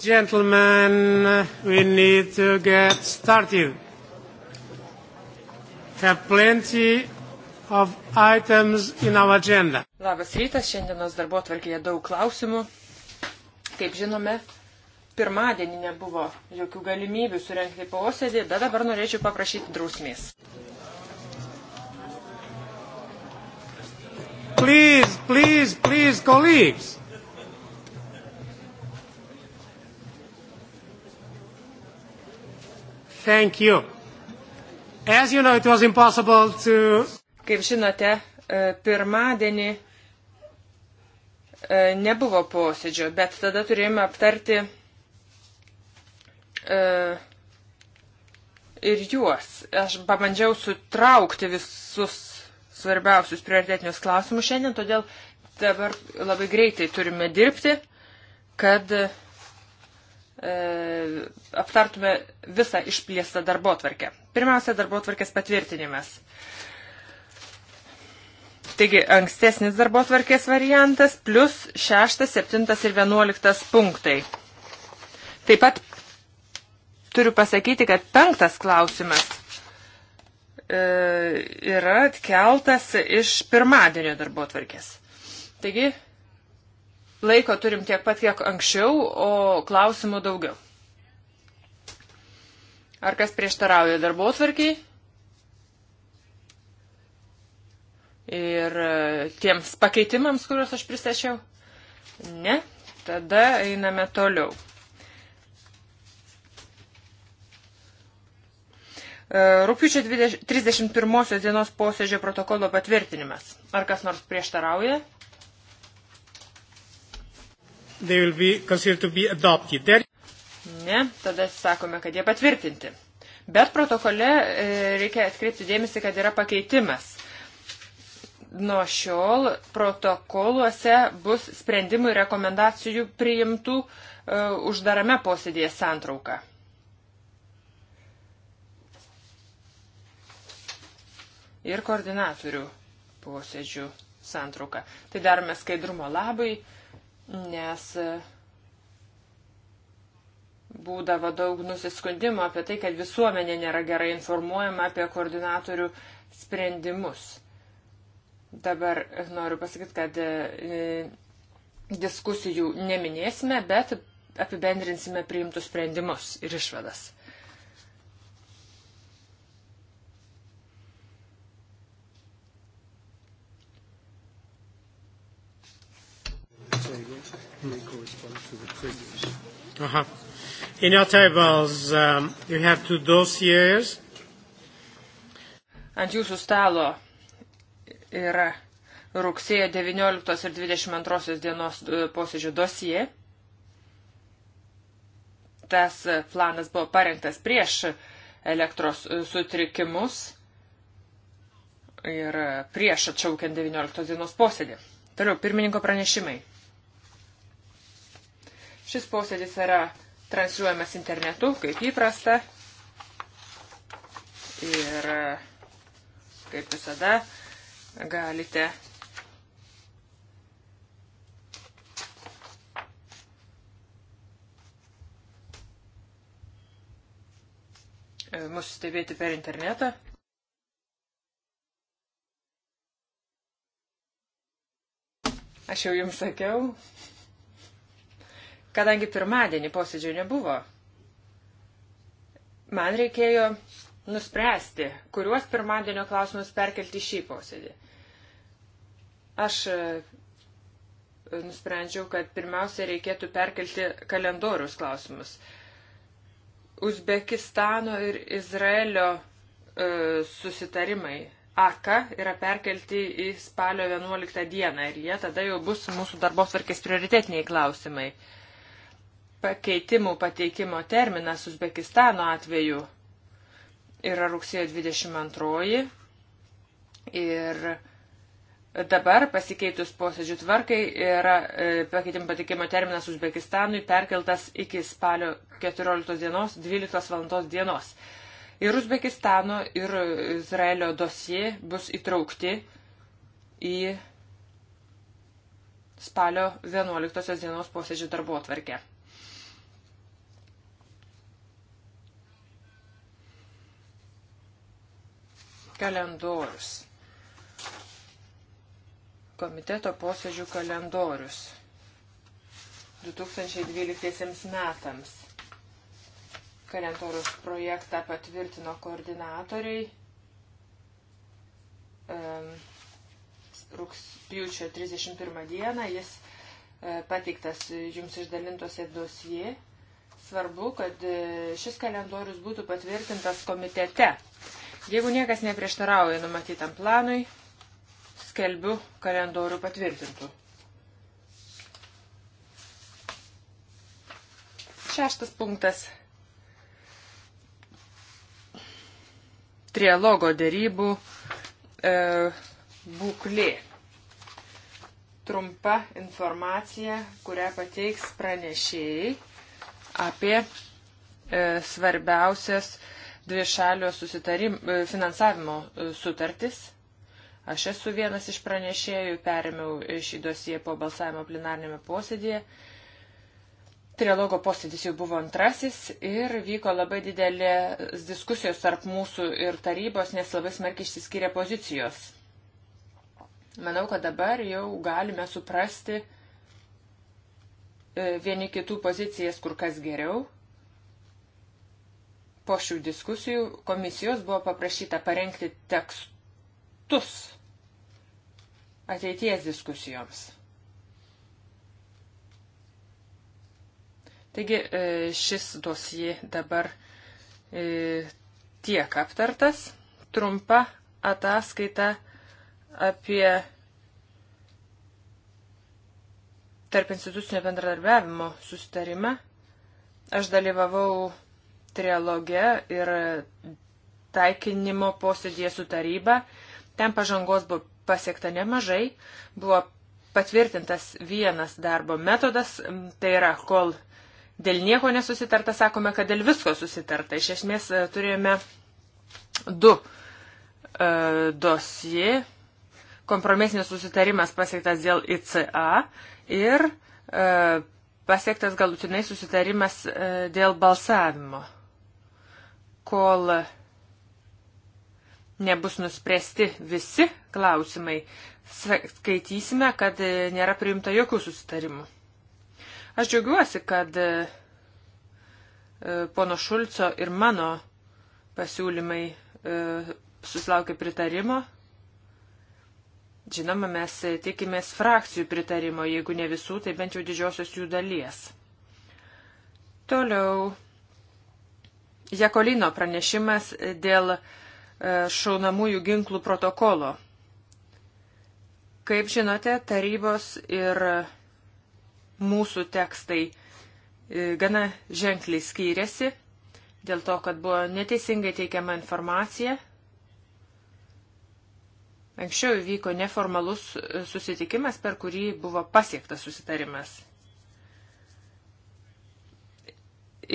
Gentlemen, we need to get started. Have plenty of items in our agenda. Labas rytas, šiandienos darbo tvarkėje daug klausimų. Kaip žinome, pirmadienį nebuvo jokių galimybių surenkti posėdį, bet dabar norėčiau paprašyti drausmės. Please, please, please, colleagues. Thank you. As you know, it was impossible to... Kaip žinote, e, pirmadienį e, nebuvo posėdžio, bet tada turėjome aptarti e, ir juos. Aš pabandžiau sutraukti visus svarbiausius prioritetinius klausimus šiandien, todėl dabar labai greitai turime dirbti, kad uh, E, aptartume visą išplėstą darbo tvarkę. Pirmiausia, darbo tvarkės patvirtinimas. Taigi, ankstesnis darbo tvarkės variantas plus 6, 7 ir 11 punktai. Taip pat turiu pasakyti, kad penktas klausimas e, yra atkeltas iš pirmadienio darbo tvarkės. Taigi, Laiko turim tiek pat, kiek anksčiau, o klausimų daugiau. Ar kas prieštarauja darbo tvarkiai? Ir e, tiems pakeitimams, kuriuos aš pristačiau? Ne. Tada einame toliau. E, rūpiučio 31 dienos posėdžio protokolo patvirtinimas. Ar kas nors prieštarauja? they will be considered to be adopted. There... Ne, tada sakome, kad jie patvirtinti. Bet protokole e, reikia atkreipti dėmesį, kad yra pakeitimas. Nuo šiol protokoluose bus sprendimų ir rekomendacijų priimtų e, uždarame posėdėje santrauka. Ir koordinatorių posėdžių santrauka. Tai darome skaidrumo labai nes e, būdavo daug nusiskundimo apie tai, kad visuomenė nėra gerai informuojama apie koordinatorių sprendimus. Dabar noriu pasakyti, kad e, diskusijų neminėsime, bet apibendrinsime priimtus sprendimus ir išvadas. They correspond to the previous. Uh-huh. In your tables, um, you have two dossiers. Ant jūsų stalo yra rugsėjo 19 ir 22 dienos uh, posėdžio dosie. Tas uh, planas buvo parengtas prieš elektros uh, sutrikimus ir prieš atšaukiant 19 dienos posėdį. Toliau, pirmininko pranešimai. Šis posėdis yra transliuojamas internetu, kaip įprasta. Ir kaip visada galite mūsų stebėti per internetą. Aš jau jums sakiau. Kadangi pirmadienį posėdžio nebuvo, man reikėjo nuspręsti, kuriuos pirmadienio klausimus perkelti šį posėdį. Aš e, nusprendžiau, kad pirmiausia reikėtų perkelti kalendorius klausimus. Uzbekistano ir Izraelio e, susitarimai AK yra perkelti į spalio 11 dieną ir jie tada jau bus mūsų darbos varkės prioritetiniai klausimai. E, pakeitimų pateikimo terminas Uzbekistano atveju yra rugsėjo 22 ir dabar pasikeitus posėdžių tvarkai yra e, pakeitimų pateikimo terminas Uzbekistanui perkeltas iki spalio 14 dienos 12 valandos dienos. Ir Uzbekistano ir Izraelio dosie bus įtraukti į spalio 11 dienos posėdžių darbo atvarkę. kalendorius. Komiteto posėdžių kalendorius 2012 metams. Kalendorius projektą patvirtino koordinatoriai um, rūkspjūčio 31 dieną. Jis uh, pateiktas jums išdalintose dosijai svarbu, kad e, šis kalendorius būtų patvirtintas komitete. Jeigu niekas neprieštarauja numatytam planui, skelbiu kalendorių patvirtintų. Šeštas punktas. Trialogo dėrybų e, būklė. Trumpa informacija, kurią pateiks pranešėjai apie e, svarbiausias e, dvi šalio susitarim, e, finansavimo e, sutartis. Aš esu vienas iš pranešėjų, perėmiau šį dosiją po balsavimo plenarnėme posėdėje. Trialogo posėdis jau buvo antrasis ir vyko labai didelės diskusijos tarp mūsų ir tarybos, nes labai smarkiai išsiskiria pozicijos. Manau, kad dabar jau galime suprasti e, vieni kitų pozicijas kur kas geriau po šių diskusijų komisijos buvo paprašyta parengti tekstus ateities diskusijoms. Taigi e, šis dosijai dabar e, tiek aptartas. Trumpa ataskaita apie tarp institucinio bendradarbiavimo sustarimą. Aš dalyvavau trialoge ir taikinimo posėdėje su taryba. Ten pažangos buvo pasiekta nemažai, buvo patvirtintas vienas darbo metodas, tai yra, kol dėl nieko nesusitarta, sakome, kad dėl visko susitarta. Iš esmės e, turėjome du e, dosie, kompromisinis susitarimas pasiektas dėl ICA ir e, pasiektas galutinai susitarimas e, dėl balsavimo kol nebus nuspręsti visi klausimai, skaitysime, kad nėra priimta jokių susitarimų. Aš džiaugiuosi, kad e, pono Šulco ir mano pasiūlymai e, susilaukė pritarimo. Žinoma, mes tikimės frakcijų pritarimo, jeigu ne visų, tai bent jau didžiosios jų dalies. Toliau Jekolino pranešimas dėl e, šaunamųjų ginklų protokolo. Kaip žinote, tarybos ir mūsų tekstai e, gana ženkliai skyrėsi dėl to, kad buvo neteisingai teikiama informacija. Anksčiau vyko neformalus e, susitikimas, per kurį buvo pasiektas susitarimas.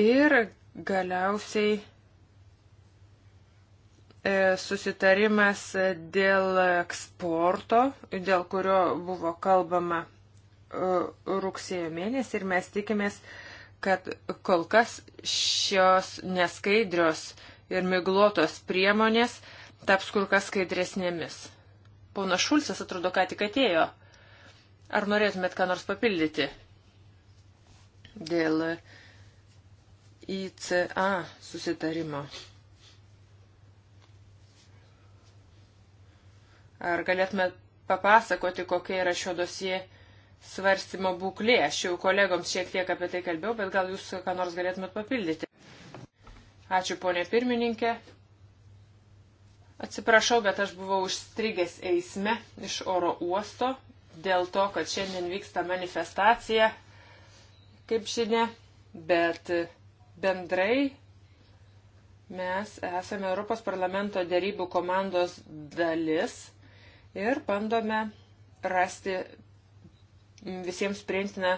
Ir Galiausiai e, susitarimas dėl eksporto, dėl kurio buvo kalbama e, rugsėjo mėnesį ir mes tikimės, kad kol kas šios neskaidrios ir miglotos priemonės taps kur kas skaidresnėmis. Pona Šulcas atrodo, ką tik atėjo. Ar norėtumėt ką nors papildyti dėl uh, ICA susitarimo. Ar galėtume papasakoti, kokia yra šio dosie svarstymo būklė? Aš jau kolegoms šiek tiek apie tai kalbėjau, bet gal jūs ką nors galėtumėt papildyti. Ačiū, ponė pirmininkė. Atsiprašau, bet aš buvau užstrigęs eisme iš oro uosto dėl to, kad šiandien vyksta manifestacija, kaip žinia, bet Bendrai mes esame Europos parlamento dėrybų komandos dalis ir bandome rasti visiems priimtiną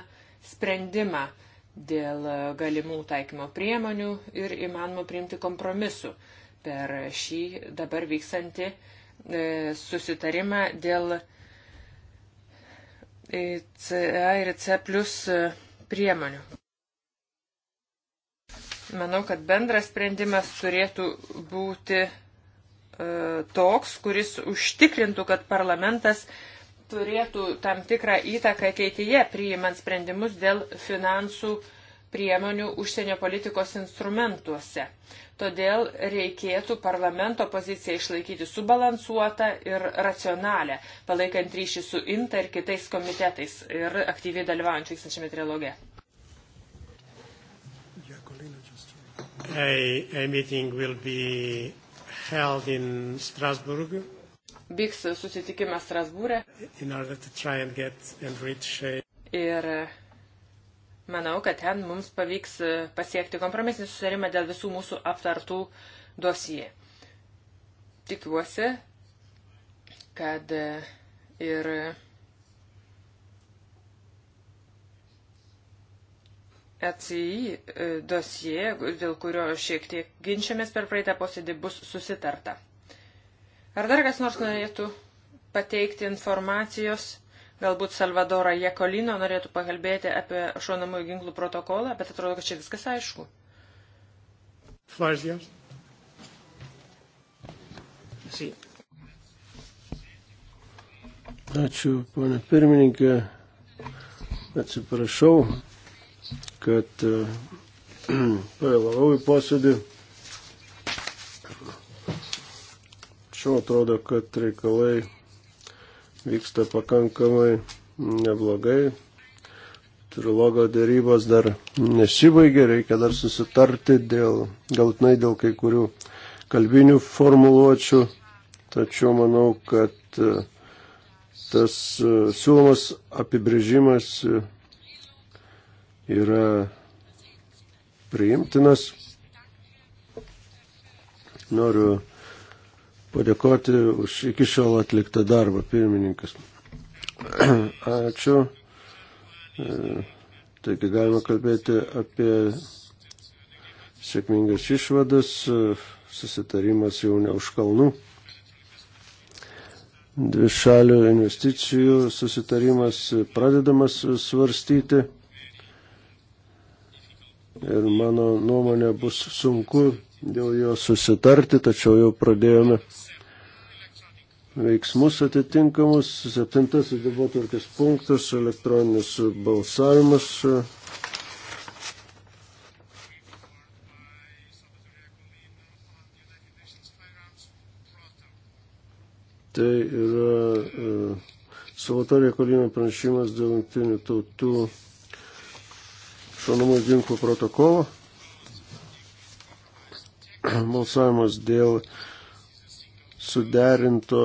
sprendimą dėl galimų taikymo priemonių ir įmanoma priimti kompromisu per šį dabar vykstantį e, susitarimą dėl CA ir C plus e, priemonių. Manau, kad bendras sprendimas turėtų būti e, toks, kuris užtikrintų, kad parlamentas turėtų tam tikrą įtaką ateityje priimant sprendimus dėl finansų priemonių užsienio politikos instrumentuose. Todėl reikėtų parlamento poziciją išlaikyti subalansuotą ir racionalę, palaikant ryšį su INTA ir kitais komitetais ir aktyviai dalyvaujančiais šiame trilogė. a, a meeting will be held in Strasbourg. Vyks susitikimas Strasbūrė. In order to try and get and reach a... Ir e, manau, kad ten mums pavyks e, pasiekti kompromisinį susitarimą dėl visų mūsų aptartų dosijai. Tikiuosi, kad e, ir ECI e, dosie, dėl kurio šiek tiek ginčiamės per praeitą posėdį, bus susitarta. Ar dar kas nors norėtų pateikti informacijos? Galbūt Salvadorą Jekolino norėtų pakalbėti apie šaunamųjų ginklų protokolą, bet atrodo, kad čia viskas aišku. Flazijos. Sí. Ačiū, ponė pirmininkė. Atsiprašau, kad e, pavėlavau į posėdį. Šiuo atrodo, kad reikalai vyksta pakankamai neblogai. Trilogo dėrybos dar nesibaigė, reikia dar susitarti dėl, galtinai dėl kai kurių kalbinių formuluočių, tačiau manau, kad e, tas e, siūlomas apibrėžimas yra priimtinas. Noriu padėkoti už iki šiol atliktą darbą, pirmininkas. Ačiū. E, taigi galima kalbėti apie sėkmingas išvadas, e, susitarimas jau ne už kalnų. Dvišalių investicijų susitarimas pradedamas svarstyti ir mano nuomonė bus sunku dėl jo susitarti, tačiau jau pradėjome veiksmus atitinkamus. Septintasis darbotvarkės punktas - elektroninis balsavimas. Tai yra e, Salvatorija Kolino pranešimas dėl jungtinių tautų šaunamų ginklų protokolo. Balsavimas dėl suderinto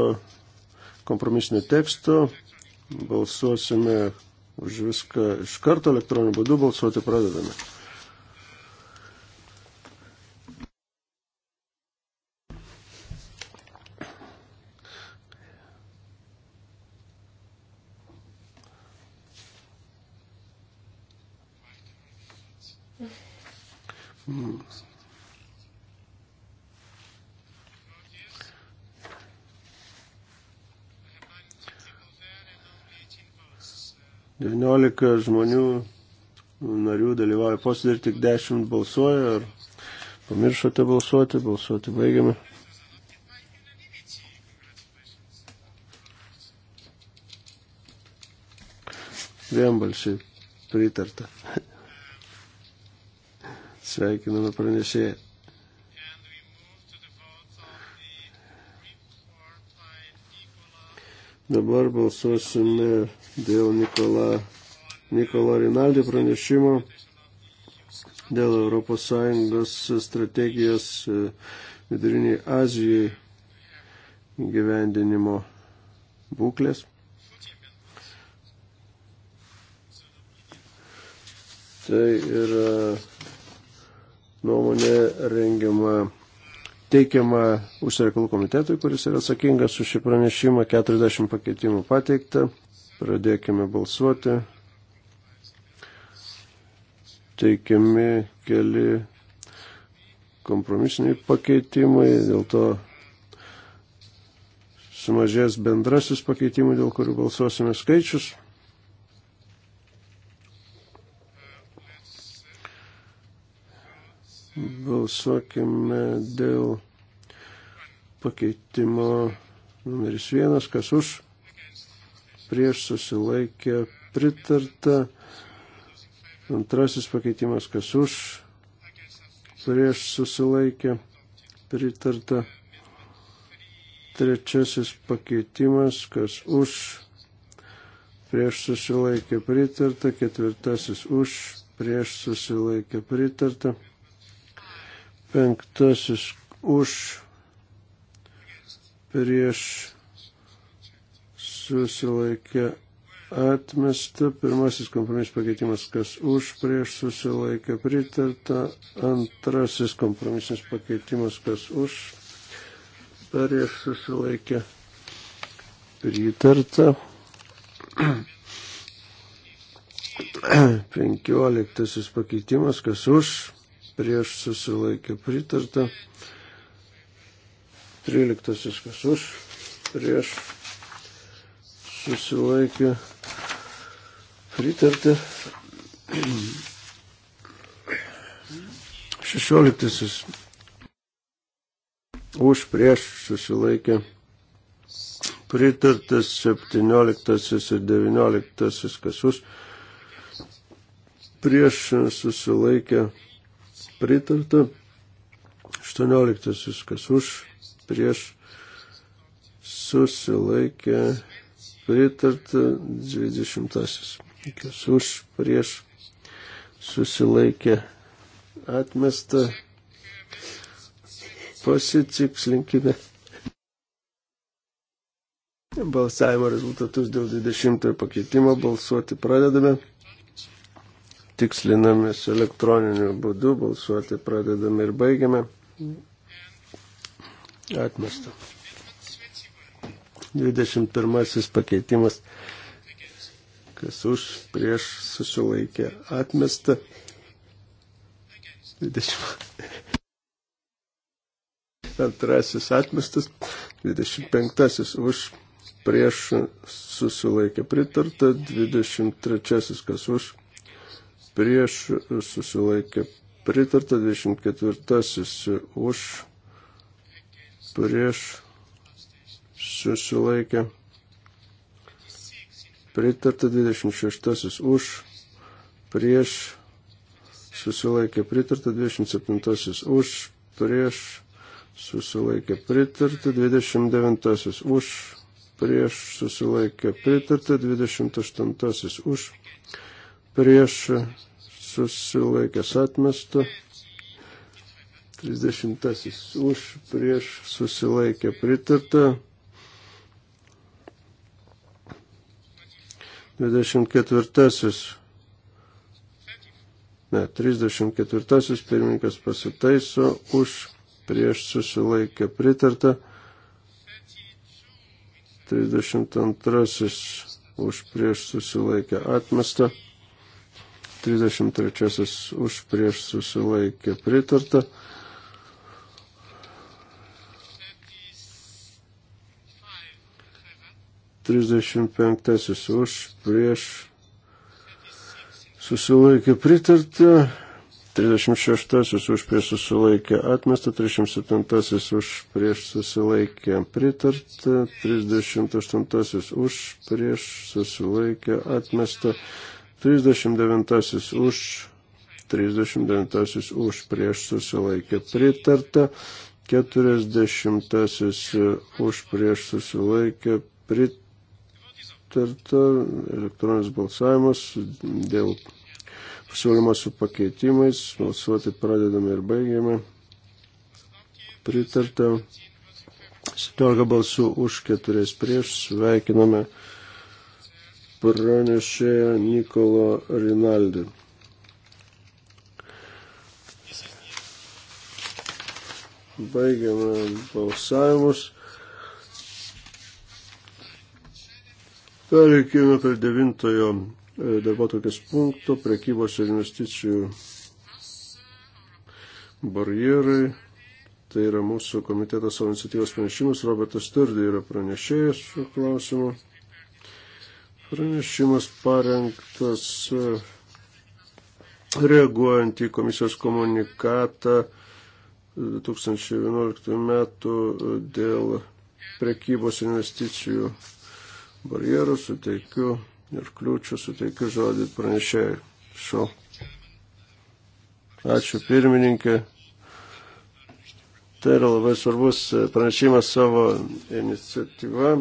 kompromisinio teksto. Balsuosime už viską iš karto elektroniniu būdu balsuoti pradedame. 18 žmonių narių dalyvauja posėdė ir tik 10 balsuoja. Ar pamiršote balsuoti? Balsuoti baigiame. Vienbalsiai pritarta. Sveikiname pranešėją. Dabar balsuosime dėl Nikola Nikolo Rinaldi pranešimo dėl ES strategijos e, viduriniai Azijai gyvendinimo būklės. Tai yra nuomonė rengiama teikiama užsienio reikalų komitetui, kuris yra atsakingas už šį pranešimą. 40 pakeitimų pateikta. Pradėkime balsuoti teikiami keli kompromisiniai pakeitimai, dėl to sumažės bendrasis pakeitimų, dėl kurių balsuosime skaičius. Balsuokime dėl pakeitimo numeris vienas, kas už, prieš susilaikė pritarta, Antrasis pakeitimas, kas už, prieš susilaikė, pritarta. Trečiasis pakeitimas, kas už, prieš susilaikė, pritarta. Ketvirtasis už, prieš susilaikė, pritarta. Penktasis už, prieš susilaikė, pritarta atmesta. Pirmasis kompromisas pakeitimas, kas už, prieš susilaikė pritarta. Antrasis kompromisas pakeitimas, kas už, prieš susilaikė pritarta. 15 pakeitimas, kas už, prieš susilaikė pritarta. 13 kas už, prieš susilaikė pritarta pritarta. 16. Už prieš susilaikė. Pritartas 17 ir 19 kasus. Prieš susilaikė. Pritarta 18 kas už. Prieš susilaikė. Pritarta 20 kas už prieš susilaikė atmestą. Pasitikslinkime balsavimo rezultatus dėl 20 pakeitimo. Balsuoti pradedame. Tikslinamės elektroniniu būdu. Balsuoti pradedame ir baigiame. Atmestą. 21 pakeitimas kas už, prieš susilaikė atmesta. 20. Antrasis atmestas, 25 už, prieš susilaikė pritarta, 23 kas už, prieš susilaikė pritarta, 24 už, prieš susilaikė pritarta pritarta 26 už, prieš, susilaikė pritarta 27 už, prieš, susilaikė pritarta 29 už, prieš, susilaikė pritarta 28 už, prieš, susilaikęs atmestų. 30 už, prieš, susilaikė pritarta. 24. Ne, 34. Pirmininkas pasitaiso už prieš susilaikę pritartą. 32. Už prieš susilaikę atmestą. 33. Už prieš susilaikę pritartą. 35 už, prieš, susilaikė pritarta, 36 už, prieš susilaikė atmesta, 37 už, prieš susilaikė pritarta, 38 už, prieš susilaikė atmesta, 39 už, 39 už, prieš susilaikė pritarta, 40 už, prieš susilaikė pritarta aptarta, elektroninis balsavimas dėl pasiūlymo su pakeitimais, balsuoti pradedame ir baigiame. Pritarta 17 balsų už 4 prieš, sveikiname pranešėją Nikolo Rinaldį. Baigiame balsavimus. Pereikime prie devintojo e, darbo tokias punkto, prekybos ir investicijų barjerai. Tai yra mūsų komitetas savo iniciatyvos pranešimas. Robertas Turdė yra pranešėjas šiuo klausimu. Pranešimas parengtas e, reaguojant į komisijos komunikatą 2011 e, metų dėl prekybos investicijų barjerų, suteikiu ir kliūčių, suteikiu žodį pranešėjai. Šau. Ačiū pirmininkė. Tai yra labai svarbus pranešimas savo iniciatyva.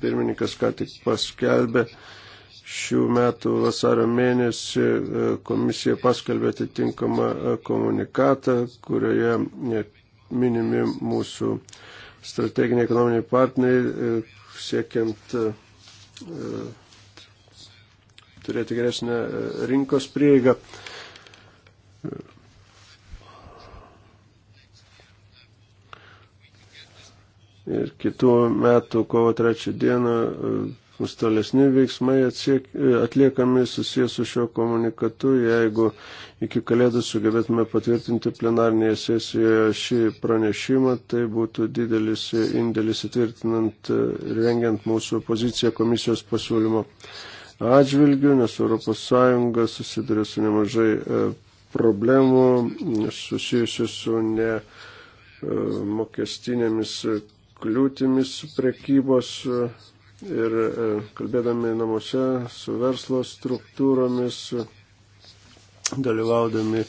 Pirmininkas ką tik paskelbė šių metų vasario mėnesį e, komisija paskelbė atitinkamą e, komunikatą, kurioje e, minimi mūsų strateginiai ekonominiai partneriai siekiant E, turėti geresnę e, rinkos prieigą. E, ir kitų metų kovo trečią dieną tolesni veiksmai atsiek, e, atliekami susijęs su šio komunikatu. Jeigu iki kalėdų sugebėtume patvirtinti plenarnėje sesijoje šį pranešimą, tai būtų didelis e, indėlis įtvirtinant ir e, rengiant mūsų poziciją komisijos pasiūlymo atžvilgių, nes ES susiduria su nemažai problemų susijusių su ne mokestinėmis kliūtimis prekybos ir e, kalbėdami namuose su verslo struktūromis, dalyvaudami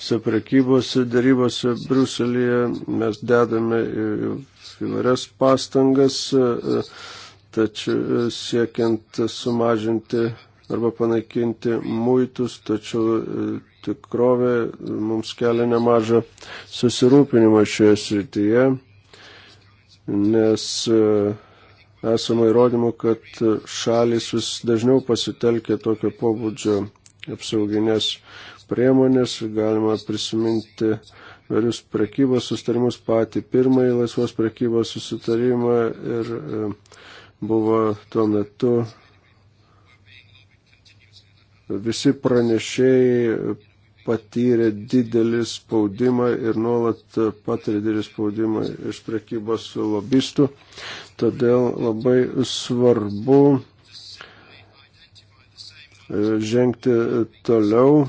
su prekybos darybose Bruselėje, mes dedame įvairias pastangas, e, tačiau e, siekiant sumažinti arba panaikinti muitus, tačiau tikrovė mums kelia nemažą susirūpinimą šioje srityje, nes uh, esama įrodymų, kad šalis vis dažniau pasitelkia tokio pobūdžio apsauginės priemonės. Galima prisiminti varius prekybos sustarimus patį pirmąjį laisvos prekybos susitarimą ir e, buvo tuo metu visi pranešėjai patyrė didelį spaudimą ir nuolat patiria didelį spaudimą iš prekybos lobistų. Todėl labai svarbu e, žengti toliau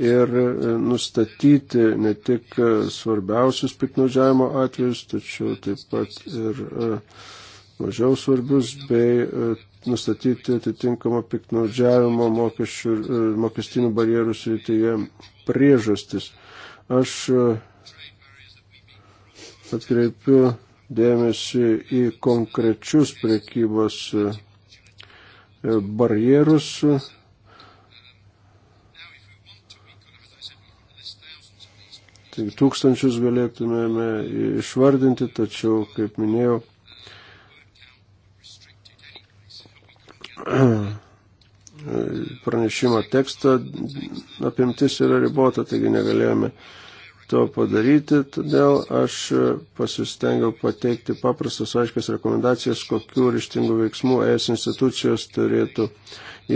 ir e, nustatyti ne tik e, svarbiausius piknaudžiavimo atvejus, tačiau taip pat ir mažiau svarbius, bei nustatyti atitinkamą piknaudžiavimo mokesčių, mokestinių barjerų srityje priežastis. Aš atkreipiu dėmesį į konkrečius prekybos e, barjerus. Tai tūkstančius galėtumėme išvardinti, tačiau, kaip minėjau, pranešimo teksto apimtis yra ribota, taigi negalėjome uh, to padaryti, todėl aš pasistengiau pateikti paprastas aiškias rekomendacijas, kokiu ryštingu veiksmu ES institucijos turėtų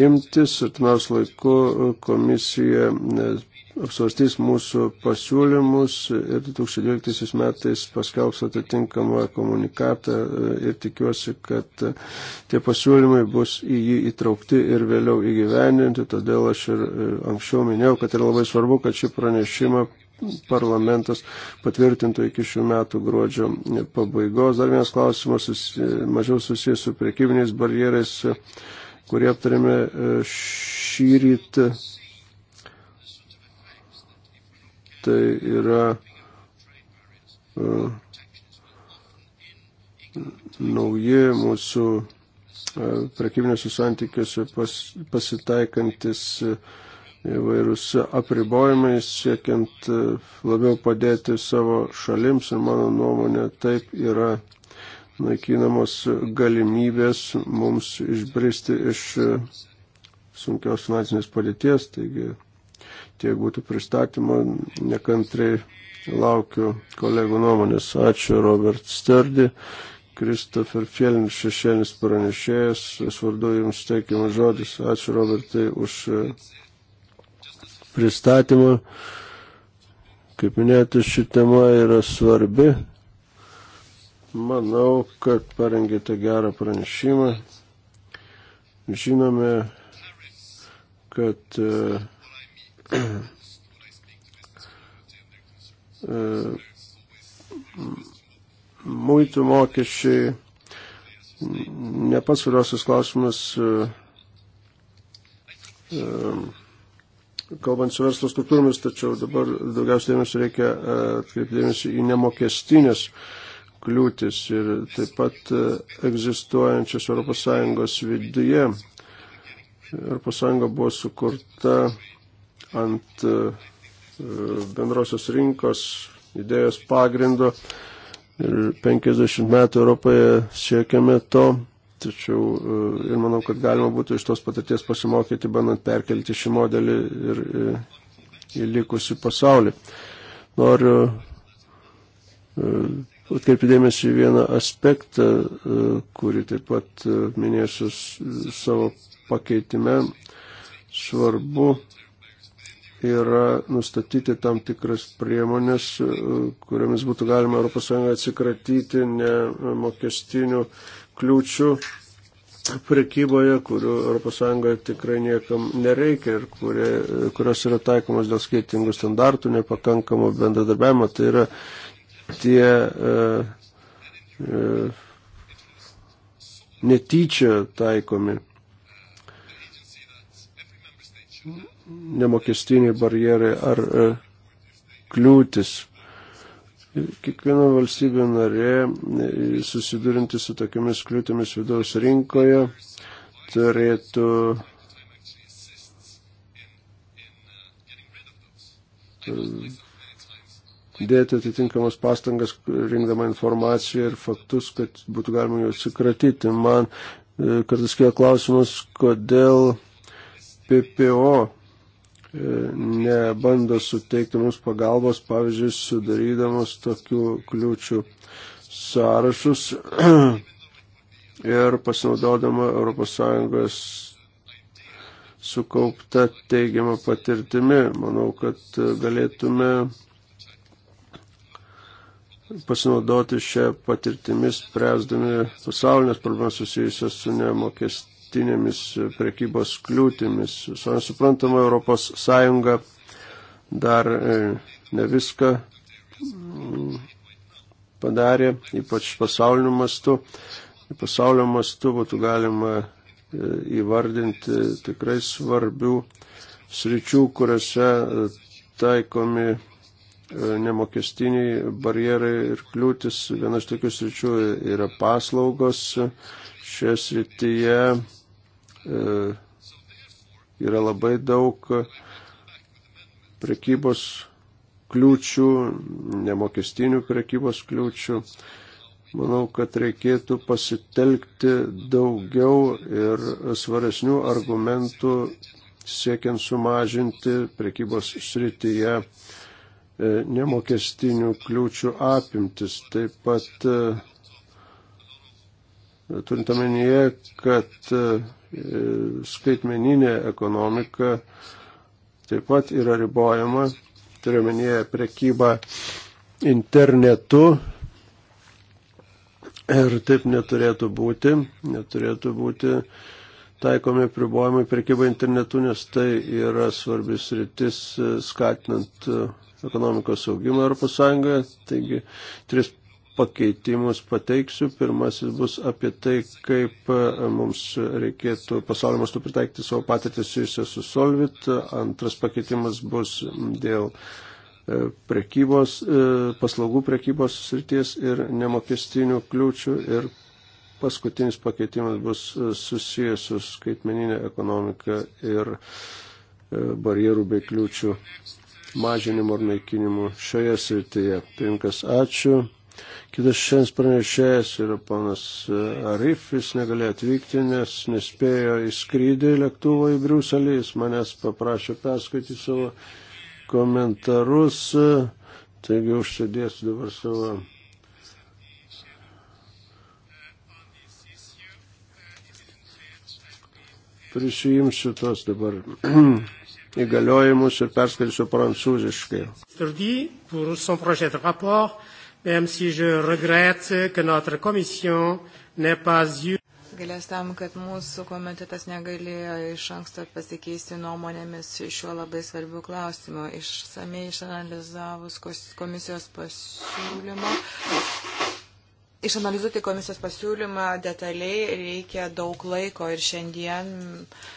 imtis. Artimiaus laiku komisija e, apsvarstys mūsų pasiūlymus ir 2012 metais paskelbs atitinkamą komunikatą e, ir tikiuosi, kad e, tie pasiūlymai bus į jį įtraukti ir vėliau įgyveninti. Todėl aš ir anksčiau minėjau, kad yra labai svarbu, kad šį pranešimą parlamentas patvirtintų iki šių metų gruodžio pabaigos. Dar vienas klausimas susi, mažiau susijęs su priekybiniais barjerais, kurie aptarėme e, šį rytą. Tai yra uh, nauji mūsų uh, e, priekybinėse santykiuose pas, pasitaikantis uh, įvairūs apribojimai, siekiant e, labiau padėti savo šalims ir mano nuomonė taip yra naikinamos galimybės mums išbristi iš e, sunkios finansinės padėties, taigi tiek būtų pristatymo, nekantriai laukiu kolegų nuomonės. Ačiū Robert Sturdy, Kristofer Fielin šešėlis pranešėjas, svardu jums teikiamas žodis. Ačiū Robertai už e, pristatymą. Kaip minėjote, ši tema yra svarbi. Manau, kad parengėte gerą pranešimą. Žinome, kad e, e, muitų mokesčiai ne pats svarbiausias klausimas e, kalbant su verslo struktūromis, tačiau dabar daugiausiai dėmesio reikia e, atkreipdėmėsi į nemokestinės kliūtis ir taip pat e, egzistuojančias ES viduje. ES buvo sukurta ant e, bendrosios rinkos idėjos pagrindo ir 50 metų Europoje siekiame to Tačiau e, ir manau, kad galima būtų iš tos patirties pasimokyti, bandant perkelti šį modelį ir e, į likusi pasaulį. Noriu e, atkreipti dėmesį į vieną aspektą, kurį taip pat minėsiu savo pakeitime. Svarbu yra nustatyti tam tikras priemonės, kuriamis būtų galima ES atsikratyti nemokestinių kliūčių prekyboje, kurių ES tikrai niekam nereikia ir kurie, kurios yra taikomos dėl skirtingų standartų, nepakankamo bendradarbiavimo. Tai yra tie e, e, netyčia taikomi nemokestiniai barjerai ar e, kliūtis. Kiekviena valstybė narė susidurinti su tokiamis kliūtimis vidaus rinkoje turėtų dėti atitinkamas pastangas, rinkdama informaciją ir faktus, kad būtų galima jų atsikratyti. Man e, kartais kėjo klausimas, kodėl PPO E, nebando suteikti mums pagalbos, pavyzdžiui, sudarydamos tokių kliūčių sąrašus ir pasinaudodama ES sukaupta teigiama patirtimi. Manau, kad galėtume pasinaudoti šią patirtimį, spręsdami pasaulinės problemas susijusias su nemokest dabartinėmis prekybos kliūtimis. Savai suprantama, Europos Sąjunga dar e, ne viską mm, padarė, ypač pasauliniu mastu. Pasaulio mastu būtų galima e, įvardinti tikrai svarbių sričių, kuriuose e, taikomi nemokestiniai barjerai ir kliūtis. Vienas tokių sričių yra paslaugos. Šioje srityje E, yra labai daug prekybos kliūčių, nemokestinių prekybos kliūčių. Manau, kad reikėtų pasitelkti daugiau ir svaresnių argumentų siekiant sumažinti prekybos srityje e, nemokestinių kliūčių apimtis. Taip pat e, turint omenyje, kad E, skaitmeninė ekonomika taip pat yra ribojama, turiuomenėje prekyba internetu ir taip neturėtų būti, neturėtų būti taikomi pribojimai prekyba internetu, nes tai yra svarbis rytis e, skatinant e, ekonomikos augimą Europos Sąjungoje. Taigi 3 pakeitimus pateiksiu. Pirmasis bus apie tai, kaip e, mums reikėtų pasaulio mastu pritaikyti savo patirtį susijusią su Solvit. Antras pakeitimas bus dėl e, prekybos, e, paslaugų prekybos srities ir nemokestinių kliūčių. Ir paskutinis pakeitimas bus susijęs su skaitmeninė ekonomika ir barjerų bei kliūčių mažinimu ar naikinimu šioje srityje. Pinkas, ačiū. Kitas šiandien pranešėjas yra panas e, Arif, jis negalėjo atvykti, nes nespėjo įskrydį lėktuvą į Briuselį, jis manęs paprašė perskaityti savo komentarus, e, taigi užsidėsiu dabar savo. Prisijimsiu tos dabar įgaliojimus ir perskaitysiu prancūziškai. Tardy, même si je regrette que notre commission n'ait pas eu Galės tam, kad mūsų komitetas negalėjo iš anksto pasikeisti nuomonėmis šiuo labai svarbiu klausimu. Išsamei išanalizavus komisijos pasiūlymą. Išanalizuoti komisijos pasiūlymą detaliai reikia daug laiko ir šiandien uh,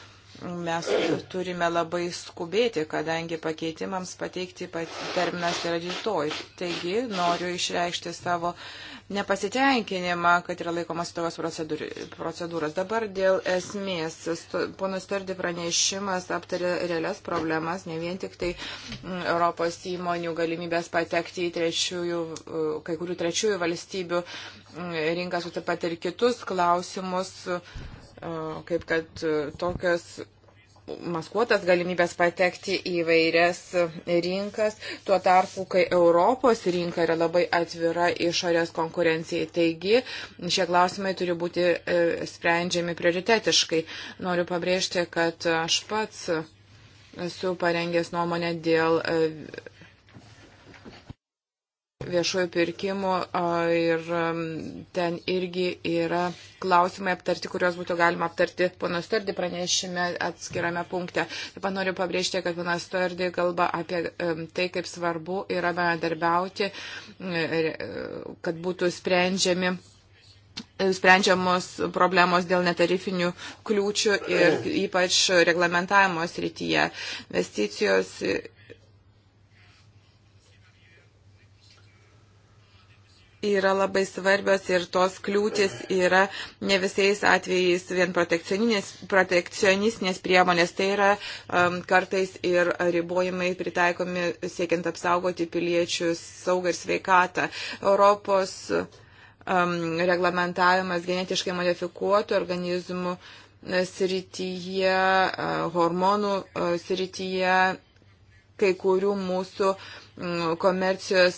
mes turime labai skubėti, kadangi pakeitimams pateikti terminas yra rytoj. Taigi noriu išreikšti savo nepasitenkinimą, kad yra laikomas tokios procedūros. Dabar dėl esmės. Ponas Tardi pranešimas aptarė realias problemas, ne vien tik tai mm, Europos įmonių galimybės patekti į trečiųjų, e, kai kurių trečiųjų valstybių mm, rinkas, o taip pat ir kitus klausimus kaip kad tokios maskuotas galimybės patekti į vairias rinkas, tuo tarpu, kai Europos rinka yra labai atvira išorės konkurencijai. Taigi, šie klausimai turi būti e, sprendžiami prioritetiškai. Noriu pabrėžti, kad aš pats esu parengęs nuomonę dėl e, viešojo pirkimo ir ten irgi yra klausimai aptarti, kuriuos būtų galima aptarti ponas Tardi pranešime atskirame punkte. Taip pat noriu pabrėžti, kad ponas Tardi kalba apie tai, kaip svarbu yra bendarbiauti, e, e, kad būtų sprendžiami e, sprendžiamos problemos dėl netarifinių kliūčių ir ypač reglamentavimo srityje. Investicijos yra labai svarbios ir tos kliūtis yra ne visais atvejais vien protekcionistinės priemonės. Tai yra um, kartais ir ribojimai pritaikomi siekiant apsaugoti piliečių saugą ir sveikatą. Europos um, reglamentavimas genetiškai modifikuotų organizmų e, srityje, e, hormonų e, srityje, kai kurių mūsų komercijos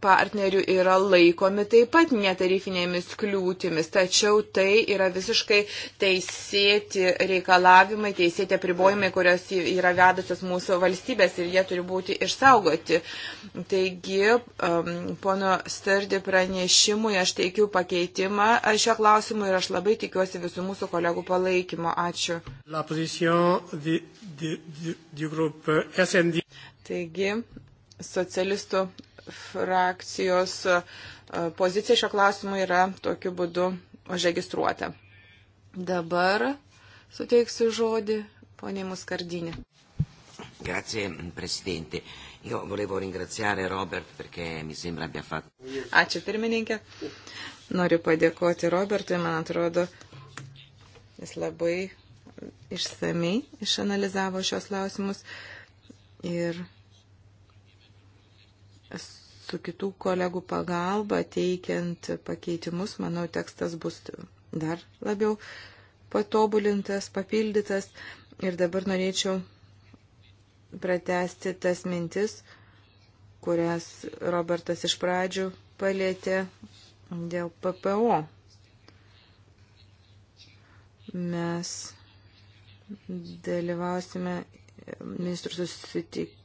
partnerių yra laikomi taip pat netarifinėmis kliūtimis, tačiau tai yra visiškai teisėti reikalavimai, teisėti apribojimai, kurios yra vedusios mūsų valstybės ir jie turi būti išsaugoti. Taigi, um, pono Stardi pranešimui aš teikiu pakeitimą šio klausimu ir aš labai tikiuosi visų mūsų kolegų palaikymo. Ačiū. Taigi, socialistų frakcijos e, pozicija šio klausimu yra tokiu būdu užregistruota. Dabar suteiksiu žodį poniai Muskardinė. Grazie, prezidentė. Io volevo ringraziare Robert perché mi sembra abbia fatto. Ačiū pirmininkė. Noriu padėkoti Robertui, man atrodo, jis labai išsamei išanalizavo šios klausimus ir su kitų kolegų pagalba teikiant pakeitimus, manau, tekstas bus dar labiau patobulintas, papildytas. Ir dabar norėčiau pratesti tas mintis, kurias Robertas iš pradžių palėtė dėl PPO. Mes dalyvausime ministrų susitikimą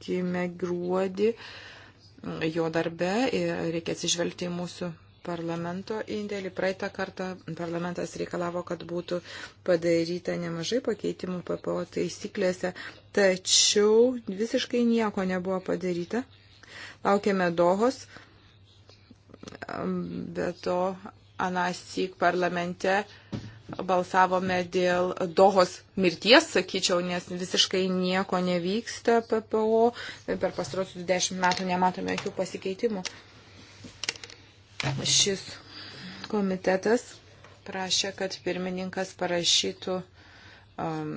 susitikime gruodį, e, jo darbe ir reikia atsižvelgti į mūsų parlamento indėlį. Praeitą kartą parlamentas reikalavo, kad būtų padaryta nemažai pakeitimų PPO taisyklėse, tačiau visiškai nieko nebuvo padaryta. Laukėme Dohos, bet to anasik parlamente balsavome dėl Dohos mirties, sakyčiau, nes visiškai nieko nevyksta PPO. Per pastarosius dešimt metų nematome jokių pasikeitimų. Šis komitetas prašė, kad pirmininkas parašytų um,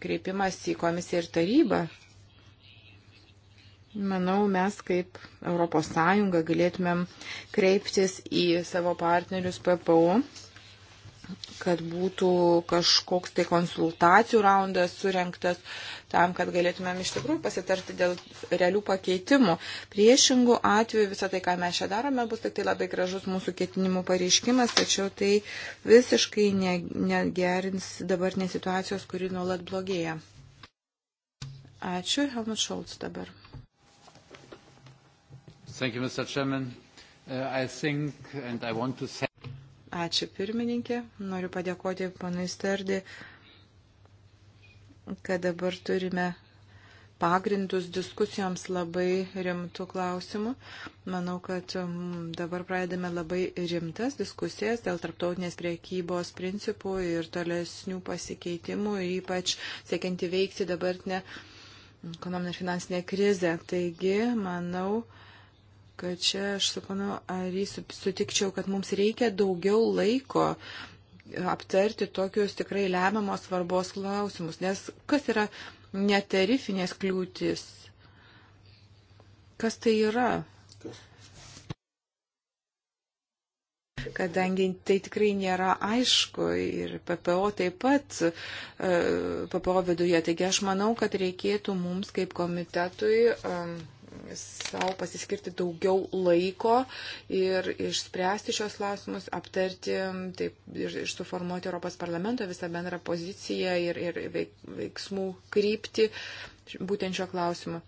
kreipimas į komisiją ir tarybą. Manau, mes kaip ES galėtumėm kreiptis į savo partnerius PPO kad būtų kažkoks tai konsultacijų raundas surenktas tam, kad galėtumėm iš tikrųjų pasitarti dėl realių pakeitimų. Priešingų atveju visą tai, ką mes čia darome, bus tik tai labai gražus mūsų ketinimų pareiškimas, tačiau tai visiškai negerins dabartinės situacijos, kuri nuolat blogėja. Ačiū, Helmut Scholz dabar. Thank you, Mr. Chairman. Uh, I think and I want to say Ačiū pirmininkė. Noriu padėkoti panui Stardį, kad dabar turime pagrindus diskusijoms labai rimtų klausimų. Manau, kad dabar pradedame labai rimtas diskusijas dėl tarptautinės priekybos principų ir tolesnių pasikeitimų, ypač siekiant įveikti dabartinę ekonominę ir finansinę krizę. Taigi, manau, kad čia aš su panu Ary sutikčiau, kad mums reikia daugiau laiko aptarti tokius tikrai lemiamos svarbos klausimus. Nes kas yra netarifinės kliūtis? Kas tai yra? kadangi tai tikrai nėra aišku ir PPO taip pat, e, PPO viduje. Taigi aš manau, kad reikėtų mums kaip komitetui savo pasiskirti daugiau laiko ir išspręsti šios klausimus, aptarti taip, ir, ir suformuoti Europos parlamento visą bendrą poziciją ir, ir veik, veiksmų krypti būtent šio klausimu.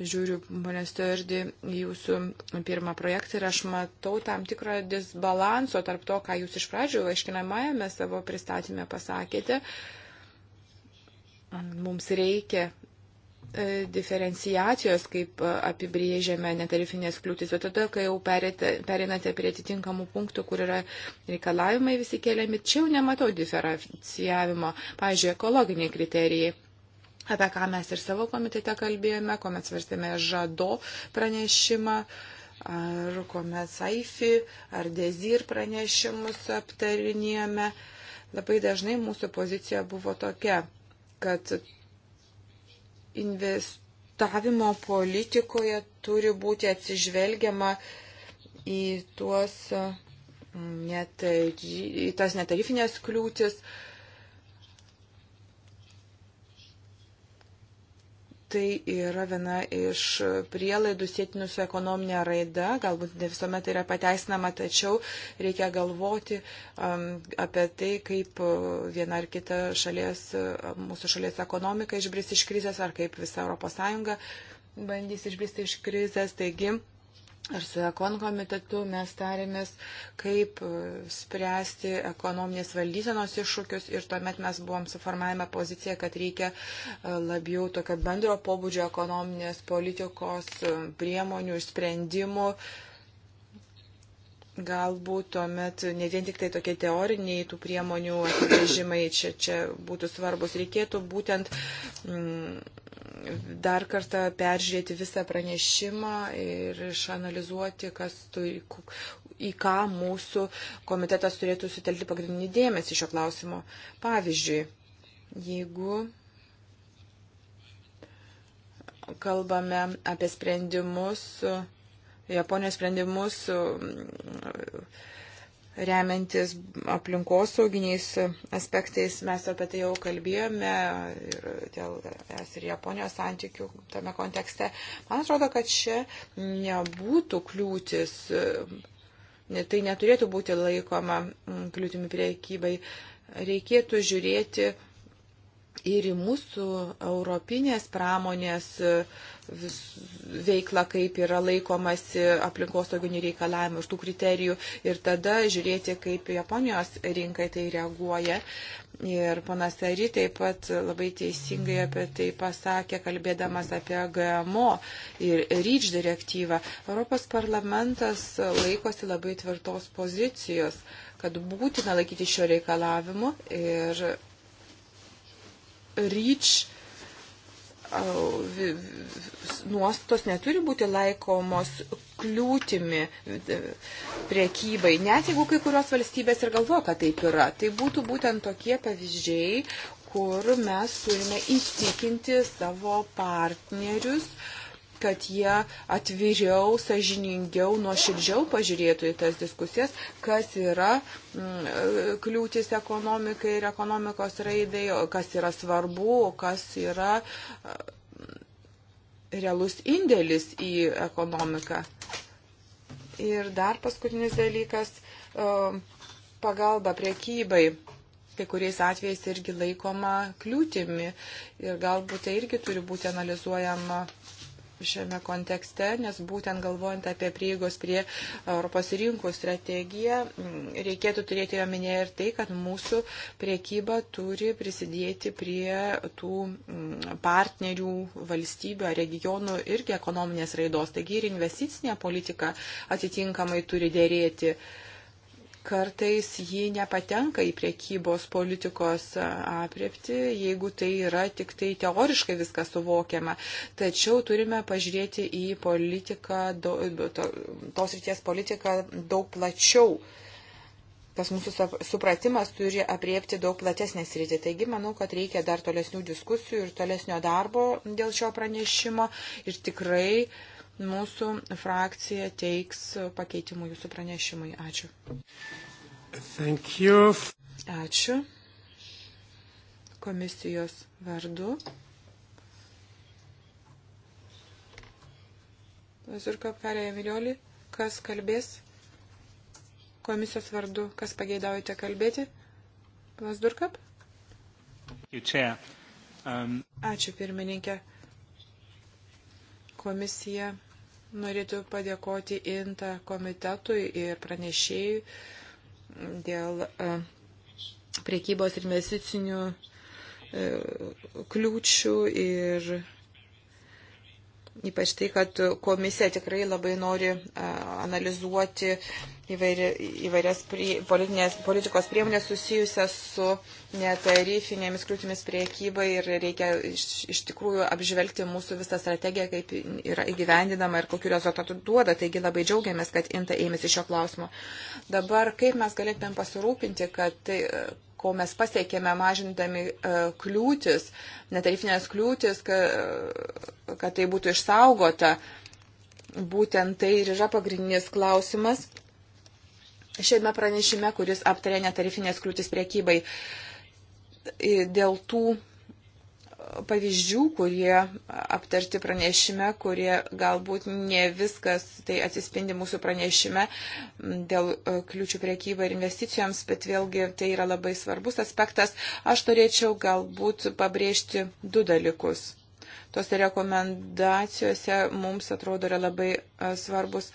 Žiūriu, ponė Sturdi, jūsų pirmą projektą ir aš matau tam tikrą disbalanso tarp to, ką jūs iš pradžių aiškinamajame savo pristatymė pasakėte. Mums reikia E, diferenciacijos, kaip e, apibrėžiame netarifinės kliūtis, o tada, kai jau perinate prie atitinkamų punktų, kur yra reikalavimai visi keliami, čia jau nematau diferencijavimo. Pavyzdžiui, ekologiniai kriterijai apie ką mes ir savo komitete kalbėjome, kuomet svarstėme žado pranešimą, ar kuomet saifi, ar dezir pranešimus aptarinėjome. Labai dažnai mūsų pozicija buvo tokia, kad investavimo politikoje turi būti atsižvelgiama į tuos mm, netari, į tas netarifinės kliūtis, uh, Tai yra viena iš prielaidų sėtinių su ekonominė raida, galbūt ne visuomet tai yra pateisinama, tačiau reikia galvoti um, apie tai, kaip uh, viena ar kita šalies, uh, mūsų šalies ekonomika išbris iš krizės, ar kaip visa ES bandys išbristi iš krizės. Taigi, Ar su ekon komitetu mes tarėmės, kaip e, spręsti ekonominės valdysenos iššūkius ir tuomet mes buvom suformavime poziciją, kad reikia e, labiau tokio bendro pobūdžio ekonominės politikos e, priemonių ir sprendimų. Galbūt tuomet ne vien tik tai tokie teoriniai tų priemonių apibrėžimai čia, čia būtų svarbus. Reikėtų būtent. Mm, dar kartą peržiūrėti visą pranešimą ir išanalizuoti, kas tu, į ką mūsų komitetas turėtų sutelkti pagrindinį dėmesį šio klausimo. Pavyzdžiui, jeigu kalbame apie sprendimus, Japonijos sprendimus, remiantis aplinkosauginiais aspektais, mes apie tai jau kalbėjome ir dėl es ir Japonijos santykių tame kontekste. Man atrodo, kad čia nebūtų kliūtis, tai neturėtų būti laikoma mm, kliūtimi priekybai. Reikėtų žiūrėti ir į mūsų europinės pramonės e, vis, veiklą, kaip yra laikomasi aplinkosauginių reikalavimų iš tų kriterijų ir tada žiūrėti, kaip Japonijos rinkai tai reaguoja. Ir panas Ari taip pat labai teisingai apie tai pasakė, kalbėdamas apie GMO ir REACH direktyvą. Europos parlamentas laikosi labai tvirtos pozicijos, kad būtina laikyti šio reikalavimu ir REACH nuostos neturi būti laikomos kliūtimi e, priekybai, net jeigu kai kurios valstybės ir galvo, kad taip yra. Tai būtų būtent tokie pavyzdžiai, kur mes turime įtikinti savo partnerius uh, kad jie atviriau, sažiningiau, nuoširdžiau pažiūrėtų į tas diskusijas, kas yra mm, e, kliūtis ekonomikai ir ekonomikos raidai, kas yra svarbu, kas yra e, realus indėlis į ekonomiką. Ir dar paskutinis dalykas e, - pagalba priekybai kai kuriais atvejais irgi laikoma kliūtimi ir galbūt tai irgi turi būti analizuojama šiame kontekste, nes būtent galvojant apie prieigos prie Europos rinkų strategiją, mm, reikėtų turėti omenyje ir tai, kad mūsų priekyba turi prisidėti prie tų mm, partnerių valstybių ar regionų irgi ekonominės raidos. Taigi ir investicinė politika atitinkamai turi dėrėti. Uh, kartais ji nepatenka į priekybos politikos apriepti, jeigu tai yra tik tai teoriškai viskas suvokiama. Tačiau turime pažiūrėti į politiką, tos ryties politiką daug plačiau. Tas mūsų supratimas turi apriepti daug platesnę sritį. Taigi, manau, kad reikia dar tolesnių diskusijų ir tolesnio darbo dėl šio pranešimo. Ir tikrai uh, mūsų frakcija teiks pakeitimų jūsų pranešimui. Ačiū. Ačiū. Komisijos vardu. Zurko Karė Emilioli, kas kalbės? Komisijos vardu, kas pageidaujate kalbėti? Vasdurkap? Um, Ačiū pirmininkė. Komisija norėtų padėkoti INTA komitetui ir pranešėjui dėl e, priekybos ir investicinių e, kliūčių ir Ypač tai, kad komisija tikrai labai nori analizuoti įvairias prie, politikos priemonės susijusias su netarifinėmis kliūtimis priekybai ir reikia iš, iš tikrųjų apžvelgti mūsų visą strategiją, kaip yra įgyvendinama ir kokiu rezultatu duoda. Taigi labai džiaugiamės, kad Inta ėmėsi šio klausimo. Dabar kaip mes galėtumėm pasirūpinti, kad tai, ko mes pasiekėme mažindami e, kliūtis, netarifinės kliūtis, kad, e, kad tai būtų išsaugota. Būtent tai ir yra pagrindinis klausimas šiame pranešime, kuris aptarė netarifinės kliūtis priekybai. Dėl tų pavyzdžių, kurie aptarti pranešime, kurie galbūt ne viskas tai atsispindi mūsų pranešime dėl e, kliūčių priekybai ir investicijoms, bet vėlgi tai yra labai svarbus aspektas. Aš turėčiau galbūt pabrėžti du dalykus. Tose rekomendacijose mums atrodo yra labai e, svarbus.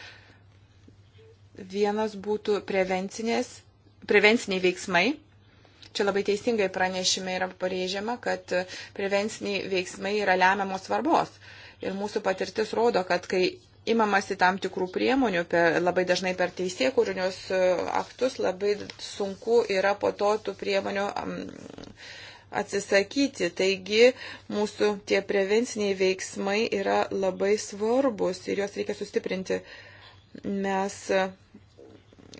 Vienas būtų prevencinės, prevenciniai veiksmai Čia labai teisingai pranešime yra pareižiama, kad prevenciniai veiksmai yra lemiamos svarbos. Ir mūsų patirtis rodo, kad kai imamasi tam tikrų priemonių, per, labai dažnai per teisė kūrinius e, aktus, labai sunku yra po to tų priemonių atsisakyti. Taigi mūsų tie prevenciniai veiksmai yra labai svarbus ir juos reikia sustiprinti. Mes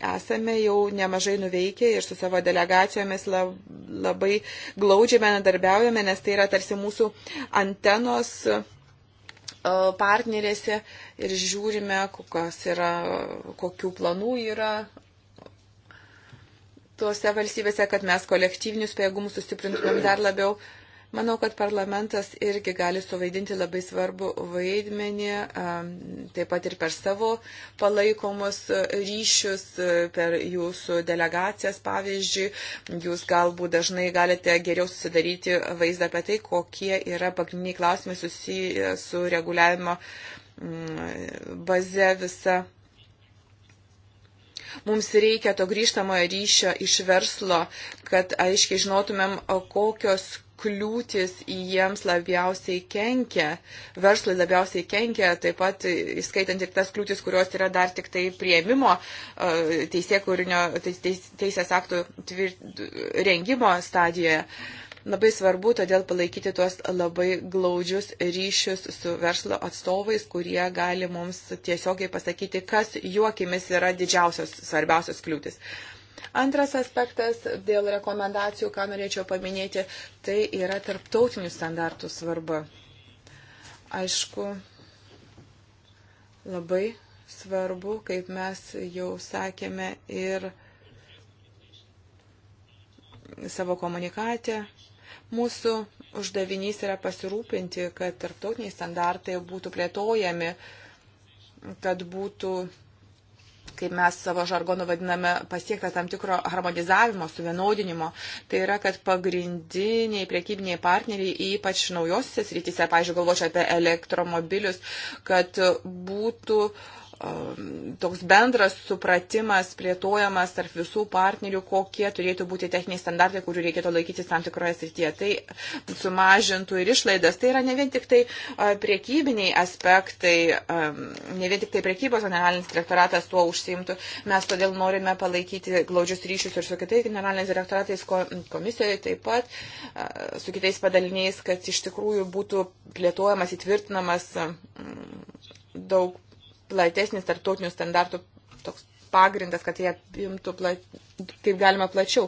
esame jau nemažai nuveikę ir su savo delegacijomis labai glaudžiai bendradarbiaujame, nes tai yra tarsi mūsų antenos e, partnerėse ir žiūrime, kokios yra, kokių planų yra tuose valstybėse, kad mes kolektyvinius pajėgumus sustiprintumėm dar labiau. Uh, Manau, kad parlamentas irgi gali suvaidinti labai svarbu vaidmenį, taip pat ir per savo palaikomus ryšius, per jūsų delegacijas, pavyzdžiui. Jūs galbūt dažnai galite geriau susidaryti vaizdą apie tai, kokie yra pagrindiniai klausimai susiję su reguliavimo mm, baze visa. Mums reikia to grįžtamojo ryšio iš verslo, kad aiškiai žinotumėm, kokios kliūtis jiems labiausiai kenkia, verslai labiausiai kenkia, taip pat įskaitant ir tas kliūtis, kurios yra dar tik tai prieimimo e, teisė kūrinio, teis, teis, teisės aktų tvirt, rengimo stadijoje. Labai svarbu todėl palaikyti tuos labai glaudžius ryšius su verslo atstovais, kurie gali mums tiesiogiai pasakyti, kas juokimis yra didžiausios, svarbiausios kliūtis. Uh, Antras aspektas dėl rekomendacijų, ką norėčiau paminėti, tai yra tarptautinių standartų svarba. Aišku, labai svarbu, kaip mes jau sakėme ir savo komunikatę, mūsų uždavinys yra pasirūpinti, kad tarptautiniai standartai būtų plėtojami, kad būtų kaip mes savo žargonu vadiname, pasiektą tam tikro harmonizavimo, suvienodinimo. Tai yra, kad pagrindiniai priekybiniai partneriai, ypač naujosios rytise, pažiūrėjau, galvočiau apie elektromobilius, kad būtų uh, Um, toks bendras supratimas plėtojamas tarp visų partnerių, kokie turėtų būti techniniai standartai, kurių reikėtų laikytis tam tikroje srityje. Tai sumažintų ir išlaidas. Tai yra ne vien tik tai uh, priekybiniai aspektai, um, ne vien tik tai priekybos generalinis direktoratas tuo užsimtų. Mes todėl norime palaikyti glaudžius ryšius ir su kitais generaliniais direktoratais komisijoje taip pat, uh, su kitais padaliniais, kad iš tikrųjų būtų plėtojamas, įtvirtinamas um, daug platesnis tarptautinių standartų toks pagrindas, kad jie apimtų plat, kaip galima plačiau.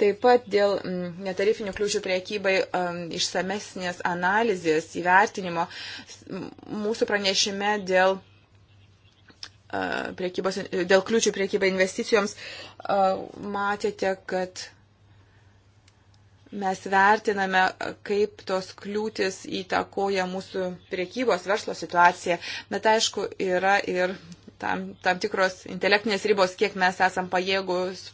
Taip pat dėl mm, netarifinių kliūčių priekybai mm, išsamesnės analizės įvertinimo mūsų pranešime dėl, priekybos, dėl kliūčių priekybai investicijoms matėte, kad mes vertiname, kaip tos kliūtis įtakoja mūsų priekybos verslo situaciją, bet aišku, yra ir tam, tam tikros intelektinės ribos, kiek mes esam pajėgus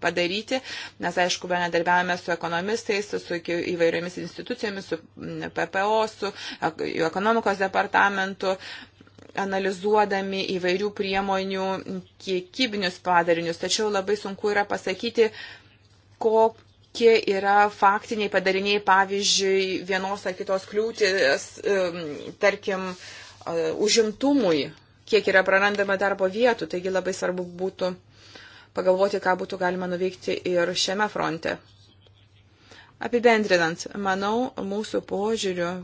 padaryti. Mes, aišku, bendradarbiavame su ekonomistais, su įvairiomis institucijomis, su PPO, su ekonomikos departamentu, analizuodami įvairių priemonių kiekybinius padarinius. Tačiau labai sunku yra pasakyti, ko, kokie yra faktiniai padariniai, pavyzdžiui, vienos ar kitos kliūtis, tarkim, e, užimtumui, kiek yra prarandama darbo vietų. Taigi labai svarbu būtų pagalvoti, ką būtų galima nuveikti ir šiame fronte. Apibendrinant, manau, mūsų požiūriu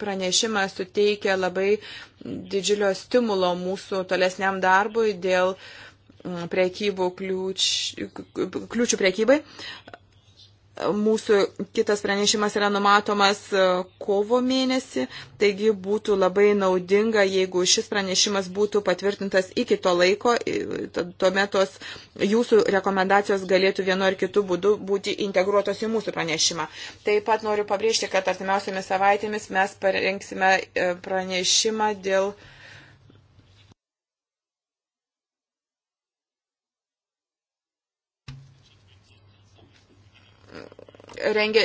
pranešimas suteikia labai didžiulio stimulo mūsų tolesniam darbui dėl uh, priekybų kliūč, kliūčių priekybai. Mūsų kitas pranešimas yra numatomas e, kovo mėnesį, taigi būtų labai naudinga, jeigu šis pranešimas būtų patvirtintas iki to laiko, e, tuomet tos jūsų rekomendacijos galėtų vienu ar kitu būdu būti integruotos į mūsų pranešimą. Taip pat noriu pabrėžti, kad artimiausiamis savaitėmis mes parengsime e, pranešimą dėl uh, rengia,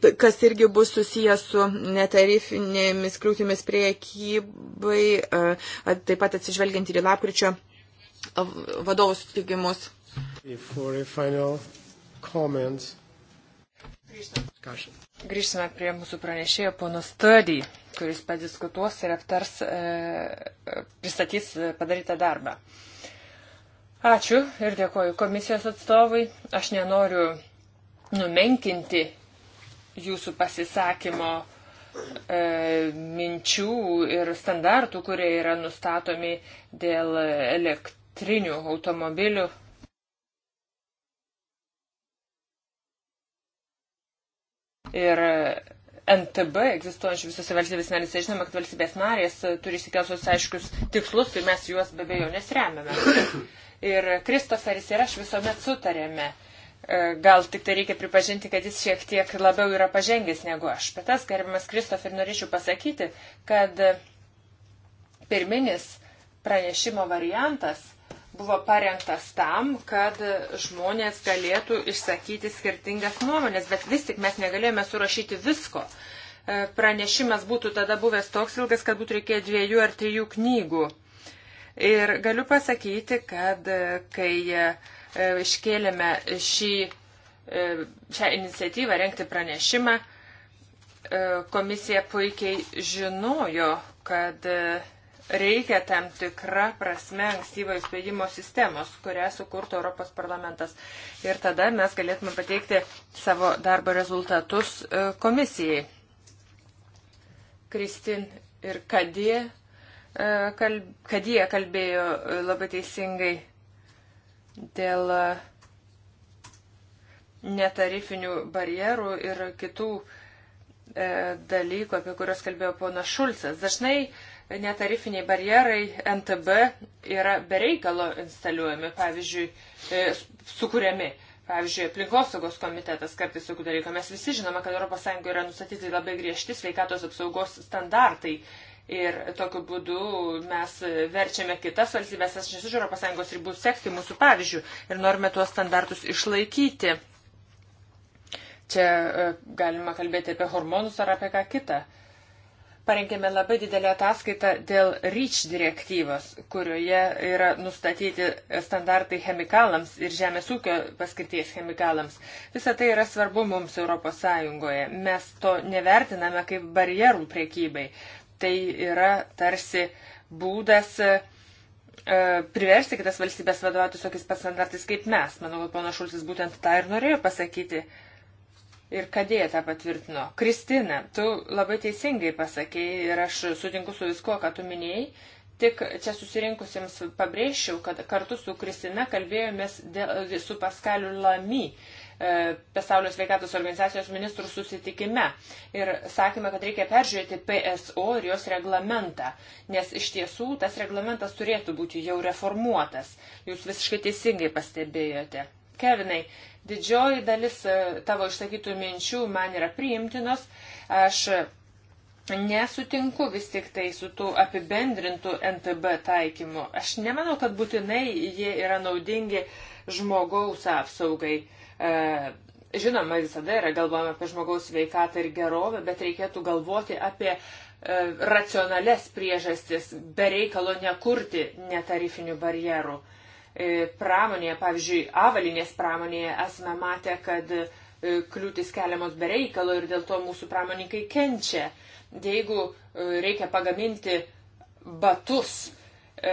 e, kas irgi bus susijęs su netarifinėmis kliūtimis priekybai, e, taip pat atsižvelgiant ir į lapkričio vadovų sutikimus. Grįžtame prie mūsų pranešėjo pono Stadį, kuris padiskutuos ir aptars, e, e pristatys padarytą darbą. Ačiū ir dėkoju komisijos atstovui. Aš nenoriu numenkinti jūsų pasisakymo e, minčių ir standartų, kurie yra nustatomi dėl elektrinių automobilių. Ir NTB egzistuojančių visose valstybės narėse, žinoma, kad valstybės narės turi išsikelsus aiškius tikslus ir mes juos be abejo nesremiame. Ir Kristoferis ir aš visuomet sutarėme, E, gal tik tai reikia pripažinti, kad jis šiek tiek labiau yra pažengęs negu aš. Bet tas, gerbiamas Kristof, ir norėčiau pasakyti, kad pirminis pranešimo variantas buvo parengtas tam, kad žmonės galėtų išsakyti skirtingas nuomonės, bet vis tik mes negalėjome surašyti visko. E, pranešimas būtų tada buvęs toks ilgas, kad būtų reikėję dviejų ar trijų knygų. Ir galiu pasakyti, kad e, kai E, iškėlėme šį, e, šią iniciatyvą renkti pranešimą. E, komisija puikiai žinojo, kad reikia tam tikrą prasme ankstyvo įspėjimo sistemos, kurią sukurtų Europos parlamentas. Ir tada mes galėtume pateikti savo darbo rezultatus komisijai. Kristin ir Kadie, kalb, Kadie kalbėjo labai teisingai dėl e, netarifinių barjerų ir kitų e, dalykų, apie kuriuos kalbėjo pona Šulcas. Dažnai netarifiniai barjerai NTB yra bereikalo instaliuojami, pavyzdžiui, e, sukūriami. Pavyzdžiui, aplinkosaugos komitetas kartais tokių dalykų. Mes visi žinome, kad ES yra nustatyti labai griežti sveikatos apsaugos standartai Ir tokiu būdu mes verčiame kitas valstybės, aš nesu Europos Sąjungos ribų, sekti mūsų pavyzdžių ir norime tuos standartus išlaikyti. Čia e, galima kalbėti apie hormonus ar apie ką kitą. Parengėme labai didelę ataskaitą dėl REACH direktyvos, kurioje yra nustatyti standartai chemikalams ir žemės ūkio paskirties chemikalams. Visa tai yra svarbu mums ES. Mes to nevertiname kaip barjerų priekybai tai yra tarsi būdas e, priversti kitas valstybės vadovautis tokiais pats standartais kaip mes. Manau, kad pana Šulcis būtent tą ir norėjo pasakyti. Ir kadėja tą patvirtino. Kristina, tu labai teisingai pasakėjai ir aš sutinku su viskuo, ką tu minėjai. Tik čia susirinkusiems pabrėžčiau, kad kartu su Kristina kalbėjomės dėl, su Paskaliu Lamy E, pasaulio sveikatos organizacijos ministrų susitikime ir sakėme, kad reikia peržiūrėti PSO ir jos reglamentą, nes iš tiesų tas reglamentas turėtų būti jau reformuotas. Jūs visiškai teisingai pastebėjote. Kevinai, didžioji dalis e, tavo išsakytų minčių man yra priimtinos. Aš Nesutinku vis tik tai su tų apibendrintų NTB taikymu. Aš nemanau, kad būtinai jie yra naudingi žmogaus apsaugai. E, žinoma, visada yra galvojama apie žmogaus veikatą ir gerovę, bet reikėtų galvoti apie e, racionales priežastis, be reikalo nekurti netarifinių barjerų. E, pramonėje, pavyzdžiui, avalinės pramonėje esame matę, kad kliūtis keliamos be reikalo ir dėl to mūsų pramoninkai kenčia. Jeigu e, reikia pagaminti batus, e,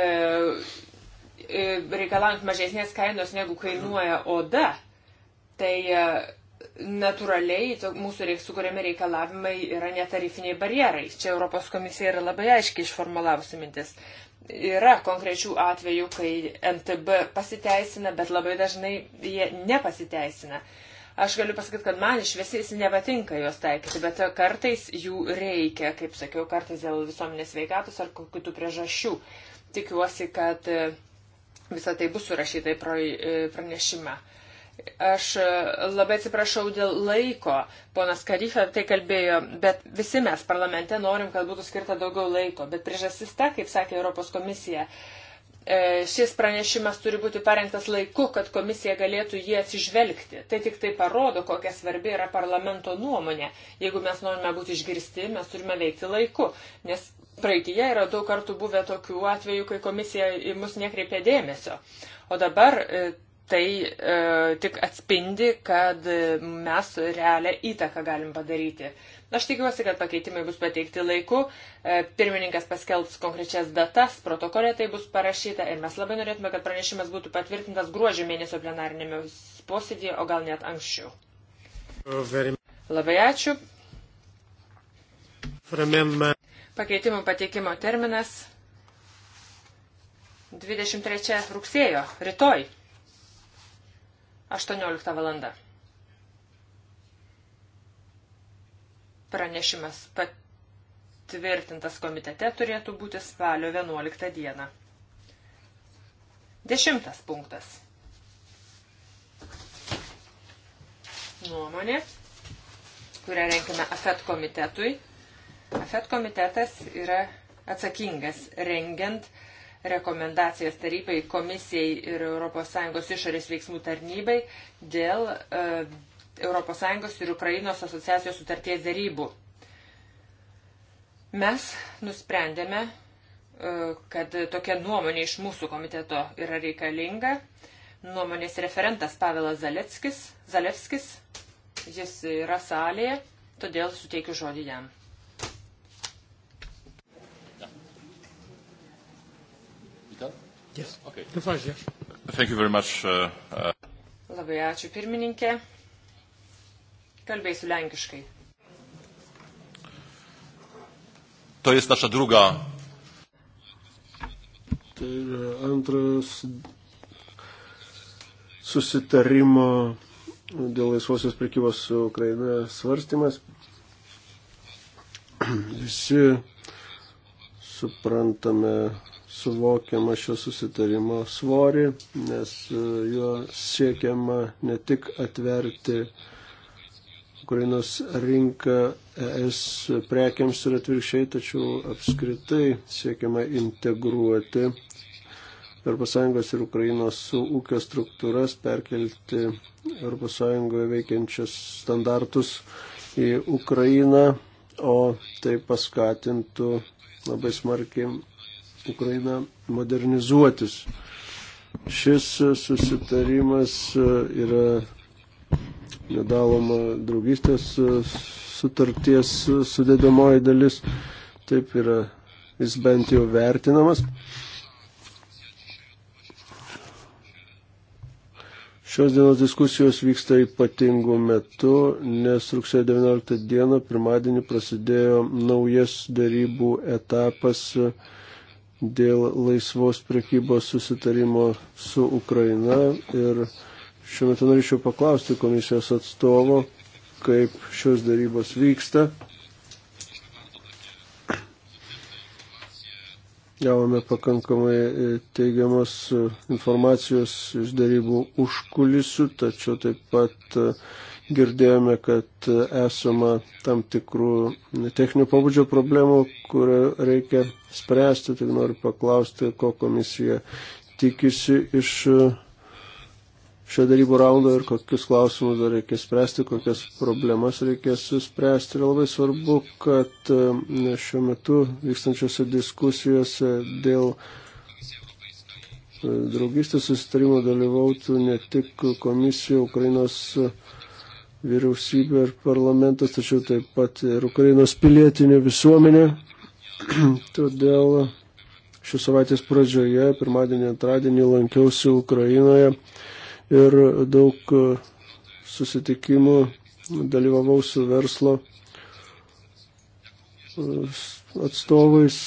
e, reikalant mažesnės kainos negu kainuoja oda, tai natūraliai mūsų reik, sukūrėme reikalavimai yra netarifiniai barjerai. Čia Europos komisija yra labai aiškiai išformulavusi mintis. Yra konkrečių atvejų, kai NTB pasiteisina, bet labai dažnai jie nepasiteisina. Uh, Aš galiu pasakyti, kad man iš visiais nepatinka jos taikyti, bet kartais jų reikia, kaip sakiau, kartais dėl visuomenės veikatos ar kitų priežasčių. Tikiuosi, kad e, visą tai bus surašyta į e, pranešimą. Aš e, labai atsiprašau dėl laiko, ponas Karyfa tai kalbėjo, bet visi mes parlamente norim, kad būtų skirta daugiau laiko. Bet priežastis ta, kaip sakė Europos komisija, uh, E, šis pranešimas turi būti parengtas laiku, kad komisija galėtų jį atsižvelgti. Tai tik tai parodo, kokia svarbi yra parlamento nuomonė. Jeigu mes norime būti išgirsti, mes turime veikti laiku, nes praeitie yra daug kartų buvę tokių atvejų, kai komisija į mus nekreipė dėmesio. O dabar e, tai e, tik atspindi, kad e, mes realią įtaką galim padaryti. Aš tikiuosi, kad pakeitimai bus pateikti laiku. E, pirmininkas paskelbs konkrečias datas, protokole tai bus parašyta ir mes labai norėtume, kad pranešimas būtų patvirtintas gruožio mėnesio plenarinėme posėdėje, o gal net anksčiau. Labai ačiū. Pakeitimų pateikimo terminas 23 rugsėjo, rytoj, 18 valanda. Pranešimas patvirtintas komitete turėtų būti spalio 11 dieną. Dešimtas punktas. Nuomonė, kurią renkime AFET komitetui. AFET komitetas yra atsakingas rengiant rekomendacijas tarybai, komisijai ir ES išorės veiksmų tarnybai dėl e, ES ir Ukrainos asociacijos sutarties dėrybų. Mes nusprendėme, e, kad tokia nuomonė iš mūsų komiteto yra reikalinga. Nuomonės referentas Pavelas Zaleckis, Zalevskis, jis yra salėje, todėl suteikiu žodį jam. Yes. Okay. Much, uh, uh... Labai ačiū pirmininkė. Kalbėsiu lenkiškai. To jest nasza druga. Tai yra antras susitarimo dėl laisvosios prekybos su Ukraina svarstymas. Visi suprantame, suvokiamą šio susitarimo svorį, nes juo siekiama ne tik atverti uh, Ukrainos rinką ES prekiams ir atvirkščiai, tačiau apskritai siekiama integruoti ES ir Ukrainos ūkio struktūras, perkelti ES veikiančius standartus į Ukrainą, o tai paskatintų labai smarkiai Ukrainą modernizuotis. Šis susitarimas yra nedaloma draugystės e, sutarties e, sudėdamoji dalis. Taip yra jis bent jau vertinamas. Šios dienos diskusijos vyksta ypatingu metu, nes rugsėjo 19 dieną, pirmadienį, prasidėjo naujas darybų etapas e, dėl laisvos prekybos susitarimo su Ukraina ir Šiuo metu norėčiau paklausti komisijos atstovo, kaip šios darybos vyksta. Gavome pakankamai e, teigiamos e, informacijos iš darybų užkulisių, tačiau taip pat e, girdėjome, kad esama tam tikrų techninio pabudžio problemų, kurio reikia spręsti. Tik noriu paklausti, ko komisija tikisi iš šio darybų raundo ir kokius klausimus dar reikės spręsti, kokias problemas reikės spręsti. Ir labai svarbu, kad e, šiuo metu vykstančiose diskusijose dėl e, draugystės sustarimo dalyvautų ne tik komisija Ukrainos e, vyriausybė ir parlamentas, tačiau taip pat ir Ukrainos pilietinė visuomenė. Todėl šios savaitės pradžioje, pirmadienį, antradienį lankiausi Ukrainoje ir daug e, susitikimų dalyvavau su verslo e, atstovais,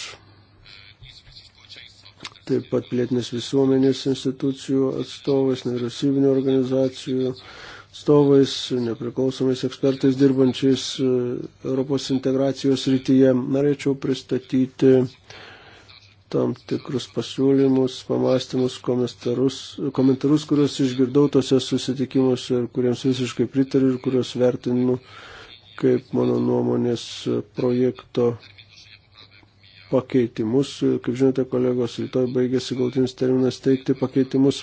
taip pat plėtinės visuomenės institucijų atstovais, nevyriausybinio organizacijų atstovais, nepriklausomais ekspertais dirbančiais e, Europos integracijos rytyje. Norėčiau pristatyti tam tikrus pasiūlymus, pamastymus, komentarus, komentarus, kuriuos išgirdau tose susitikimuose ir kuriems visiškai pritariu ir kuriuos vertinu kaip mano nuomonės projekto pakeitimus. Kaip žinote, kolegos, rytoj baigėsi galtinis terminas teikti pakeitimus.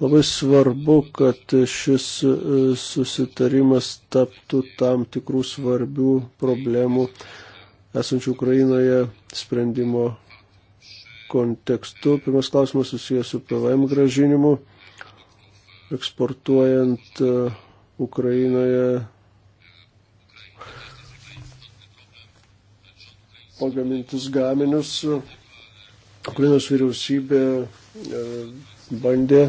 Labai svarbu, kad šis e, susitarimas taptų tam tikrų svarbių problemų esančių Ukrainoje sprendimo kontekstu. Pirmas klausimas susijęs su PVM gražinimu. Eksportuojant e, Ukrainoje pagamintus gaminius, Ukrainos vyriausybė e, bandė,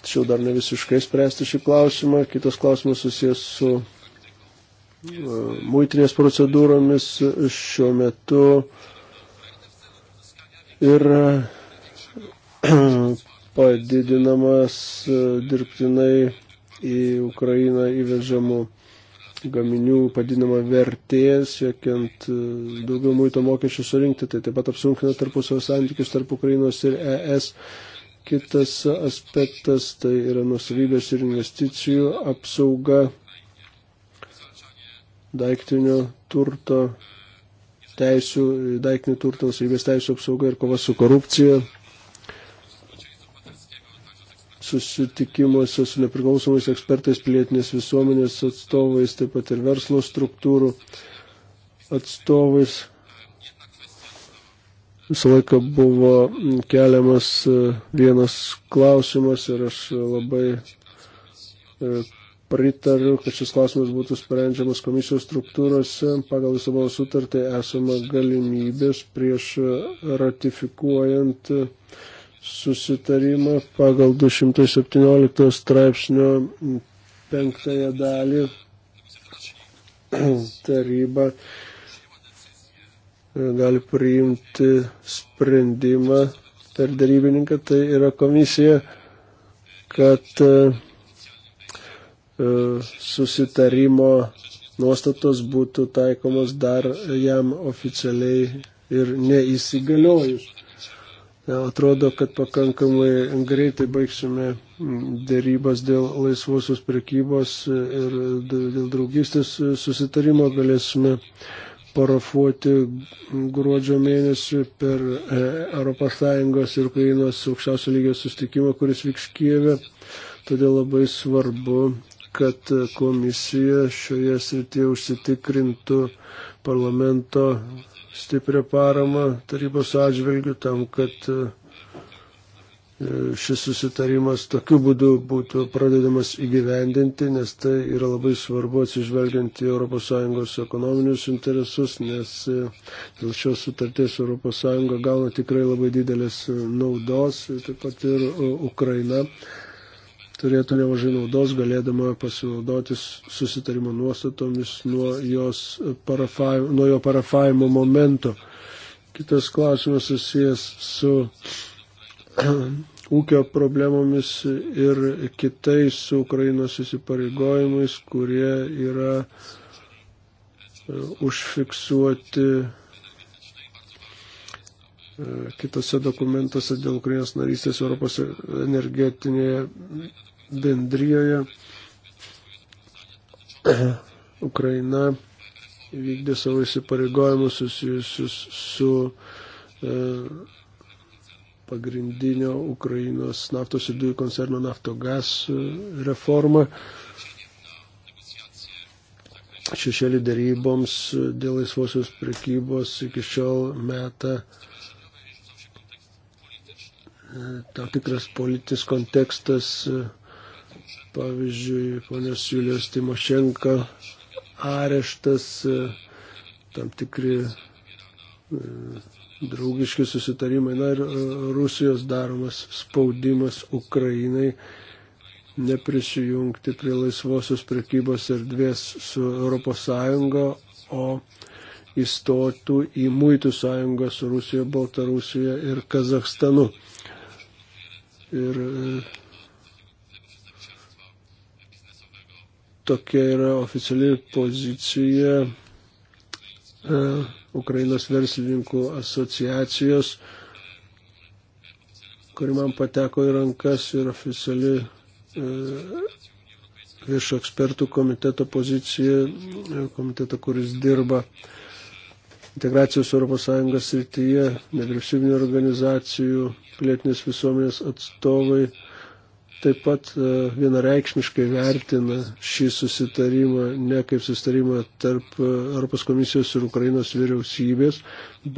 tačiau dar ne visiškai spręsti šį klausimą. Kitas klausimas susijęs su e, muitinės procedūromis šiuo metu uh, ir padidinamas e, dirbtinai į Ukrainą įvežamų gaminių padidinama vertė, siekiant e, daugiau muito mokesčių surinkti, tai taip pat apsunkina tarpusavio santykius tarp Ukrainos ir ES. Kitas aspektas tai yra nusavybės ir investicijų apsauga daiktinio turto teisų, daiktinių turto nusavybės teisų apsauga ir kova su korupcija. Susitikimuose su nepriklausomais ekspertais, pilietinės visuomenės atstovais, taip pat ir verslo struktūrų atstovais. Visą laiką buvo keliamas e, vienas klausimas ir aš labai e, pritariu, kad šis klausimas būtų sprendžiamas komisijos struktūrose pagal Lisabono sutartį esama galimybės prieš ratifikuojant susitarimą pagal 217 straipsnio penktąją dalį taryba gali priimti sprendimą per darybininką, tai yra komisija, kad uh, E, susitarimo nuostatos būtų taikomos dar jam oficialiai ir neįsigaliojus. E, atrodo, kad pakankamai greitai baigsime dėrybas dėl laisvosios prekybos ir dėl draugystės susitarimo galėsime parafuoti gruodžio mėnesį per ES ir Ukrainos aukščiausio lygio sustikimą, kuris vyks Kijeve. Todėl labai svarbu kad komisija šioje srityje užsitikrintų parlamento stiprią paramą tarybos atžvilgių tam, kad e, šis susitarimas tokiu būdu būtų pradedamas įgyvendinti, nes tai yra labai svarbu atsižvelgiant į ES ekonominius interesus, nes e, dėl šios sutarties ES gauna tikrai labai didelės e, naudos, taip pat ir Ukraina turėtų nemažai naudos, galėdama pasinaudotis susitarimo nuostatomis nuo, jos parafavimo, nuo jo parafavimo momento. Kitas klausimas susijęs su ūkio problemomis ir kitais su Ukrainos įsipareigojimais, kurie yra e, užfiksuoti E, kitose dokumentuose dėl Ukrainos narystės Europos energetinėje bendryjoje. Ukraina įvykdė savo įsipareigojimus susijusius su e, pagrindinio Ukrainos naftos ir dujų koncerno naftogas e, reforma šešėlių daryboms dėl laisvosios prekybos iki šiol meta uh, tam tikras politis kontekstas, pavyzdžiui, ponios Julijos Timošenko areštas, tam tikri e, draugiški susitarimai, na ir e, Rusijos daromas spaudimas Ukrainai neprisijungti prie laisvosios prekybos erdvės su ES, o įstotų į muitų sąjungą su Rusija, Baltarusija ir Kazakstanu. Ir e, tokia yra oficiali pozicija e, Ukrainos verslininkų asociacijos, kuri man pateko į rankas ir oficiali e, viešo ekspertų komiteto pozicija, komiteto, kuris dirba integracijos ES srityje, nevyriausybinio organizacijų, pilietinės visuomenės atstovai taip pat e, vienareikšmiškai vertina šį susitarimą ne kaip susitarimą tarp e, Europos komisijos ir Ukrainos vyriausybės,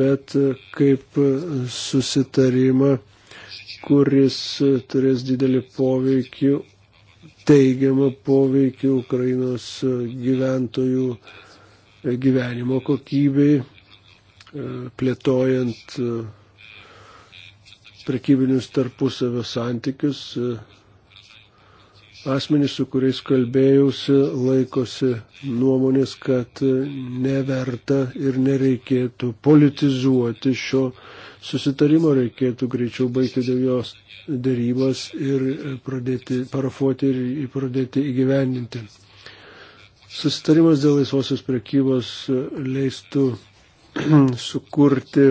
bet e, kaip susitarimą, kuris turės didelį poveikį, teigiamą poveikį Ukrainos gyventojų gyvenimo kokybei E, plėtojant e, prekybinius tarpusavio santykius. E, asmenys, su kuriais kalbėjausi, laikosi nuomonės, kad neverta ir nereikėtų politizuoti šio susitarimo, reikėtų greičiau baigti dėl jos dėrybas ir pradėti parafuoti ir pradėti įgyvendinti. Susitarimas dėl laisvosios prekybos leistų sukurti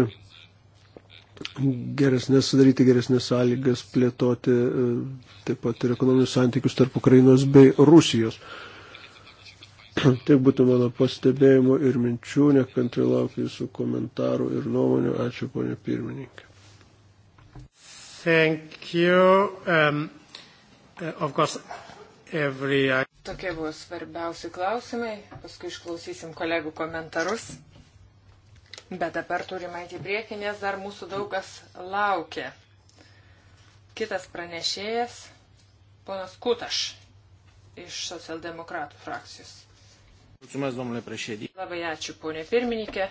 geresnės, sudaryti geresnės sąlygas, plėtoti e, taip pat ir ekonominius santykius tarp Ukrainos bei Rusijos. Tiek būtų mano pastebėjimų ir minčių, nekantrai laukiu jūsų komentarų ir nuomonių. Ačiū, ponė pirmininkė. Thank you. Um, uh, of course, every... Tokie buvo svarbiausi klausimai, paskui išklausysim kolegų komentarus. Bet dabar turime eiti priekį, nes dar mūsų daugas laukia. Kitas pranešėjas, ponas Kutaš iš socialdemokratų frakcijos. Mulțumesc, domnule președinte. Labai ačiū, ponė pirmininkė.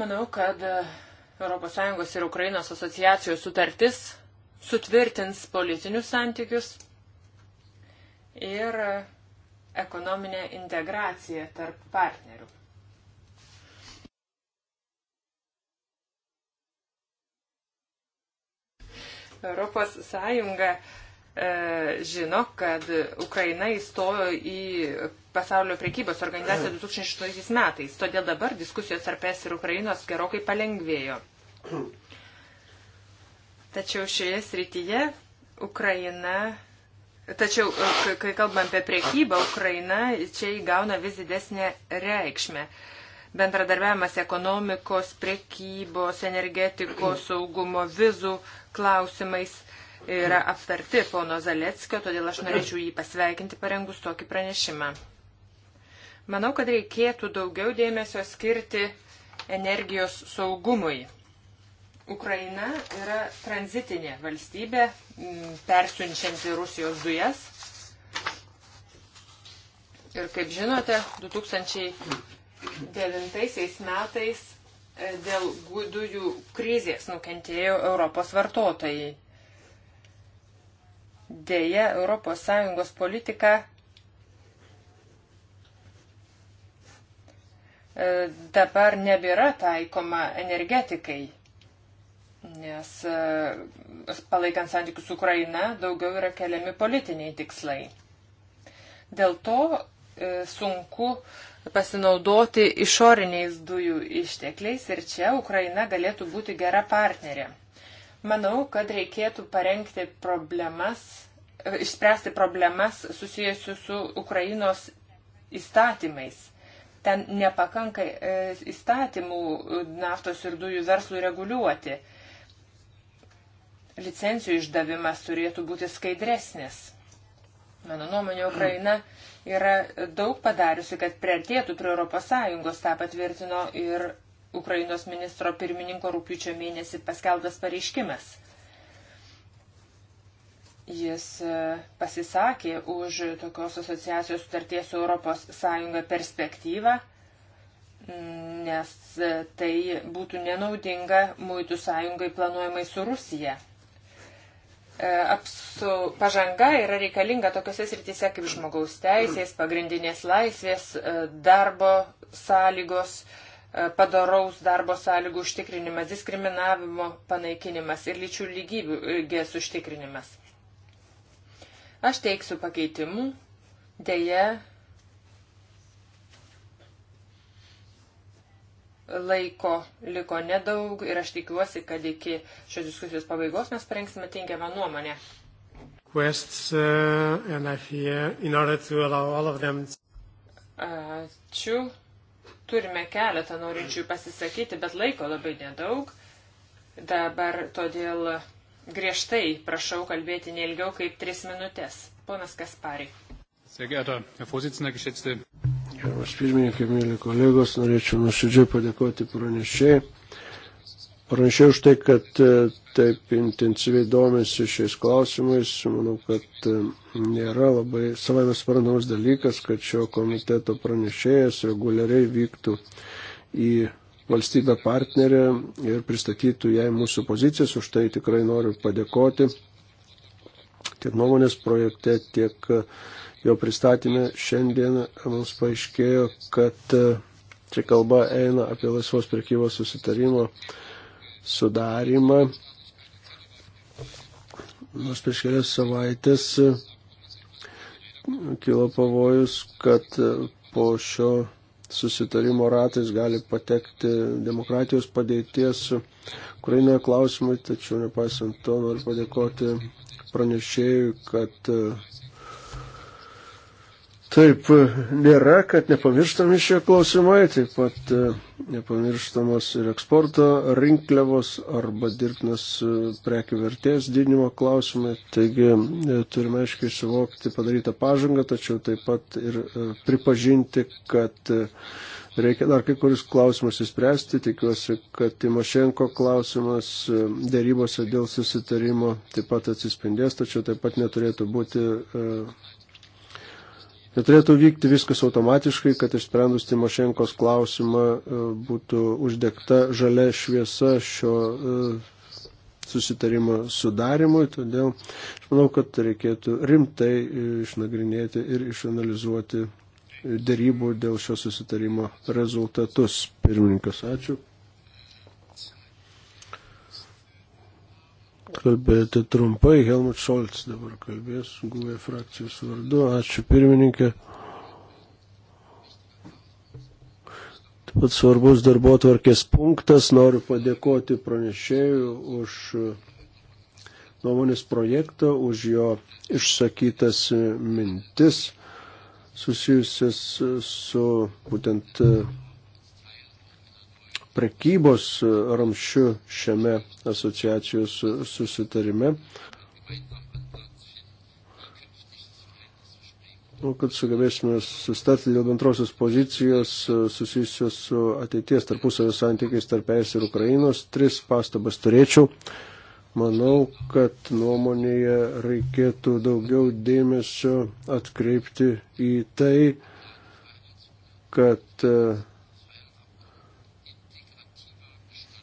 Manau, kad ES ir Ukrainos asociacijos sutartis sutvirtins politinius santykius ir ekonominę integraciją tarp partnerių. Europos Sąjunga e, žino, kad Ukraina įstojo į pasaulio priekybos organizaciją 2008 metais, todėl dabar diskusijos tarp es ir Ukrainos gerokai palengvėjo. Tačiau šioje srityje Ukraina Tačiau, e, kai kalbam apie priekybą, Ukraina čia įgauna vis didesnę reikšmę. Bendradarbiavimas ekonomikos, priekybos, energetikos, saugumo, vizų klausimais yra aptarti pono Zaleckio, todėl aš norėčiau jį pasveikinti parengus tokį pranešimą. Manau, kad reikėtų daugiau dėmesio skirti energijos saugumui Ukraina yra tranzitinė valstybė, mm, persiunčianti Rusijos dujas. Ir kaip žinote, 2009 metais e, dėl dujų krizės nukentėjo Europos vartotojai. Deja, ES politika e, dabar nebėra taikoma energetikai nes e, palaikant santykius su Ukraina daugiau yra keliami politiniai tikslai. Dėl to e, sunku pasinaudoti išoriniais dujų ištekliais ir čia Ukraina galėtų būti gera partnerė. Manau, kad reikėtų parengti problemas, e, išspręsti problemas susijusius su Ukrainos įstatymais. Ten nepakanka įstatymų naftos ir dujų verslų reguliuoti licencijų išdavimas turėtų būti skaidresnis. Mano nuomonė, Ukraina yra daug padariusi, kad prieartėtų prie ES, tą patvirtino ir Ukrainos ministro pirmininko rūpiučio mėnesį paskelbtas pareiškimas. Jis e, pasisakė už tokios asociacijos sutarties su ES perspektyvą, nes e, tai būtų nenaudinga muitų sąjungai planuojamai su Rusija. E, apsu, pažanga yra reikalinga tokiuose srityse kaip žmogaus teisės, pagrindinės laisvės, e, darbo sąlygos, e, padaraus darbo sąlygų užtikrinimas, diskriminavimo panaikinimas ir lyčių lygybės užtikrinimas. Aš teiksiu pakeitimų, dėje laiko liko nedaug ir aš tikiuosi, kad iki šios diskusijos pabaigos mes parengsime tinkamą nuomonę. Quests, uh, Ačiū. Turime keletą norinčių pasisakyti, bet laiko labai nedaug. Dabar todėl griežtai prašau kalbėti neilgiau kaip tris minutės. Ponas Kaspari. Sehr geehrter Herr Vorsitzender, geschätzte Gerbiamas pirmininkė, mėly kolegos, norėčiau nuoširdžiai padėkoti pranešėjai. Pranešėjai už tai, kad e, taip intensyviai domėsi šiais klausimais. Manau, kad e, nėra labai savai nesprandamas dalykas, kad šio komiteto pranešėjas reguliariai vyktų į valstybę partnerę ir pristatytų jai mūsų pozicijas. Už tai tikrai noriu padėkoti tiek nuomonės projekte, tiek jo pristatymė šiandien mums paaiškėjo, kad e, čia kalba eina apie laisvos prekybos susitarimo sudarimą. Nors prieš kelias savaitės e, kilo pavojus, kad e, po šio susitarimo ratais gali patekti demokratijos padėties Ukrainoje klausimai, tačiau nepaisant to noriu padėkoti pranešėjui, kad Taip nėra, kad nepamirštami šie klausimai, taip pat e, nepamirštamos ir eksporto rinkliavos arba dirbtinas e, prekių vertės didinimo klausimai. Taigi e, turime aiškiai suvokti padarytą pažangą, tačiau taip pat ir pripažinti, kad reikia dar kai kuris klausimas įspręsti. Tikiuosi, kad Timošenko klausimas dėrybose dėl susitarimo taip pat atsispindės, tačiau taip pat neturėtų būti Neturėtų vykti viskas automatiškai, kad išsprendus Timošenkos klausimą e, būtų uždegta žalia šviesa šio e, susitarimo sudarimui, todėl aš manau, kad reikėtų rimtai e, išnagrinėti ir išanalizuoti dėrybų dėl šio susitarimo rezultatus. Pirmininkas, ačiū. kalbėti trumpai. Helmut Scholz dabar kalbės, guvė frakcijos vardu. Ačiū pirmininkė. Taip pat svarbus darbo tvarkės punktas. Noriu padėkoti pranešėjų už nuomonės projektą, už jo išsakytas mintis susijusias su būtent prekybos ramščių šiame asociacijos susitarime. Nu, kad sugebėsime sustarti dėl bendrosios pozicijos e, susijusios su ateities tarpusavio santykiais tarp ES ir Ukrainos. Tris pastabas turėčiau. Manau, kad nuomonėje reikėtų daugiau dėmesio atkreipti į tai, kad uh,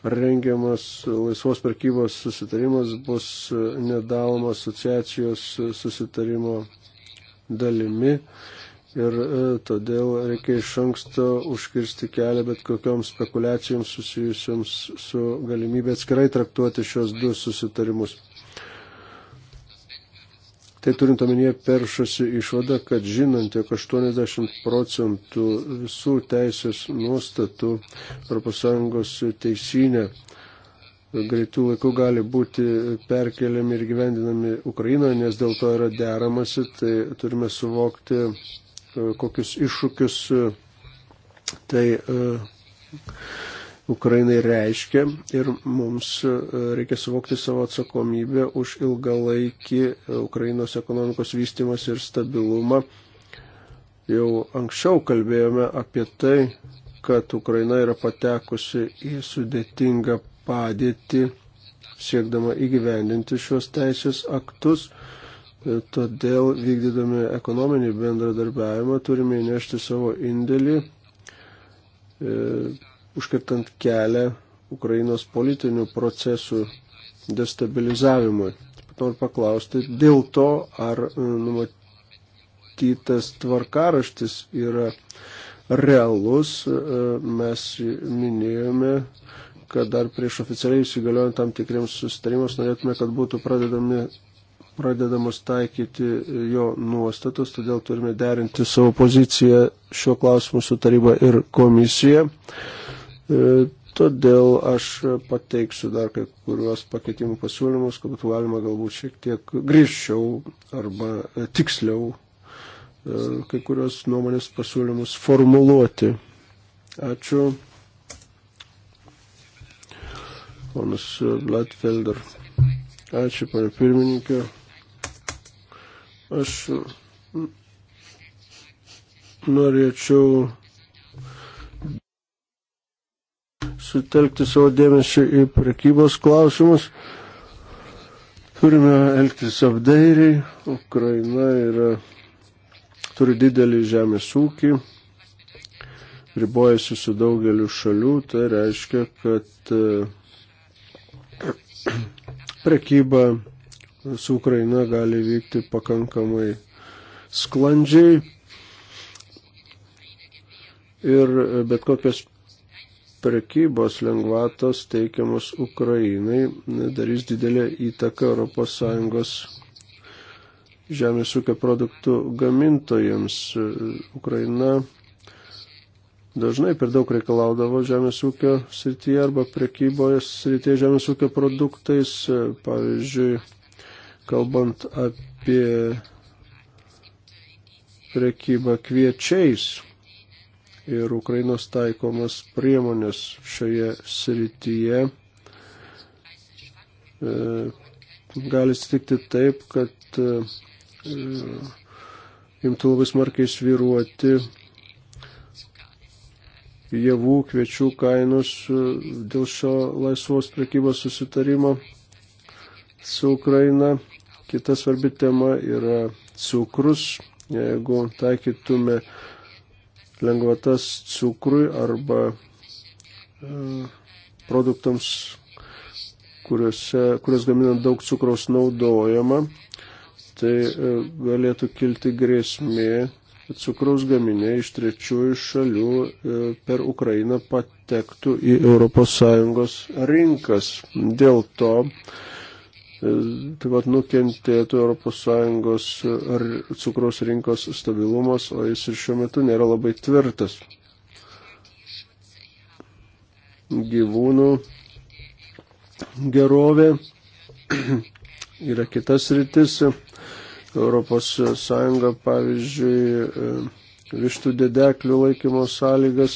rengiamas laisvos prekybos susitarimas bus e, nedaloma asociacijos e, susitarimo dalimi ir e, todėl reikia iš anksto užkirsti kelią bet kokioms spekulacijoms susijusiams su galimybė atskirai traktuoti šios du susitarimus. Tai turint omenyje peršasi išvada, kad žinant, jog 80 procentų visų teisės nuostatų ES teisinė greitų laikų gali būti perkeliami ir gyvendinami Ukrainoje, nes dėl to yra deramasi, tai turime suvokti, e, kokius iššūkius e, tai e, Ukrainai reiškia ir mums e, reikia suvokti savo atsakomybę už ilgalaikį e, Ukrainos ekonomikos vystimas ir stabilumą. Jau anksčiau kalbėjome apie tai, kad Ukraina yra patekusi į sudėtingą padėtį siekdama įgyvendinti šios teisės aktus. E, todėl vykdydami ekonominį bendradarbiavimą turime įnešti savo indėlį užkirtant kelią Ukrainos politinių procesų destabilizavimui. Noriu paklausti, dėl to, ar e, numatytas tvarkaraštis yra realus, e, mes minėjome, kad dar prieš oficialiai įsigaliojant tam tikriems sustarimus norėtume, kad būtų pradedami pradedamos taikyti jo nuostatos, todėl turime derinti savo poziciją šiuo klausimu su taryba ir komisija. Uh, E, todėl aš pateiksiu dar kai kuriuos pakeitimų pasiūlymus, kad būtų galima galbūt šiek tiek grįžčiau arba e, tiksliau e, kai kurios nuomonės pasiūlymus formuluoti. Ačiū. Ponas Latfelder. Ačiū, pane pirmininkė. Aš norėčiau sutelkti savo dėmesį į prekybos klausimus. Turime elgtis apdairiai. Ukraina yra, turi didelį žemės ūkį, ribojasi su daugeliu šalių. Tai reiškia, kad e, prekyba su Ukraina gali vykti pakankamai sklandžiai ir e, bet kokios prekybos lengvatos teikiamos Ukrainai darys didelę įtaką ES žemės ūkio produktų gamintojams. Ukraina dažnai per daug reikalaudavo žemės ūkio srityje arba prekyboje srityje žemės ūkio produktais, pavyzdžiui, kalbant apie prekybą kviečiais ir Ukrainos taikomas priemonės šioje srityje. E, gali stikti taip, kad e, imtų labai smarkiai sviruoti javų, kviečių kainos e, dėl šio laisvos prekybos susitarimo su Ukraina. Kita svarbi tema yra cukrus. Jeigu taikytume lengvatas cukrui arba e, produktams, kuriuose, kurios gaminant daug cukraus naudojama, tai e, galėtų kilti grėsmė, kad cukraus gaminiai iš trečiųjų šalių e, per Ukrainą patektų į ES rinkas. Dėl to taip pat nukentėtų ES cukraus rinkos stabilumas, o jis ir šiuo metu nėra labai tvirtas. Gyvūnų gerovė yra kitas rytis. ES, pavyzdžiui, vištų e, dedeklių laikymo sąlygas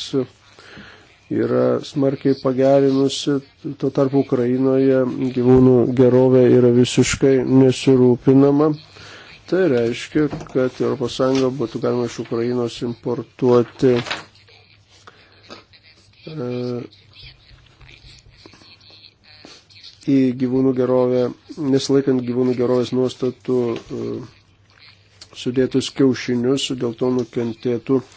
yra smarkiai pagerinusi, tuo tarpu Ukrainoje gyvūnų gerovė yra visiškai nesirūpinama. Tai reiškia, kad ES būtų galima iš Ukrainos importuoti e, į gyvūnų gerovę, nesilaikant gyvūnų gerovės nuostatų e, sudėtus kiaušinius, dėl to nukentėtų e,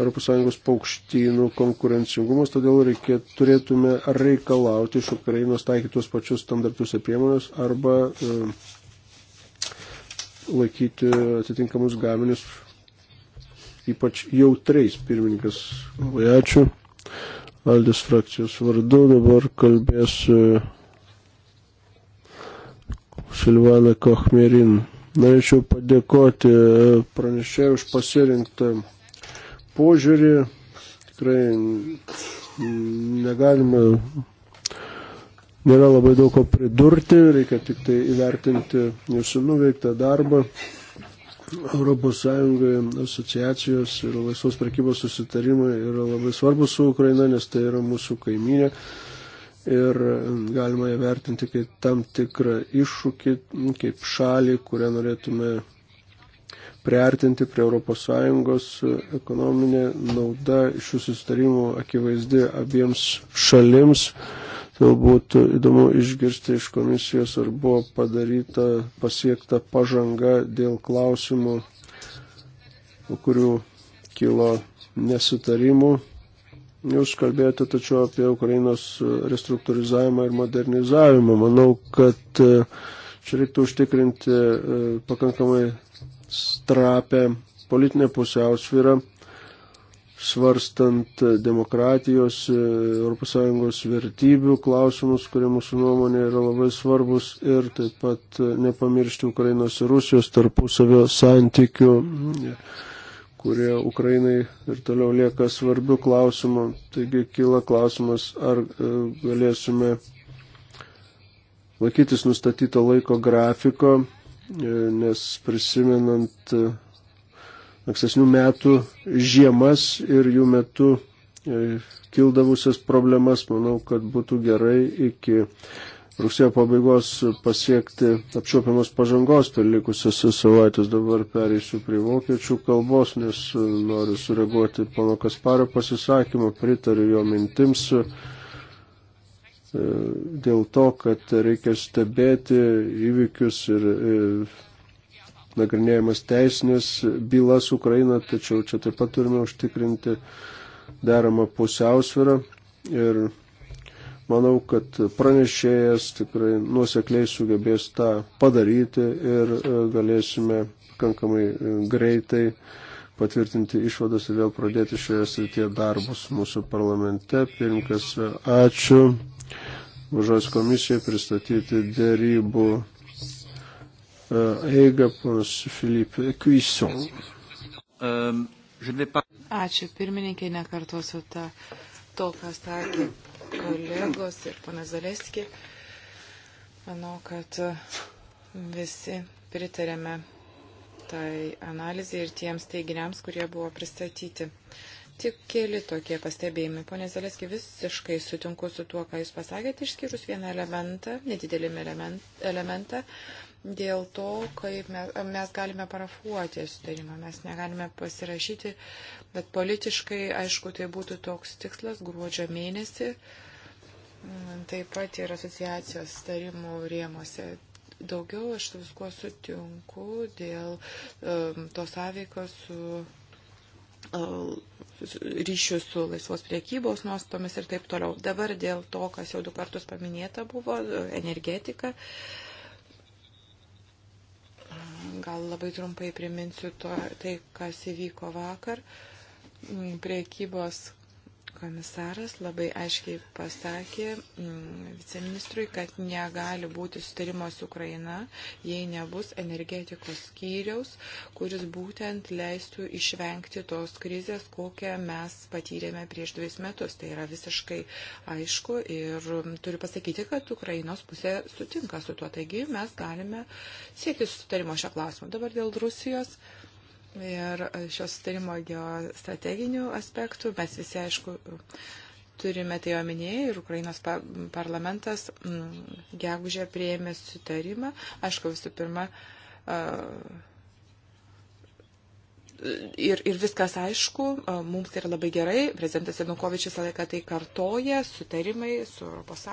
ES paukštynų konkurencingumas, todėl reikėt, turėtume reikalauti iš Ukrainos taikytus pačius standartus ir priemonės arba e, laikyti atitinkamus gaminius ypač jautriais pirmininkas. Labai ačiū. Aldės frakcijos vardu dabar kalbės e, Silvana Kochmerin. Norėčiau padėkoti e, pranešėjui už pasirinktą požiūrį tikrai negalime, nėra labai daug ko pridurti, reikia tik tai įvertinti jūsų nuveiktą darbą. ES asociacijos ir laisvos prekybos susitarimai yra labai svarbus su Ukraina, nes tai yra mūsų kaiminė ir galima įvertinti kaip tam tikrą iššūkį, kaip šalį, kurią norėtume priartinti prie ES e, ekonominė nauda iš šių sustarimų akivaizdi abiems šalims. Tai būtų įdomu išgirsti iš komisijos, ar buvo padaryta pasiekta pažanga dėl klausimų, kurių kilo nesutarimų. Jūs kalbėjote tačiau apie Ukrainos restruktūrizavimą ir modernizavimą. Manau, kad e, čia reiktų užtikrinti e, pakankamai strapę politinę pusiausvyrą, svarstant demokratijos, ES vertybių klausimus, kurie mūsų nuomonė yra labai svarbus ir taip pat nepamiršti Ukrainos ir Rusijos tarpusavio santykių, kurie Ukrainai ir toliau lieka svarbių klausimų. Taigi kyla klausimas, ar e, galėsime laikytis nustatyto laiko grafiko E, nes prisimenant e, ankstesnių metų žiemas ir jų metu e, kildavusias problemas, manau, kad būtų gerai iki rugsėjo pabaigos pasiekti apčiopiamos pažangos per likusias savaitės. Dabar pereisiu prie vokiečių kalbos, nes noriu sureaguoti pano Kasparo pasisakymą, pritariu jo mintims. E, dėl to, kad reikia stebėti įvykius ir e, nagrinėjimas teisinės bylas Ukraina, tačiau čia taip pat turime užtikrinti deramą pusiausvyrą ir manau, kad pranešėjas tikrai nuosekliai sugebės tą padaryti ir e, galėsime pakankamai greitai patvirtinti išvadas ir vėl pradėti šioje srityje darbus mūsų parlamente. Pirmkas, ačiū mažos komisijai pristatyti dėrybų e, eigą panas Filipė Kuison. Ačiū, pirmininkė, nekartosiu tą, to, ką sakė kolegos ir panas Zaleski. Manau, kad e, visi pritarėme tai analizai ir tiems teiginiams, kurie buvo pristatyti. Uh, Tik keli tokie pastebėjimai. Pone Zaleski, visiškai sutinku su tuo, ką Jūs pasakėte, išskyrus vieną elementą, nedidelį element, elementą, dėl to, kaip mes, mes galime parafuoti sutarimą, mes negalime pasirašyti, bet politiškai, aišku, tai būtų toks tikslas gruodžio mėnesį, mm, taip pat ir asociacijos sutarimų rėmose daugiau aš viskuo sutinku dėl um, tos sąveikos su E, ryšių su laisvos priekybos nuostomis ir taip toliau. Dabar dėl to, kas jau du kartus paminėta buvo, e, energetika. Gal labai trumpai priminsiu to, tai, kas įvyko vakar. Priekybos Komisaras labai aiškiai pasakė mm, viceministrui, kad negali būti sutarimo su Ukraina, jei nebus energetikos skyriaus, kuris būtent leistų išvengti tos krizės, kokią mes patyrėme prieš dviejus metus. Tai yra visiškai aišku ir turiu pasakyti, kad Ukrainos pusė sutinka su tuo. Taigi mes galime siekti sutarimo šią klausimą. Dabar dėl Rusijos. Uh, ir šios sutarimo geostrateginių aspektų. Mes visi, aišku, turime tai omenyje ir Ukrainos parlamentas mm, gegužė prieėmė sutarimą. Aišku, visų pirma, ir, ir viskas aišku, mums tai yra labai gerai, prezidentas Janukovičius laiką tai kartoja, sutarimai su ES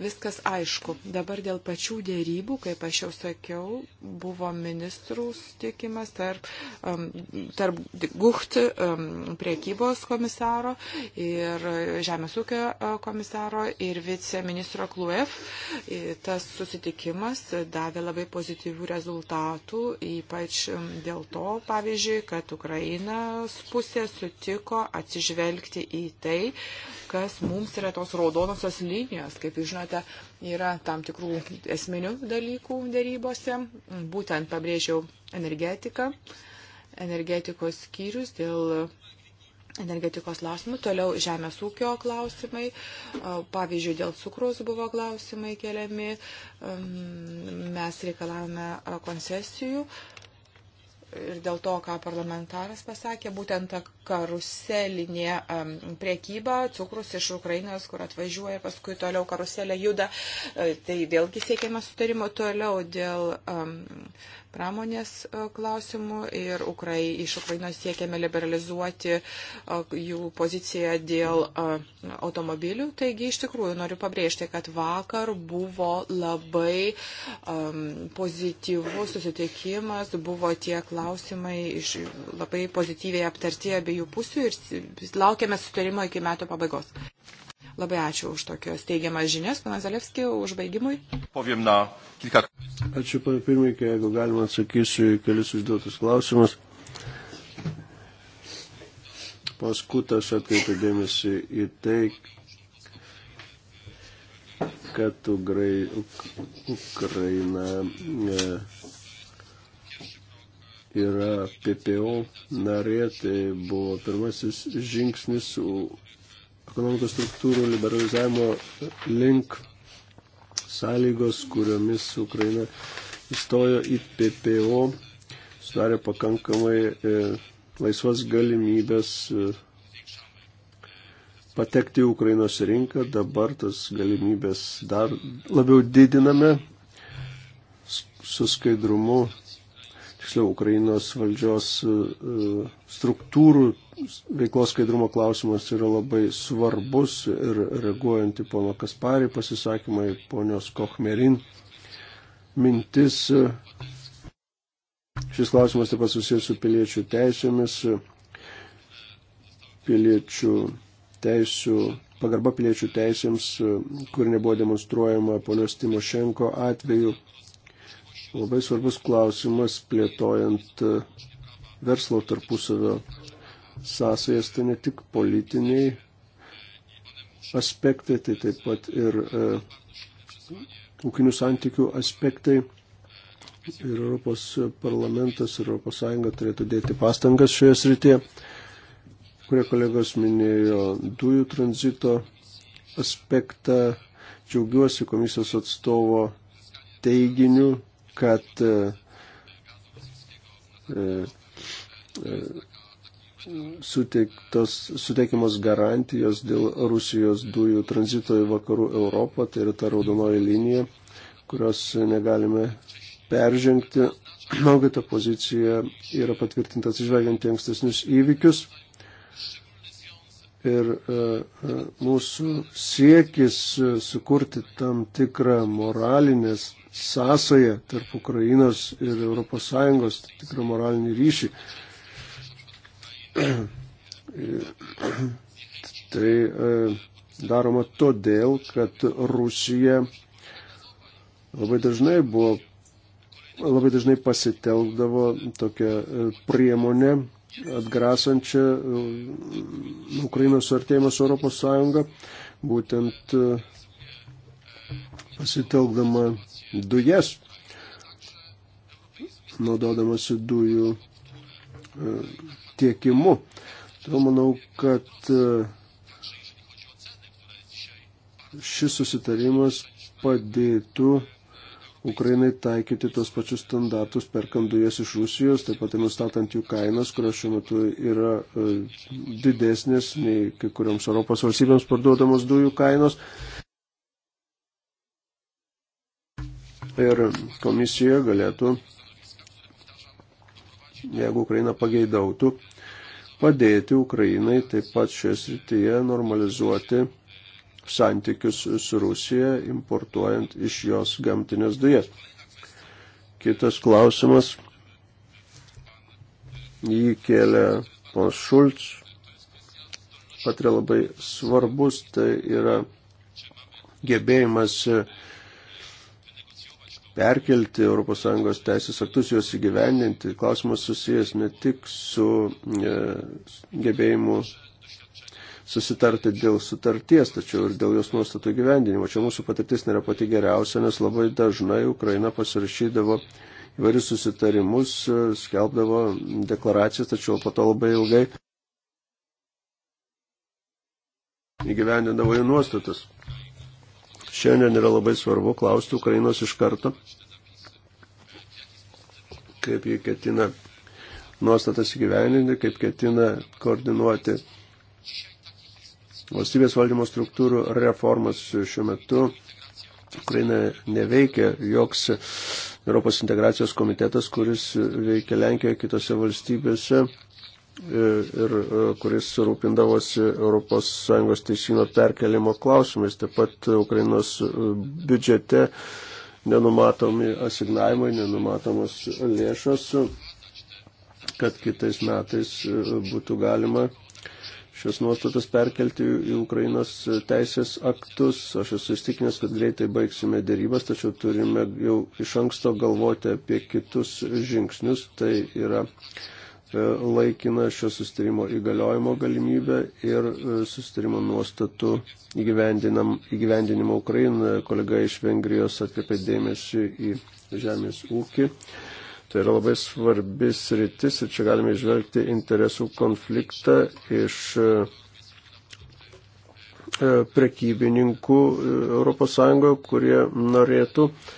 viskas aišku. Dabar dėl pačių dėrybų, kaip aš jau sakiau, buvo ministrų sutikimas tarp, um, tarp Gucht um, priekybos komisaro ir Žemės ūkio uh, komisaro ir viceministro Kluef. Tas susitikimas davė labai pozityvių rezultatų, ypač um, dėl to, pavyzdžiui, kad Ukrainos pusė sutiko atsižvelgti į tai, kas mums yra tos raudonosios linijos. Kaip jūs žinote, yra tam tikrų esminių dalykų dėrybose. Būtent pabrėžiau energetiką, energetikos skyrius dėl energetikos klausimų, toliau žemės ūkio klausimai, pavyzdžiui, dėl cukraus buvo klausimai keliami, mes reikalavome koncesijų, ir dėl to, ką parlamentaras pasakė, būtent ta karuselinė um, priekyba, cukrus iš Ukrainos, kur atvažiuoja, paskui toliau karuselė juda, e, tai vėlgi siekiame sutarimo toliau dėl um, pramonės e, klausimų ir Ukrai, iš Ukrainos siekiame liberalizuoti e, jų poziciją dėl e, automobilių. Taigi, iš tikrųjų, noriu pabrėžti, kad vakar buvo labai um, pozityvus susitikimas, buvo tie klausimai iš, labai pozityviai aptarti abiejų pusių ir laukiame sutarimo iki metų pabaigos. Labai ačiū už tokios teigiamas žinias, panas Zalevski, užbaigimui. Poviem na kilka Ačiū, pana pirmininkė, jeigu galima atsakysiu į kelis užduotus klausimus. Paskutas atkreipė dėmesį į tai, kad Ugrai, Ukraina e, yra PPO narė, tai buvo pirmasis žingsnis ekonomikos struktūrų liberalizavimo link sąlygos, kuriomis Ukraina įstojo į PPO, sudarė pakankamai e, laisvas galimybės e, patekti į Ukrainos rinką. Dabar tas galimybės dar labiau didiname su skaidrumu tiksliau Ukrainos valdžios e, struktūrų veiklos skaidrumo klausimas yra labai svarbus ir reaguojant į pono Kasparį pasisakymą į ponios Kochmerin mintis. E, šis klausimas taip pat susijęs su piliečių teisėmis, piliečių teisų pagarba piliečių teisėms, e, kur nebuvo demonstruojama ponios Timošenko atveju, labai svarbus klausimas plėtojant e, verslo tarpusavio sąsajas, tai ne tik politiniai aspektai, tai taip pat ir e, ūkinių santykių aspektai. Ir Europos parlamentas ir Europos Sąjunga turėtų dėti pastangas šioje srityje, kurie kolegos minėjo dujų tranzito aspektą. Džiaugiuosi komisijos atstovo teiginiu kad e, e, e, suteiktos, suteikiamos garantijos dėl Rusijos dujų tranzito į vakarų Europą, tai yra ta raudonoji linija, kurios negalime peržengti. Manau, kad ta pozicija yra patvirtinta atsižvelgiant į ankstesnius įvykius. Ir e, mūsų siekis sukurti tam tikrą moralinės sąsąją tarp Ukrainos ir ES, tai tikrą moralinį ryšį. tai e, daroma todėl, kad Rusija labai dažnai buvo, labai dažnai pasitelkdavo tokią e, priemonę atgrasančią e, Ukrainos artėjimą su Europos Sąjunga, būtent pasitelkdama dujas, naudodamasi dujų e, tiekimu. Todėl manau, kad e, šis susitarimas padėtų Ukrainai taikyti tos pačius standartus, perkant dujas iš Rusijos, taip pat ir nustatant jų kainas, kurios šiuo metu yra e, didesnės nei kai kuriams Europos valstybėms parduodamos dujų kainos. ir komisija galėtų, jeigu Ukraina pageidautų, padėti Ukrainai taip pat šioje srityje normalizuoti santykius su Rusija, importuojant iš jos gamtinės dujas. Kitas klausimas, jį kėlė ponas Šulc, patiria labai svarbus, tai yra gebėjimas perkelti ES teisės aktus, juos įgyvendinti. Klausimas susijęs ne tik su e, gebėjimu susitarti dėl sutarties, tačiau ir dėl jos nuostatų gyvendinimo. Čia mūsų patirtis nėra pati geriausia, nes labai dažnai Ukraina pasirašydavo įvairius susitarimus, e, skelbdavo deklaracijas, tačiau po to labai ilgai įgyvendindavo jų nuostatus. Šiandien yra labai svarbu klausti Ukrainos iš karto, kaip jie ketina nuostatas įgyveninti, kaip ketina koordinuoti valstybės valdymo struktūrų reformas šiuo metu. Ukraina neveikia joks Europos integracijos komitetas, kuris veikia Lenkijoje kitose valstybėse ir e, kuris rūpindavosi ES teisino perkelimo klausimais. Taip pat Ukrainos e, biudžete nenumatomi asignavimai, nenumatomos lėšos, kad kitais metais e, būtų galima šios nuostatas perkelti į Ukrainos teisės aktus. Aš esu įstikinęs, kad greitai baigsime dėrybas, tačiau turime jau iš anksto galvoti apie kitus žingsnius. Tai yra E, laikiną šio sustarimo įgaliojimo galimybę ir e, sustarimo nuostatų įgyvendinimą Ukrainoje. Kolega iš Vengrijos atkreipė dėmesį į žemės ūkį. Tai yra labai svarbis rytis ir čia galime išvelgti interesų konfliktą iš e, prekybininkų ES, kurie norėtų uh,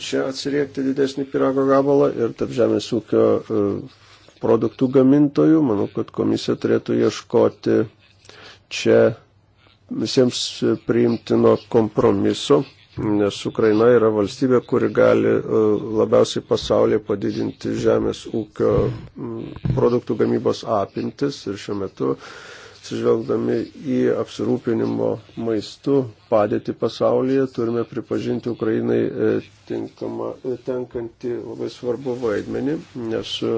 čia atsiriekti didesnį pirago gabalą ir tarp žemės ūkio e, produktų gamintojų. Manau, kad komisija turėtų ieškoti čia visiems priimtino kompromiso, nes Ukraina yra valstybė, kuri gali e, labiausiai pasaulyje padidinti žemės ūkio produktų gamybos apimtis ir šiuo metu uh, atsižvelgdami į apsirūpinimo maistu padėti pasaulyje, turime pripažinti Ukrainai e, tinkama, e, tenkantį labai svarbu vaidmenį, nes e,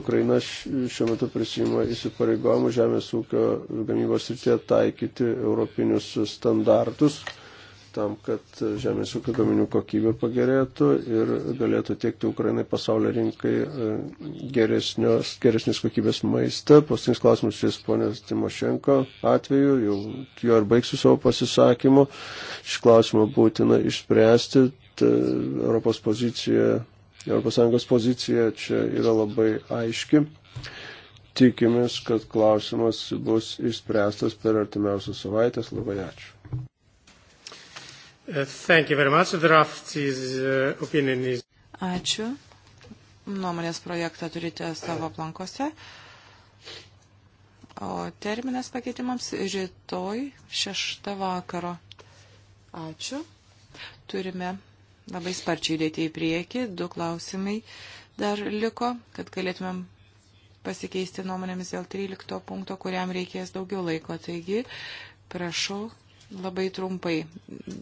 Ukraina šiuo metu prisima įsipareigojimų žemės ūkio gamybos srityje taikyti europinius standartus tam, kad žemės ūkio gaminių kokybė pagerėtų ir galėtų tiekti Ukrainai pasaulio rinkai e, geresnės kokybės maistą. Pastinis klausimas šis ponės Timošenko atveju, jau jo ir baigsiu savo pasisakymu. Šį klausimą būtina išspręsti. Ta, Europos pozicija, ES pozicija čia yra labai aiški. Tikimės, kad klausimas bus išspręstas per artimiausias savaitės. Labai ačiū. Uh, uh, Ačiū. Nuomonės projektą turite savo aplankose. O terminas pakeitimams rytoj 6 vakaro. Ačiū. Turime labai sparčiai dėti į priekį. Du klausimai dar liko, kad galėtumėm pasikeisti nuomonėmis dėl 13 punkto, kuriam reikės daugiau laiko. Taigi, prašau Labai trumpai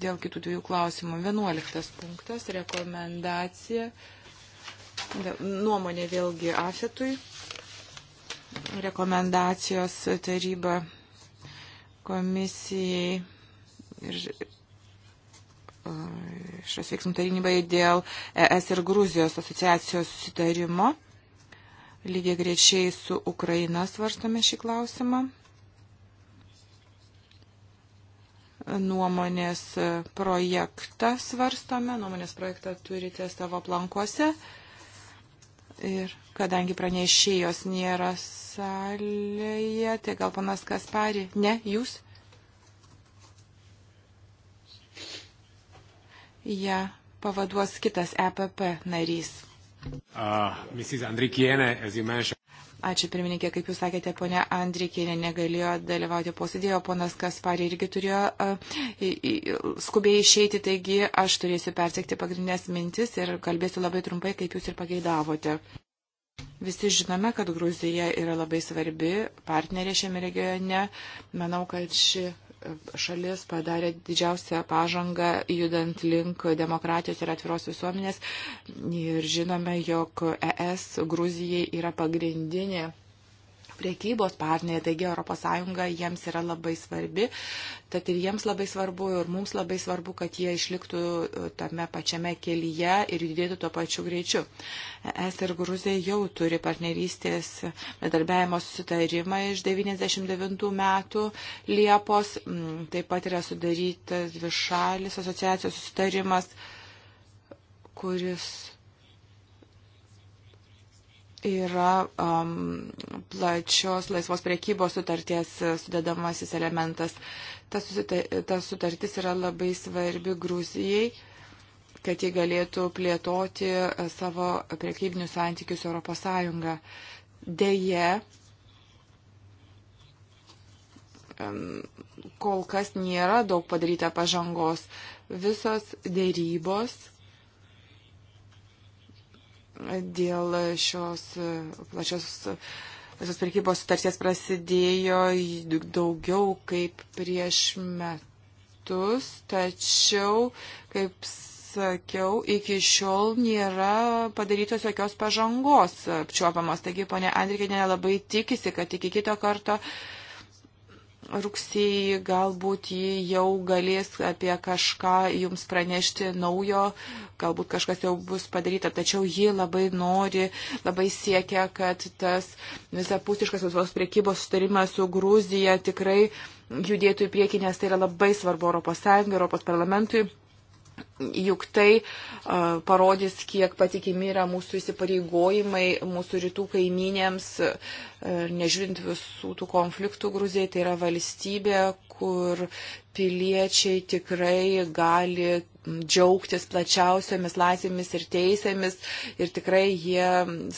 dėl kitų dviejų klausimų. Vienuoliktas punktas - rekomendacija. Nuomonė vėlgi afetui. Rekomendacijos taryba komisijai ir e, šios veiksmų tarybai dėl ES ir Gruzijos asociacijos susitarimo. Lygiai grečiai su Ukraina svarstame šį klausimą. nuomonės projektą svarstome, nuomonės projektą turite savo plankuose. Ir kadangi pranešėjos nėra salėje, tai gal panas Kaspari, ne, jūs? Ja, pavaduos kitas EPP narys. Uh, Mrs. Andrikienė, as you mentioned. Ačiū pirmininkė, kaip jūs sakėte, ponia Andrikinė negalėjo dalyvauti posėdėje, o ponas Kasparė irgi turėjo uh, į, į, skubiai išeiti, taigi aš turėsiu persekti pagrindinės mintis ir kalbėsiu labai trumpai, kaip jūs ir pageidavote. Visi žinome, kad Gruzija yra labai svarbi partnerė šiame regione. Manau, kad ši šalis padarė didžiausią pažangą judant link demokratijos ir atviros visuomenės. Ir žinome, jog ES Gruzijai yra pagrindinė priekybos partneriai, taigi ES jiems yra labai svarbi, tad ir jiems labai svarbu ir mums labai svarbu, kad jie išliktų e, tame pačiame kelyje ir judėtų tuo pačiu greičiu. Es ir Gruzija jau turi partnerystės bedarbiajimo susitarimą iš 99 metų Liepos, mm, taip pat yra sudarytas dvišalis asociacijos susitarimas kuris yra um, plačios laisvos priekybos sutarties e, sudedamasis elementas. Ta, susita, ta sutartis yra labai svarbi Gruzijai, kad ji galėtų plėtoti e, savo priekybinius santykius Europos Sąjungą. Deja, um, kol kas nėra daug padaryta pažangos. Visos dėrybos dėl šios plačios visos prekybos sutarties prasidėjo daugiau kaip prieš metus, tačiau, kaip sakiau, iki šiol nėra padarytos jokios pažangos apčiuopamos. Taigi, ponė Andrikė nelabai tikisi, kad iki kito karto uh, rugsėjį galbūt ji jau galės apie kažką jums pranešti naujo, galbūt kažkas jau bus padaryta, tačiau ji labai nori, labai siekia, kad tas visapusiškas visos priekybos sutarimas su Gruzija tikrai judėtų į priekį, nes tai yra labai svarbu Europos Sąjungai, Europos parlamentui juk tai parodys, kiek patikimi yra mūsų įsipareigojimai mūsų rytų kaiminėms, nežiūrint visų tų konfliktų Gruzijai, tai yra valstybė, kur piliečiai tikrai gali džiaugtis plačiausiamis laisvėmis ir teisėmis ir tikrai jie,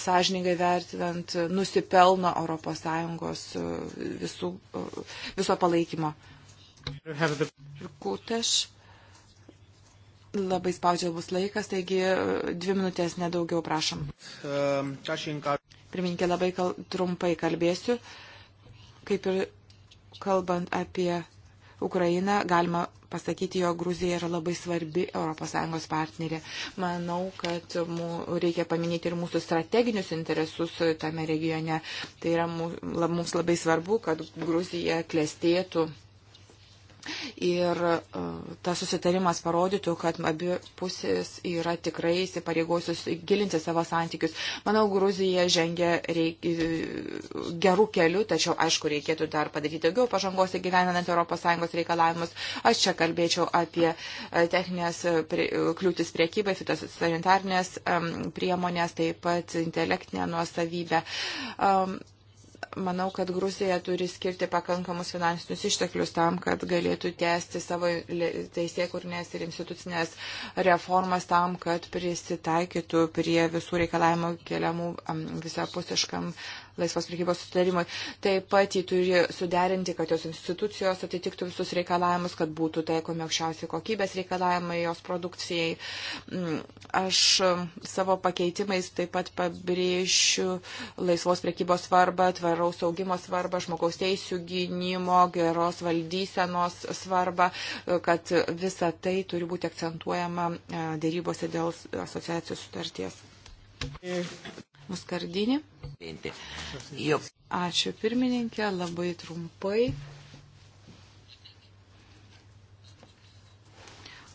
sąžiningai vertinant, nusipelno ES visų, viso palaikymo. Kuteš. Labai spaudžia bus laikas, taigi e, dvi minutės nedaugiau prašom. Ehm, Priminkė, labai kal trumpai kalbėsiu. Kaip ir kalbant apie Ukrainą, galima pasakyti, jo Gruzija yra labai svarbi ES partnerė. Manau, kad reikia paminėti ir mūsų strateginius interesus tame regione. Tai yra mums labai svarbu, kad Gruzija klestėtų ir e, tas susitarimas parodytų, kad abi pusės yra tikrai įsipareigosius gilinti savo santykius. Manau, Gruzija žengia reik... E, gerų kelių, tačiau aišku, reikėtų dar padaryti daugiau pažangos įgyveninant ES reikalavimus. Aš čia kalbėčiau apie e, techninės kliūtis priekybai, fitosanitarnės priemonės, taip pat intelektinę nuosavybę. Um, manau, kad Gruzija turi skirti pakankamus finansinius išteklius tam, kad galėtų tęsti savo teisėkurnės ir institucinės reformas tam, kad prisitaikytų prie visų reikalavimų keliamų visapusiškam laisvos prekybos sutarimui. Taip pat jį turi suderinti, kad jos institucijos atitiktų visus reikalavimus, kad būtų taikomi aukščiausiai kokybės reikalavimai jos produkcijai. Mm, aš mm, savo pakeitimais taip pat pabrėšiu laisvos prekybos svarbą, tvaraus augimo svarbą, žmogaus teisų gynimo, geros valdysenos svarbą, kad visa tai turi būti akcentuojama e, dėrybose dėl asociacijos sutarties. Muskardinį. Ačiū pirmininkė, labai trumpai.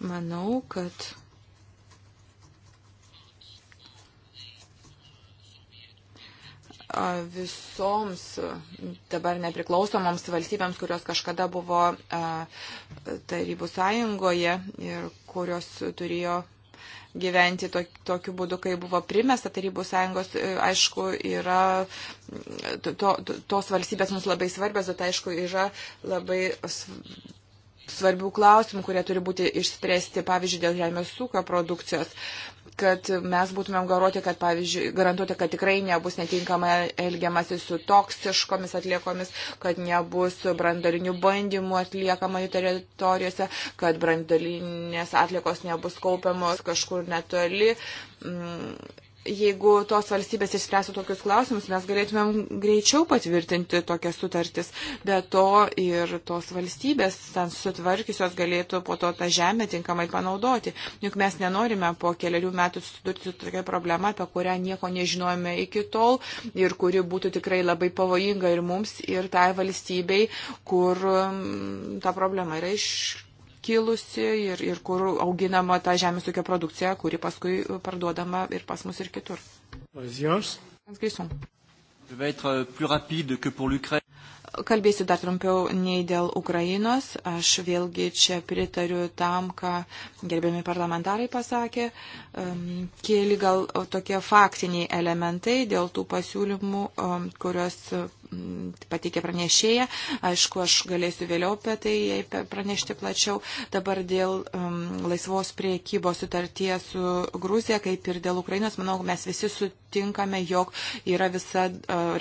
Manau, kad visoms dabar nepriklausomoms valstybėms, kurios kažkada buvo Tarybų sąjungoje ir kurios turėjo gyventi tokiu būdu, kai buvo primesta Tarybų sąjungos, e, aišku, yra to, tos valstybės mums labai svarbios, bet aišku, yra labai svarbių klausimų, kurie turi būti išspręsti, pavyzdžiui, dėl žemės ūkio produkcijos kad mes būtumėm garantuoti, kad, pavyzdžiui, garantuoti, kad tikrai nebus netinkamai elgiamasi su toksiškomis atliekomis, kad nebus brandalinių bandymų atliekama jų teritorijose, kad brandalinės atliekos nebus kaupiamos kažkur netoli. Mm jeigu tos valstybės išspręstų tokius klausimus, mes galėtumėm greičiau patvirtinti tokias sutartis. Be to ir tos valstybės ten sutvarkysios galėtų po to tą žemę tinkamai panaudoti. Juk mes nenorime po keliarių metų susidurti su tokia problema, apie kurią nieko nežinojome iki tol ir kuri būtų tikrai labai pavojinga ir mums, ir tai valstybei, kur mm, ta problema yra iš kilusi ir, ir kur auginama ta žemės ūkio produkcija, kuri paskui parduodama ir pas mus ir kitur. Kalbėsiu dar trumpiau nei dėl Ukrainos. Aš vėlgi čia pritariu tam, ką gerbiami parlamentarai pasakė. Um, kėli gal tokie faktiniai elementai dėl tų pasiūlymų, um, kurios Mm, pateikė pranešėja. Aišku, aš galėsiu vėliau apie tai pranešti plačiau. Dabar dėl um, laisvos priekybos sutarties su Gruzija, kaip ir dėl Ukrainos, manau, mes visi sutikime sutinkame, jog yra visa e,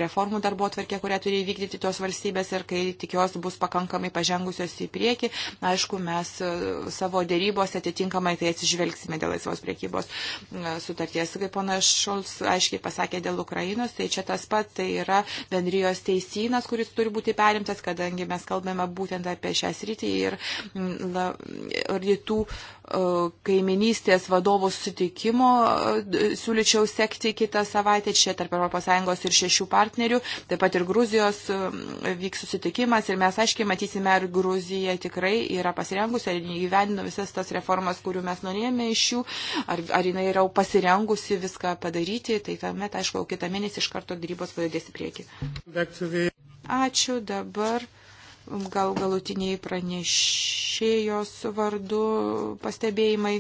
reformų darbo atverkė, kurią turi įvykdyti tos valstybės ir kai tikiuosi bus pakankamai pažengusios į priekį, aišku, mes e, savo dėrybose atitinkamai tai atsižvelgsime dėl laisvos priekybos e, sutarties. Kaip ponas Šols aiškiai pasakė dėl Ukrainos, tai čia tas pat, tai yra bendrijos teisynas, kuris turi būti perimtas, kadangi mes kalbame būtent apie šią sritį ir rytų. La, E, kaiminystės vadovų sutikimo e, siūlyčiau sekti kitą savaitę čia tarp ES ir šešių partnerių. Taip pat ir Gruzijos e, vyks susitikimas ir mes aiškiai matysime, ar Gruzija tikrai yra pasirengusi, ar įgyvendino visas tas reformas, kurių mes norėjome iš jų, ar, ar jinai yra pasirengusi viską padaryti. Tai tuomet, aišku, kitą mėnesį iš karto darybos pajudės į priekį. Ačiū dabar gal galutiniai pranešėjos vardu pastebėjimai.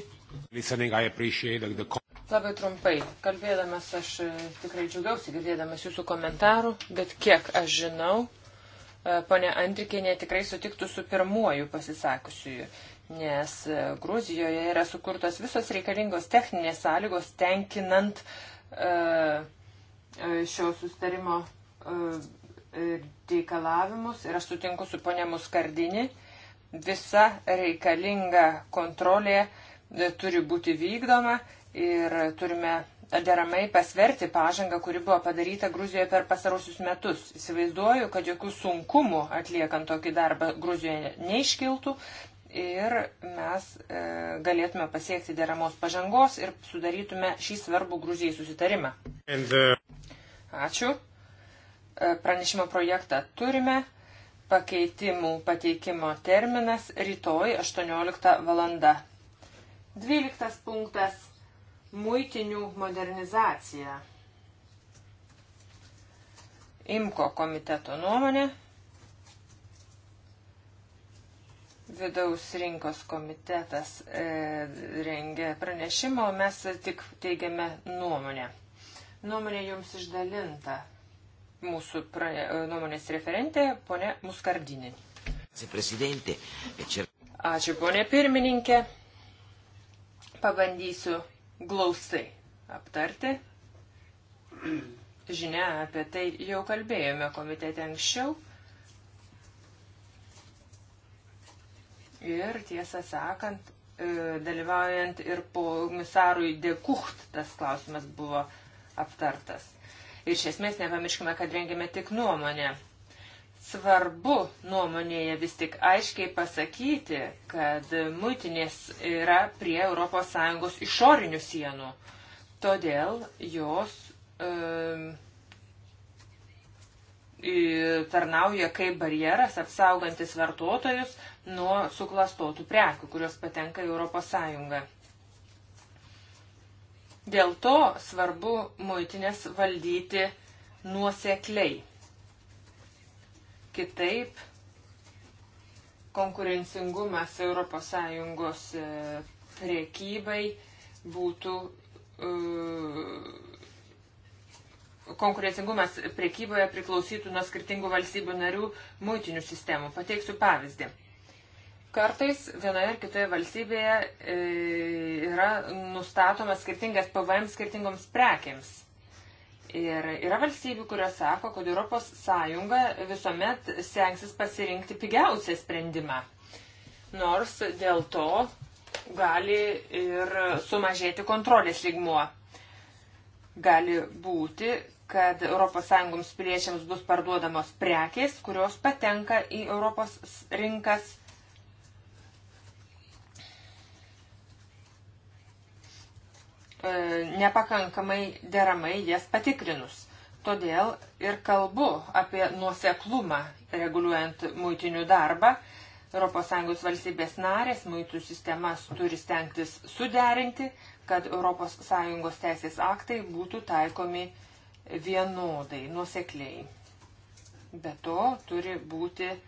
Labai trumpai, kalbėdamas aš e, tikrai džiaugiausi girdėdamas jūsų komentarų, bet kiek aš žinau, e, ponė Andrikinė tikrai sutiktų su pirmuoju pasisakusiuju, nes e, Gruzijoje yra sukurtos visos reikalingos techninės sąlygos tenkinant šio sustarimo reikalavimus ir aš sutinku su ponė Muskardini, visa reikalinga kontrolė e, turi būti vykdoma ir turime deramai pasverti pažangą, kuri buvo padaryta Gruzijoje per pasarosius metus. Įsivaizduoju, kad jokių sunkumų atliekant tokį darbą Gruzijoje neiškiltų ir mes e, galėtume pasiekti deramos pažangos ir sudarytume šį svarbų Gruzijai susitarimą. And, uh... Ačiū. E, pranešimo projektą turime. Pakeitimų pateikimo terminas rytoj 18 valanda. 12 punktas - muitinių modernizacija. Imko komiteto nuomonė. Vidaus rinkos komitetas e, rengia pranešimą, o mes tik teigiame nuomonę. Nuomonė jums išdalinta mūsų pra, nuomonės referentė, ponė Muskardinė. E Ačiū, ponė pirmininkė. Pabandysiu glaustai aptarti. Žinia, apie tai jau kalbėjome komitete anksčiau. Ir tiesą sakant, e, dalyvaujant ir po komisarui Dekucht tas klausimas buvo aptartas. Iš esmės nepamirškime, kad rengiame tik nuomonę. Svarbu nuomonėje vis tik aiškiai pasakyti, kad muitinės yra prie ES išorinių sienų. Todėl jos um, tarnauja kaip barjeras apsaugantis vartotojus nuo suklastotų prekių, kurios patenka į ES. Dėl to svarbu muitinės valdyti nuosekliai. Kitaip konkurencingumas ES e, priekybai būtų. E, konkurencingumas priekyboje priklausytų nuo skirtingų valstybių narių muitinių sistemų. Pateiksiu pavyzdį. Kartais vienoje ar kitoje valstybėje e, yra nustatomas skirtingas PVM skirtingoms prekėms. Ir yra valstybių, kurios sako, kad ES visuomet stengsis pasirinkti pigiausią sprendimą. Nors dėl to gali ir sumažėti kontrolės lygmuo. Gali būti, kad ES piliečiams bus parduodamos prekės, kurios patenka į Europos rinkas E, nepakankamai deramai jas patikrinus. Todėl ir kalbu apie nuoseklumą reguliuojant muitinių darbą. ES valstybės narės muitų sistemas turi stengtis suderinti, kad ES teisės aktai būtų taikomi vienodai, nuosekliai. Be to turi būti e,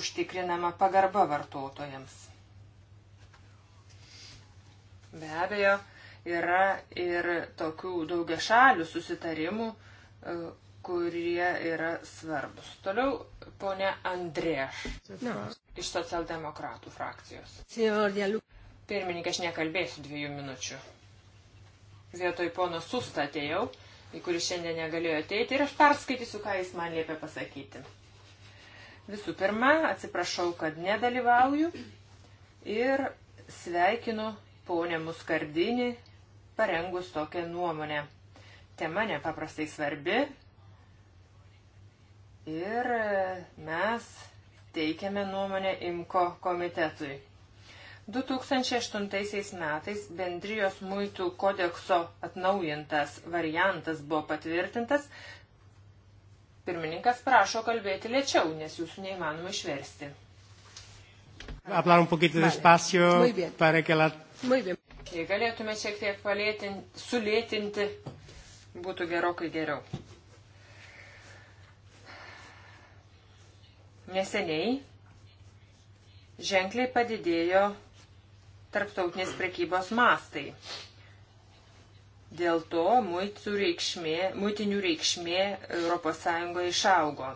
užtikrinama pagarba vartotojams. Be abejo, Yra ir tokių daugia šalių susitarimų, e, kurie yra svarbus. Toliau ponia Andrėš no. iš socialdemokratų frakcijos. Pirmininkė, aš nekalbėsiu dviejų minučių. Vietoj pono sustą atėjau, į kurį šiandien negalėjo ateiti ir aš perskaitysiu, ką jis man liepė pasakyti. Visų pirma, atsiprašau, kad nedalyvauju ir sveikinu ponę Muskardinį parengus tokią nuomonę. Tema nepaprastai svarbi ir mes teikiame nuomonę IMKO komitetui. 2008 metais bendrijos muitų kodekso atnaujintas variantas buvo patvirtintas. Pirmininkas prašo kalbėti lėčiau, nes jūsų neįmanoma išversti. Hablar un poquito vale. despacio para que la... Muy bien. Jei galėtume šiek tiek palėtinti, sulėtinti, būtų gerokai geriau. Neseniai ženkliai padidėjo tarptautinės prekybos mastai. Dėl to muitinių reikšmė ES išaugo.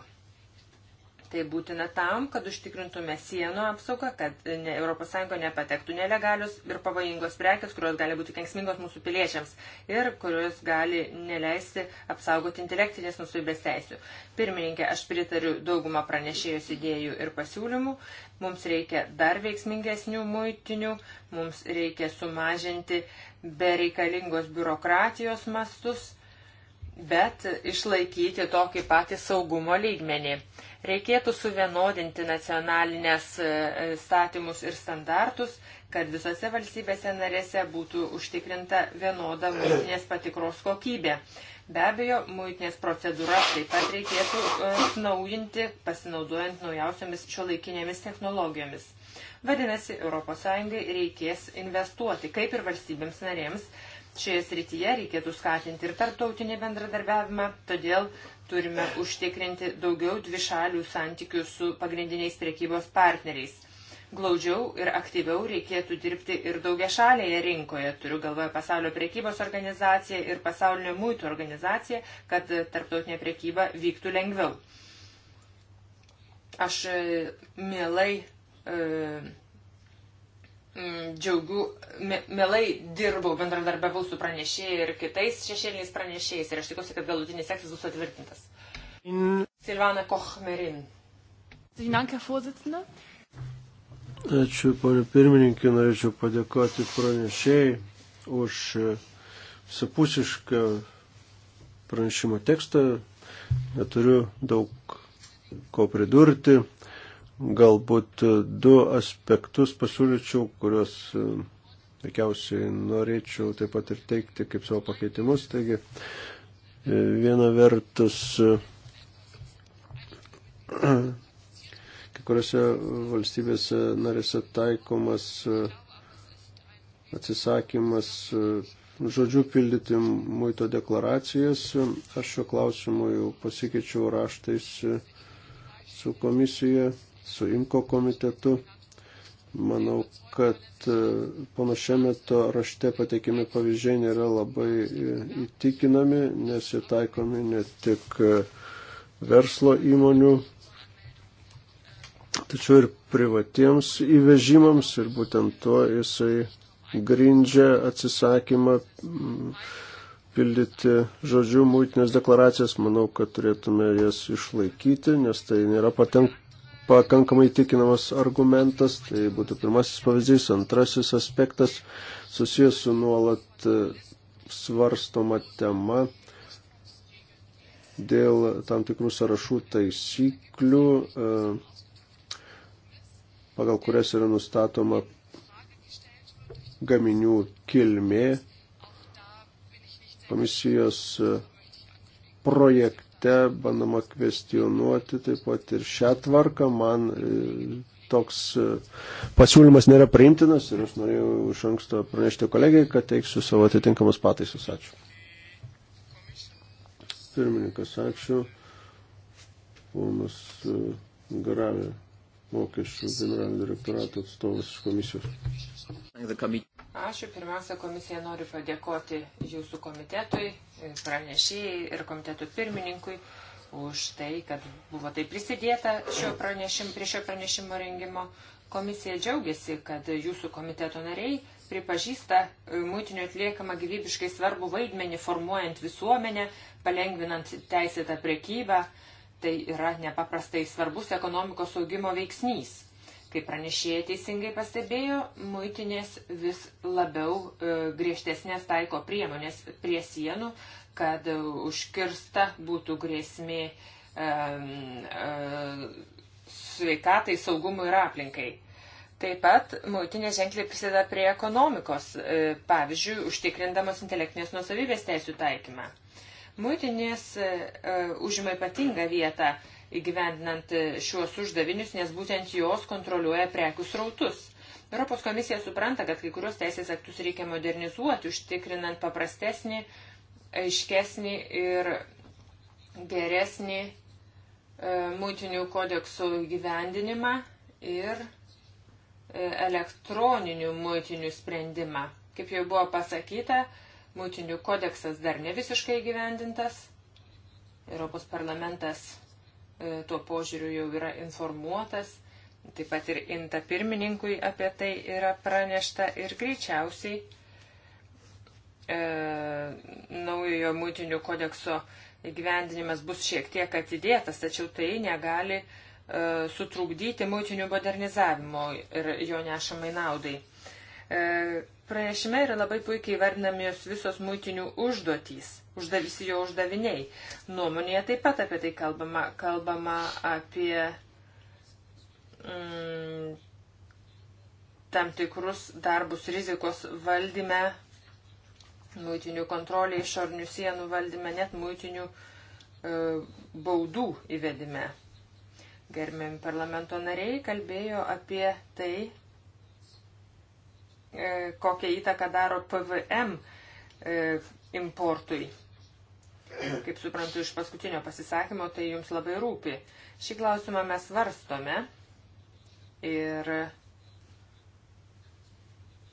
Tai būtina tam, kad užtikrintume sienų apsaugą, kad ES nepatektų nelegalius ir pavojingos prekes, kurios gali būti kenksmingos mūsų piliečiams ir kurios gali neleisti apsaugoti intelektinės nusavybės teisių. Pirmininkė, aš pritariu daugumą pranešėjus idėjų ir pasiūlymų. Mums reikia dar veiksmingesnių muitinių, mums reikia sumažinti bereikalingos biurokratijos mastus, bet išlaikyti tokį patį saugumo lygmenį. Reikėtų suvienodinti nacionalinės e, statymus ir standartus, kad visose valstybėse narėse būtų užtikrinta vienoda muitinės patikros kokybė. Be abejo, muitinės procedūras taip pat reikėtų e, atnaujinti, pasinaudojant naujausiamis šio laikinėmis technologijomis. Vadinasi, ES reikės investuoti, kaip ir valstybėms narėms, Šioje srityje reikėtų skatinti ir tarptautinį bendradarbiavimą, todėl Turime užtikrinti daugiau dvišalių santykių su pagrindiniais priekybos partneriais. Glaudžiau ir aktyviau reikėtų dirbti ir daugia šalėje rinkoje, turiu galvoje pasaulio priekybos organizaciją ir pasaulinio mūtų organizaciją, kad tarptautinė priekyba vyktų lengviau. Aš e, mielai e, Mm, džiaugiu, mielai dirbau, bendradarbiavau su pranešėjai ir kitais šešėliniais pranešėjais ir aš tikiuosi, kad galutinis seksas bus atvirtintas. In... Silvana Kochmerin. Ačiū, ponė pirmininkė, norėčiau padėkoti pranešėjai už visapusišką e, pranešimo tekstą. Neturiu daug ko pridurti galbūt e, du aspektus pasiūlyčiau, kuriuos e, veikiausiai norėčiau taip pat ir teikti kaip savo pakeitimus. Taigi, e, viena vertus, kai kuriuose valstybėse narėse taikomas atsisakymas žodžių pildyti muito deklaracijas. Aš šiuo klausimu jau pasikeičiau raštais su komisija su IMKO komitetu. Manau, kad e, panašia metu rašte pateikiami pavyzdžiai nėra labai e, įtikinami, nes jie taikomi ne tik e, verslo įmonių, tačiau ir privatiems įvežimams ir būtent tuo jisai grindžia atsisakymą pildyti žodžių mūtinės deklaracijas, manau, kad turėtume jas išlaikyti, nes tai nėra patenk, pakankamai tikinamas argumentas. Tai būtų pirmasis pavyzdys. Antrasis aspektas susijęs su nuolat e, svarstoma tema dėl tam tikrų sąrašų taisyklių, e, pagal kurias yra nustatoma gaminių kilmė. Komisijos e, projekte akte bandoma kvestionuoti taip pat ir šią tvarką. Man e, toks e, pasiūlymas nėra priimtinas ir aš norėjau iš anksto pranešti kolegai, kad teiksiu savo atitinkamas pataisus. Ačiū. Pirmininkas, ačiū. Ponas e, Garavė, mokesčių generalinio direktorato atstovas iš komisijos. Ačiū. Pirmiausia, komisija noriu padėkoti jūsų komitetui, pranešėjai ir komitetų pirmininkui už tai, kad buvo tai prisidėta šio pranešim, prie šio pranešimo rengimo. Komisija džiaugiasi, kad jūsų komiteto nariai pripažįsta mūtinio atliekamą gyvybiškai svarbų vaidmenį formuojant visuomenę, palengvinant teisėtą priekybą. Tai yra nepaprastai svarbus ekonomikos augimo veiksnys. Kaip pranešėjai teisingai pastebėjo, muitinės vis labiau e, griežtesnės taiko priemonės prie sienų, kad e, užkirsta būtų grėsmė e, e, sveikatai, saugumui ir aplinkai. Taip pat muitinė ženkliai prisideda prie ekonomikos, e, pavyzdžiui, užtikrindamas intelektinės nusavybės teisų taikymą. Muitinės e, e užima ypatingą vietą e, įgyvendinant e, šiuos uždavinius, nes būtent jos kontroliuoja prekių srautus. Europos komisija supranta, kad kai kurios teisės aktus reikia modernizuoti, užtikrinant paprastesnį, aiškesnį ir geresnį e, mūtinių kodeksų gyvendinimą ir e, elektroninių mūtinių sprendimą. Kaip jau buvo pasakyta, mūtinių kodeksas dar ne visiškai gyvendintas. Europos parlamentas E, tuo požiūriu jau yra informuotas. Taip pat ir inta pirmininkui apie tai yra pranešta ir greičiausiai e, naujojo mūtinių kodekso įgyvendinimas bus šiek tiek atidėtas, tačiau tai negali e, sutrukdyti mūtinių modernizavimo ir jo nešamai naudai. E, Pranešime yra labai puikiai vardinamios visos muitinių užduotys, užda, visi jo uždaviniai. Nuomonėje taip pat apie tai kalbama, kalbama apie mm, tam tikrus darbus rizikos valdyme, muitinių kontrolė, išornių sienų valdyme, net muitinių e, baudų įvedime. Gerbiami parlamento nariai kalbėjo apie tai, E, kokią įtaką daro PVM e, importui. Kaip suprantu iš paskutinio pasisakymo, tai jums labai rūpi. Šį klausimą mes varstome ir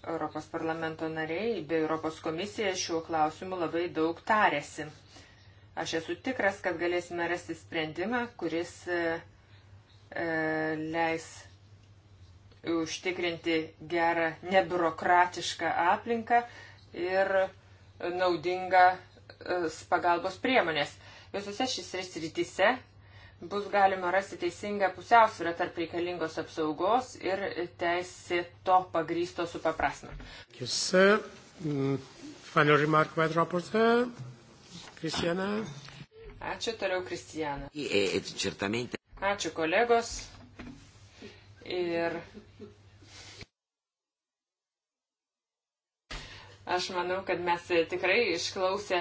Europos parlamento nariai bei Europos komisija šiuo klausimu labai daug tarėsi. Aš esu tikras, kad galėsime rasti sprendimą, kuris e, e leis užtikrinti gerą nebiurokratišką aplinką ir naudingą e, pagalbos priemonės. Visose šis rytyse bus galima rasti teisingą pusiausvyrą tarp reikalingos apsaugos ir teisėto pagrysto su paprasme. Mm, Ačiū toliau, Kristijana. E, e, Ačiū kolegos. Ir aš manau, kad mes tikrai išklausę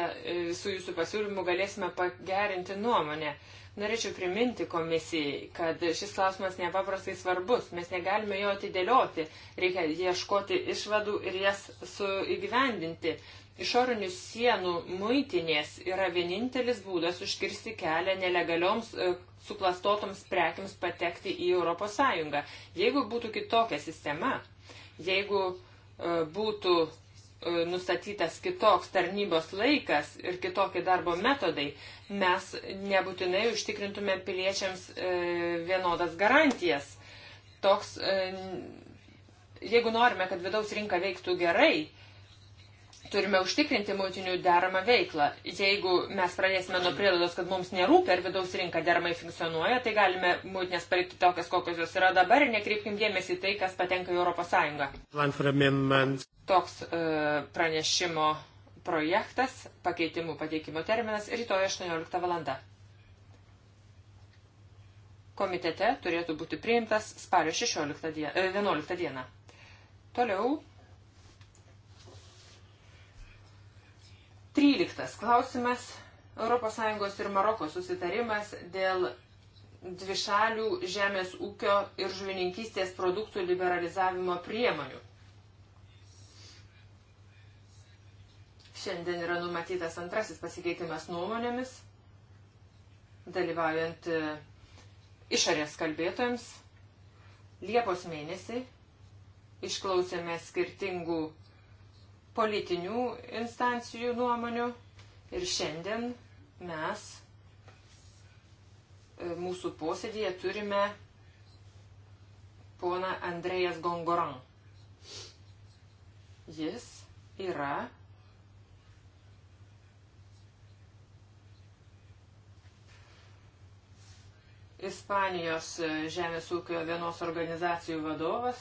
visų jūsų pasiūlymų galėsime pagerinti nuomonę. Norėčiau priminti komisijai, kad šis klausimas nepaprastai svarbus. Mes negalime jo atidėlioti. Reikia ieškoti išvadų ir jas suįgyvendinti. Išorinių sienų muitinės yra vienintelis būdas užkirsti kelią nelegalioms e, suklastotoms prekiams patekti į ES. Jeigu būtų kitokia sistema, jeigu e, būtų e, nustatytas kitoks tarnybos laikas ir kitokie darbo metodai, mes nebūtinai užtikrintume piliečiams vienodas garantijas. Toks, jeigu norime, kad vidaus rinka veiktų gerai, Turime užtikrinti mūtinių deramą veiklą. Jeigu mes pradėsime nuo prielaidos, kad mums nerūpia ir vidaus rinka deramai funkcionuoja, tai galime mūtinės palikti tokias, kokios jos yra dabar ir nekreipkim dėmesį į tai, kas patenka į ES. Toks e, pranešimo projektas, pakeitimų pateikimo terminas rytoj 18 val. Komitete turėtų būti priimtas spalio 16 dieną, 11 dieną. Toliau 13. Klausimas. ES ir Maroko susitarimas dėl dvišalių žemės ūkio ir žuvininkystės produktų liberalizavimo priemonių. Šiandien yra numatytas antrasis pasikeitimas nuomonėmis, dalyvaujant e, išorės kalbėtojams. Liepos mėnesį išklausėme skirtingų politinių instancijų nuomonių ir šiandien mes e, mūsų posėdėje turime pona Andrėjas Gongoran. Jis yra Ispanijos e, žemės ūkio vienos organizacijų vadovas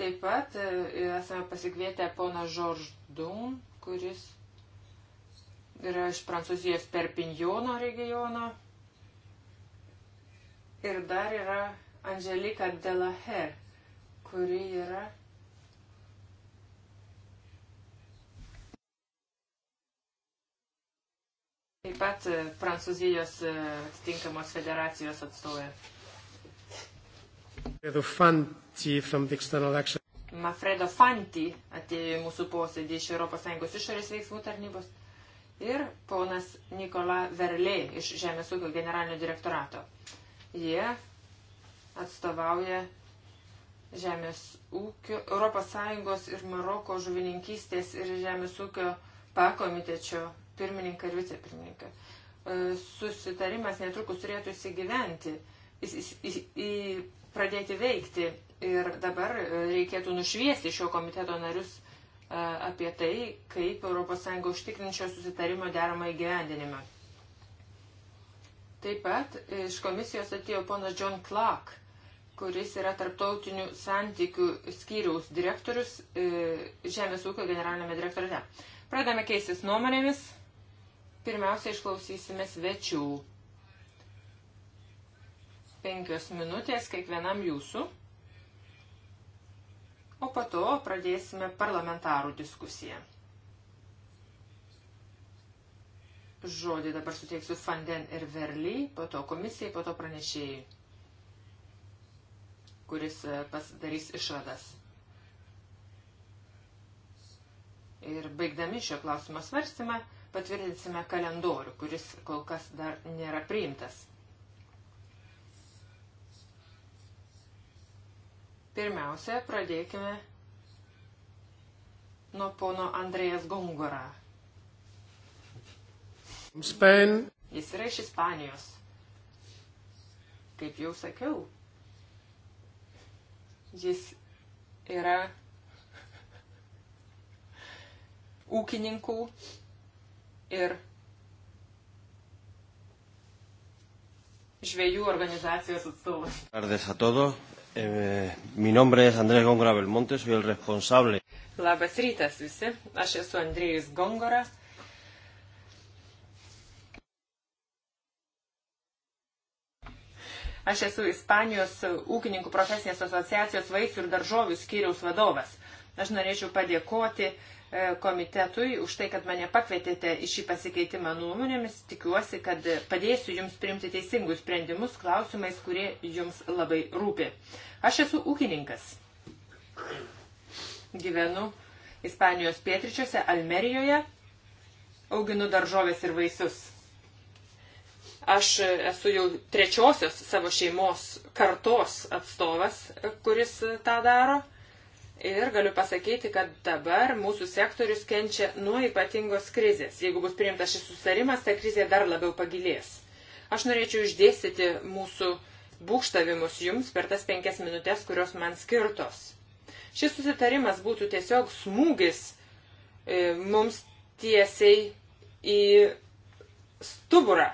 Taip pat e, esame pasikvietę poną George Dun, kuris yra iš Prancūzijos Perpignono regiono. Ir dar yra Angelika Delaher, kuri yra Taip pat e, Prancūzijos e, atitinkamos federacijos atstovė. The fund Mafredo Fanti atėjo į mūsų posėdį iš ES išorės veiksmų tarnybos ir ponas Nikola Verlė iš Žemės ūkio generalinio direktorato. Jie atstovauja Žemės ūkio, ES ir Maroko žuvininkystės ir Žemės ūkio pakomitečio pirmininką ir vicepirmininką. E, susitarimas netrukus turėtų įsigyventi pradėti veikti. Ir dabar e, reikėtų nušviesti šio komiteto narius e, apie tai, kaip ES užtikrinčio susitarimo deramą įgyvendinimą. Taip pat iš komisijos atėjo ponas John Clark, kuris yra tarptautinių santykių skyriaus direktorius e, Žemės ūkio generalinėme direktorate. Pradame keistis nuomonėmis. Pirmiausia, išklausysime svečių penkios minutės kiekvienam jūsų, o po to pradėsime parlamentarų diskusiją. Žodį dabar suteiksiu Fanden ir Verly, po to komisijai, po to pranešėjai, kuris e, pasidarys išvadas. Ir baigdami šio klausimo svarstymą patvirtinsime kalendorių, kuris kol kas dar nėra priimtas. Pirmiausia, pradėkime nuo pono Andrėjas Gongora. Spain. Jis yra iš Ispanijos. Kaip jau sakiau, jis yra ūkininkų ir žvėjų organizacijos atstovas. Tardes a todos. Eh, mi nombre es Andrés Góngora Belmonte, soy el responsable. Labas rytas visi, aš esu Andrėjus Góngora. Aš esu Ispanijos ūkininkų profesinės asociacijos vaisių ir daržovių skyriaus vadovas. Aš norėčiau padėkoti uh, E, komitetui už tai, kad mane pakvietėte į šį pasikeitimą nuomonėmis. Tikiuosi, kad padėsiu Jums priimti teisingus sprendimus klausimais, kurie Jums labai rūpi. Aš esu ūkininkas. Gyvenu Ispanijos pietričiuose, Almerijoje. Auginu daržovės ir vaisius. Aš esu jau trečiosios savo šeimos kartos atstovas, kuris tą daro Ir galiu pasakyti, kad dabar mūsų sektorius kenčia nuo ypatingos krizės. Jeigu bus priimtas šis susitarimas, ta krizė dar labiau pagilės. Aš norėčiau išdėstyti mūsų būkštavimus jums per tas penkias minutės, kurios man skirtos. Šis susitarimas būtų tiesiog smūgis e, mums tiesiai į stuburą.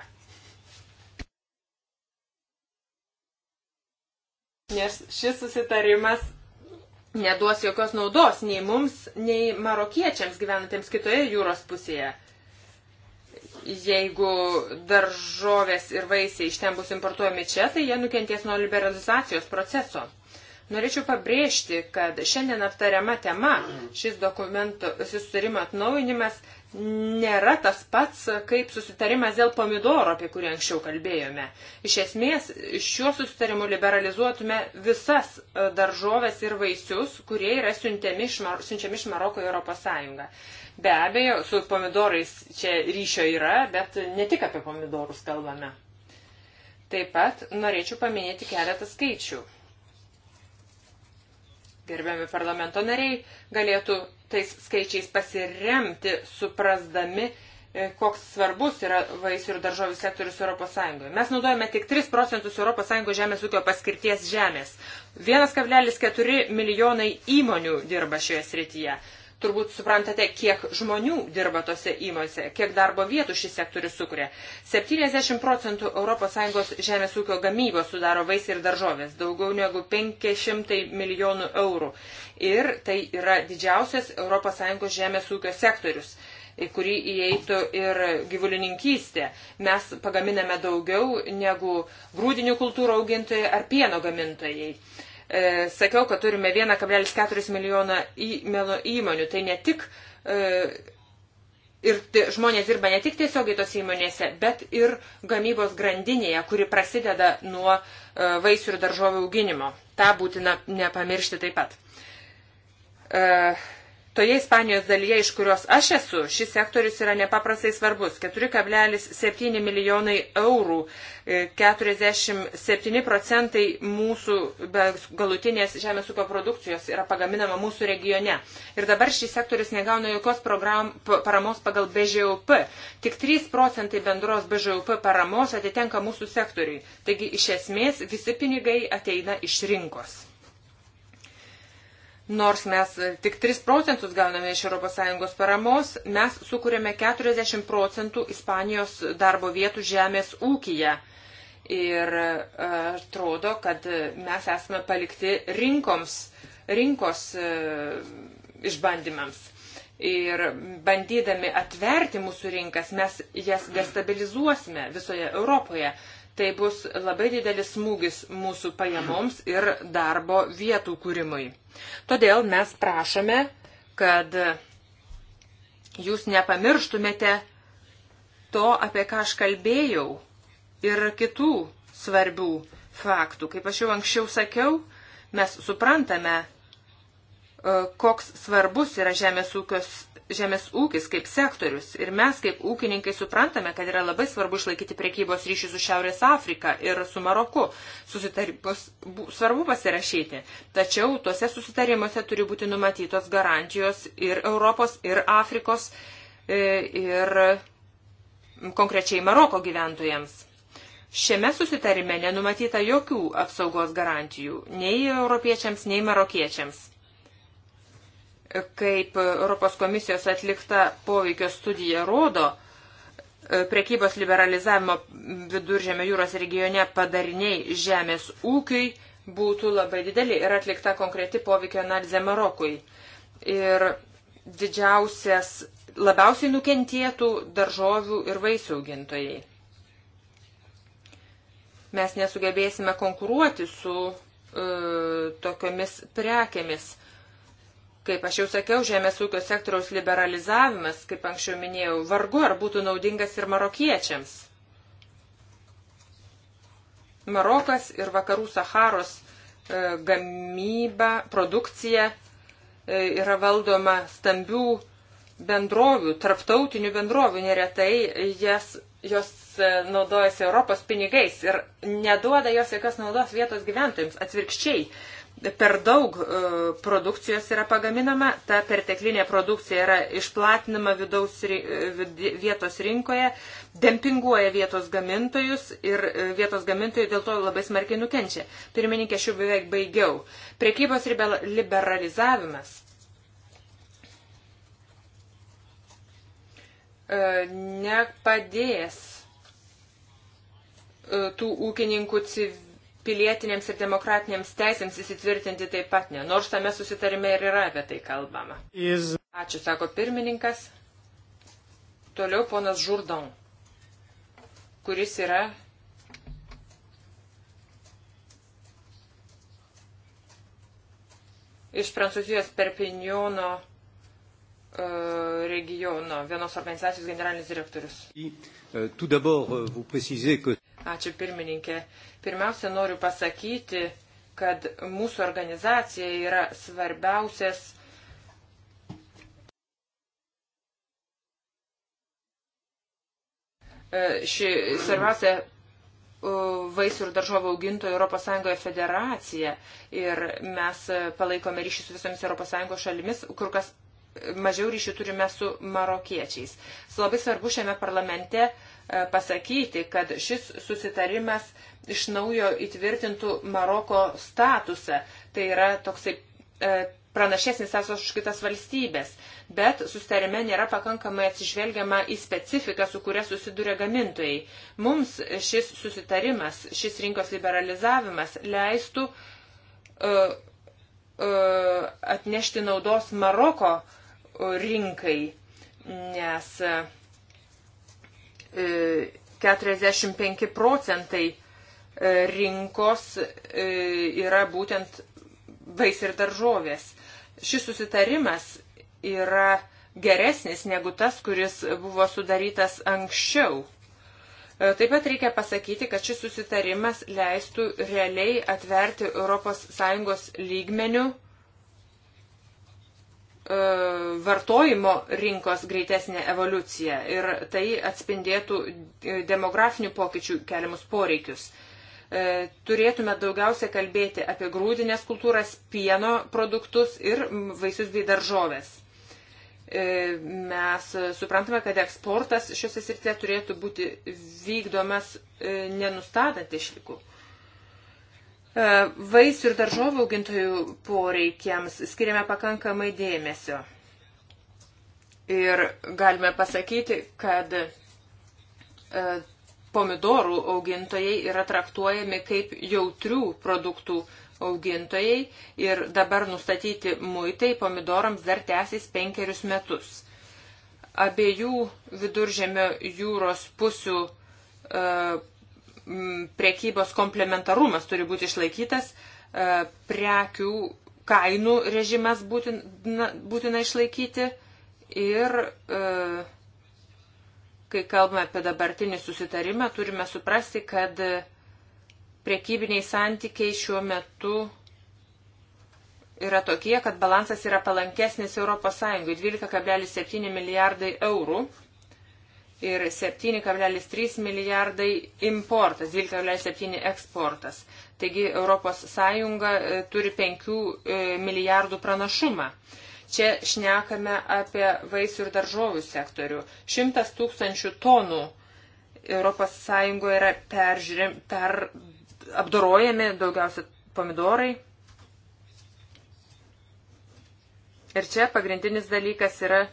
Nes šis susitarimas neduos jokios naudos nei mums, nei marokiečiams gyvenantiems kitoje jūros pusėje. Jeigu daržovės ir vaisiai iš ten bus importuojami čia, tai jie nukenties nuo liberalizacijos proceso. Norėčiau pabrėžti, kad šiandien aptariama tema, šis dokumento susitarimo atnaujinimas, nėra tas pats, kaip susitarimas dėl pomidoro, apie kurį anksčiau kalbėjome. Iš esmės, šiuo susitarimu liberalizuotume visas e, daržovės ir vaisius, kurie yra siunčiami iš, Mar siunčiami iš Maroko į Europos Sąjungą. Be abejo, su pomidorais čia ryšio yra, bet ne tik apie pomidorus kalbame. Taip pat norėčiau paminėti keletą skaičių. Gerbiami parlamento nariai galėtų tais skaičiais pasiremti, suprasdami, e, koks svarbus yra vaisių ir daržovių sektorius ES. Mes naudojame tik 3 procentus ES žemės ūkio paskirties žemės. 1,4 milijonai įmonių dirba šioje srityje. Turbūt suprantate, kiek žmonių dirba tose įmonėse, kiek darbo vietų šis sektorius sukuria. 70 procentų ES žemės ūkio gamybos sudaro vaisiai ir daržovės, daugiau negu 500 milijonų eurų. Ir tai yra didžiausias ES žemės ūkio sektorius į kurį įeitų ir gyvulininkystė. Mes pagaminame daugiau negu grūdinių kultūrų augintojai ar pieno gamintojai. Uh, e, sakiau, kad turime 1,4 milijoną įmonių. Tai ne tik e, ir t, žmonės dirba ne tik tiesiogiai tos įmonėse, bet ir gamybos grandinėje, kuri prasideda nuo e, vaisių ir daržovių auginimo. Ta būtina nepamiršti taip pat. E, Toje Ispanijos dalyje, iš kurios aš esu, šis sektorius yra nepaprastai svarbus. 4,7 milijonai eurų, 47 e, procentai mūsų galutinės žemės ūkio produkcijos yra pagaminama mūsų regione. Ir dabar šis sektorius negauna jokios program, paramos pagal BŽUP. Tik 3 procentai bendros BŽUP paramos atitenka mūsų sektoriui. Taigi iš esmės visi pinigai ateina iš rinkos. Nors mes e, tik 3 procentus gauname iš ES paramos, mes sukūrėme 40 procentų Ispanijos darbo vietų žemės ūkyje. Ir e, atrodo, kad e, mes esame palikti rinkoms, rinkos išbandymams. Ir bandydami atverti mūsų rinkas, mes jas destabilizuosime visoje Europoje. Tai bus labai didelis smūgis mūsų pajamoms ir darbo vietų kūrimui. Todėl mes prašome, kad jūs nepamirštumėte to, apie ką aš kalbėjau ir kitų svarbių faktų. Kaip aš jau anksčiau sakiau, mes suprantame, E, koks svarbus yra žemės, ūkios, žemės ūkis kaip sektorius. Ir mes kaip ūkininkai suprantame, kad yra labai svarbu išlaikyti priekybos ryšį su Šiaurės Afrika ir su Maroku. Susitarimus svarbu pasirašyti. Tačiau tuose susitarimuose turi būti numatytos garantijos ir Europos, ir Afrikos, e, ir konkrečiai Maroko gyventojams. Šiame susitarime nenumatyta jokių apsaugos garantijų nei europiečiams, nei marokiečiams kaip Europos komisijos atlikta poveikio studija rodo, prekybos liberalizavimo viduržėmio jūros regione padariniai žemės ūkiui būtų labai dideli ir atlikta konkreti poveikio analizė Marokui. Ir didžiausias labiausiai nukentėtų daržovių ir vaisių augintojai. Mes nesugebėsime konkuruoti su e, tokiomis prekėmis Kaip aš jau sakiau, žemės ūkio sektoriaus liberalizavimas, kaip anksčiau minėjau, vargu ar būtų naudingas ir marokiečiams. Marokas ir vakarų Saharos e, gamyba, produkcija e, yra valdoma stambių bendrovių, tarptautinių bendrovių, neretai jas, jos e, naudojasi Europos pinigais ir neduoda jos jokios naudos vietos gyventojams. Atvirkščiai, per daug e, produkcijos yra pagaminama, ta perteklinė produkcija yra išplatinama vidaus, e, vietos rinkoje, dempinguoja vietos gamintojus ir e, vietos gamintojai dėl to labai smarkiai nukenčia. Pirmininkė, aš jau beveik baigiau. Prekybos liberalizavimas nepadės tų ūkininkų civilizavimų pilietinėms ir demokratinėms teisėms įsitvirtinti taip pat ne, nors tame susitarime ir yra apie tai kalbama. Is... Ačiū, sako pirmininkas. Toliau ponas Žurdon, kuris yra iš Prancūzijos Perpignono e, regiono vienos organizacijos generalinis direktorius. E, tout d'abord, euh, vous précisez que Ačiū pirmininkė. Pirmiausia, noriu pasakyti, kad mūsų organizacija yra svarbiausias e, ši svarbiausia e, vaisių ir daržovų augintojų ES federacija ir mes palaikome ryšį su visomis ES šalimis, kur kas mažiau ryšių turime su marokiečiais. Labai svarbu šiame parlamente uh, E, pasakyti, kad šis susitarimas iš naujo įtvirtintų Maroko statusą. Tai yra toksai e, pranašesnis esos už kitas valstybės, bet sustarime nėra pakankamai atsižvelgiama į specifiką, su kuria susiduria gamintojai. Mums šis susitarimas, šis rinkos liberalizavimas leistų uh, uh, atnešti naudos Maroko rinkai, nes uh, 45 e, procentai e, rinkos e, yra būtent vaisi ir daržovės. Šis susitarimas yra geresnis negu tas, kuris buvo sudarytas anksčiau. Taip pat reikia pasakyti, kad šis susitarimas leistų realiai atverti ES lygmenių E, vartojimo rinkos greitesnė evoliucija ir tai atspindėtų e, demografinių pokyčių keliamus poreikius. E, turėtume daugiausia kalbėti apie grūdinės kultūras, pieno produktus ir vaisius bei daržovės mes suprantame, kad eksportas šiuose srityje turėtų būti vykdomas nenustatant išlikų. E, vaisių ir daržovių augintojų poreikiams skiriame pakankamai dėmesio. Ir galime pasakyti, kad e, pomidorų augintojai yra traktuojami kaip jautrių produktų augintojai ir dabar nustatyti muitai pomidorams dar tęsis penkerius metus. Abiejų viduržėmio jūros pusių e, priekybos komplementarumas turi būti išlaikytas, e, prekių kainų režimas būtina, būtina išlaikyti ir e, kai kalbame apie dabartinį susitarimą, turime suprasti, kad priekybiniai santykiai šiuo metu yra tokie, kad balansas yra palankesnis ES 12,7 milijardai eurų ir 7,3 milijardai importas, 12,7 eksportas. Taigi ES e, turi 5 e, milijardų pranašumą. Čia šnekame apie vaisių ir daržovių sektorių. 100 tūkstančių tonų ES yra peržiūrim, per apdorojami, daugiausia pomidorai. Ir čia pagrindinis dalykas yra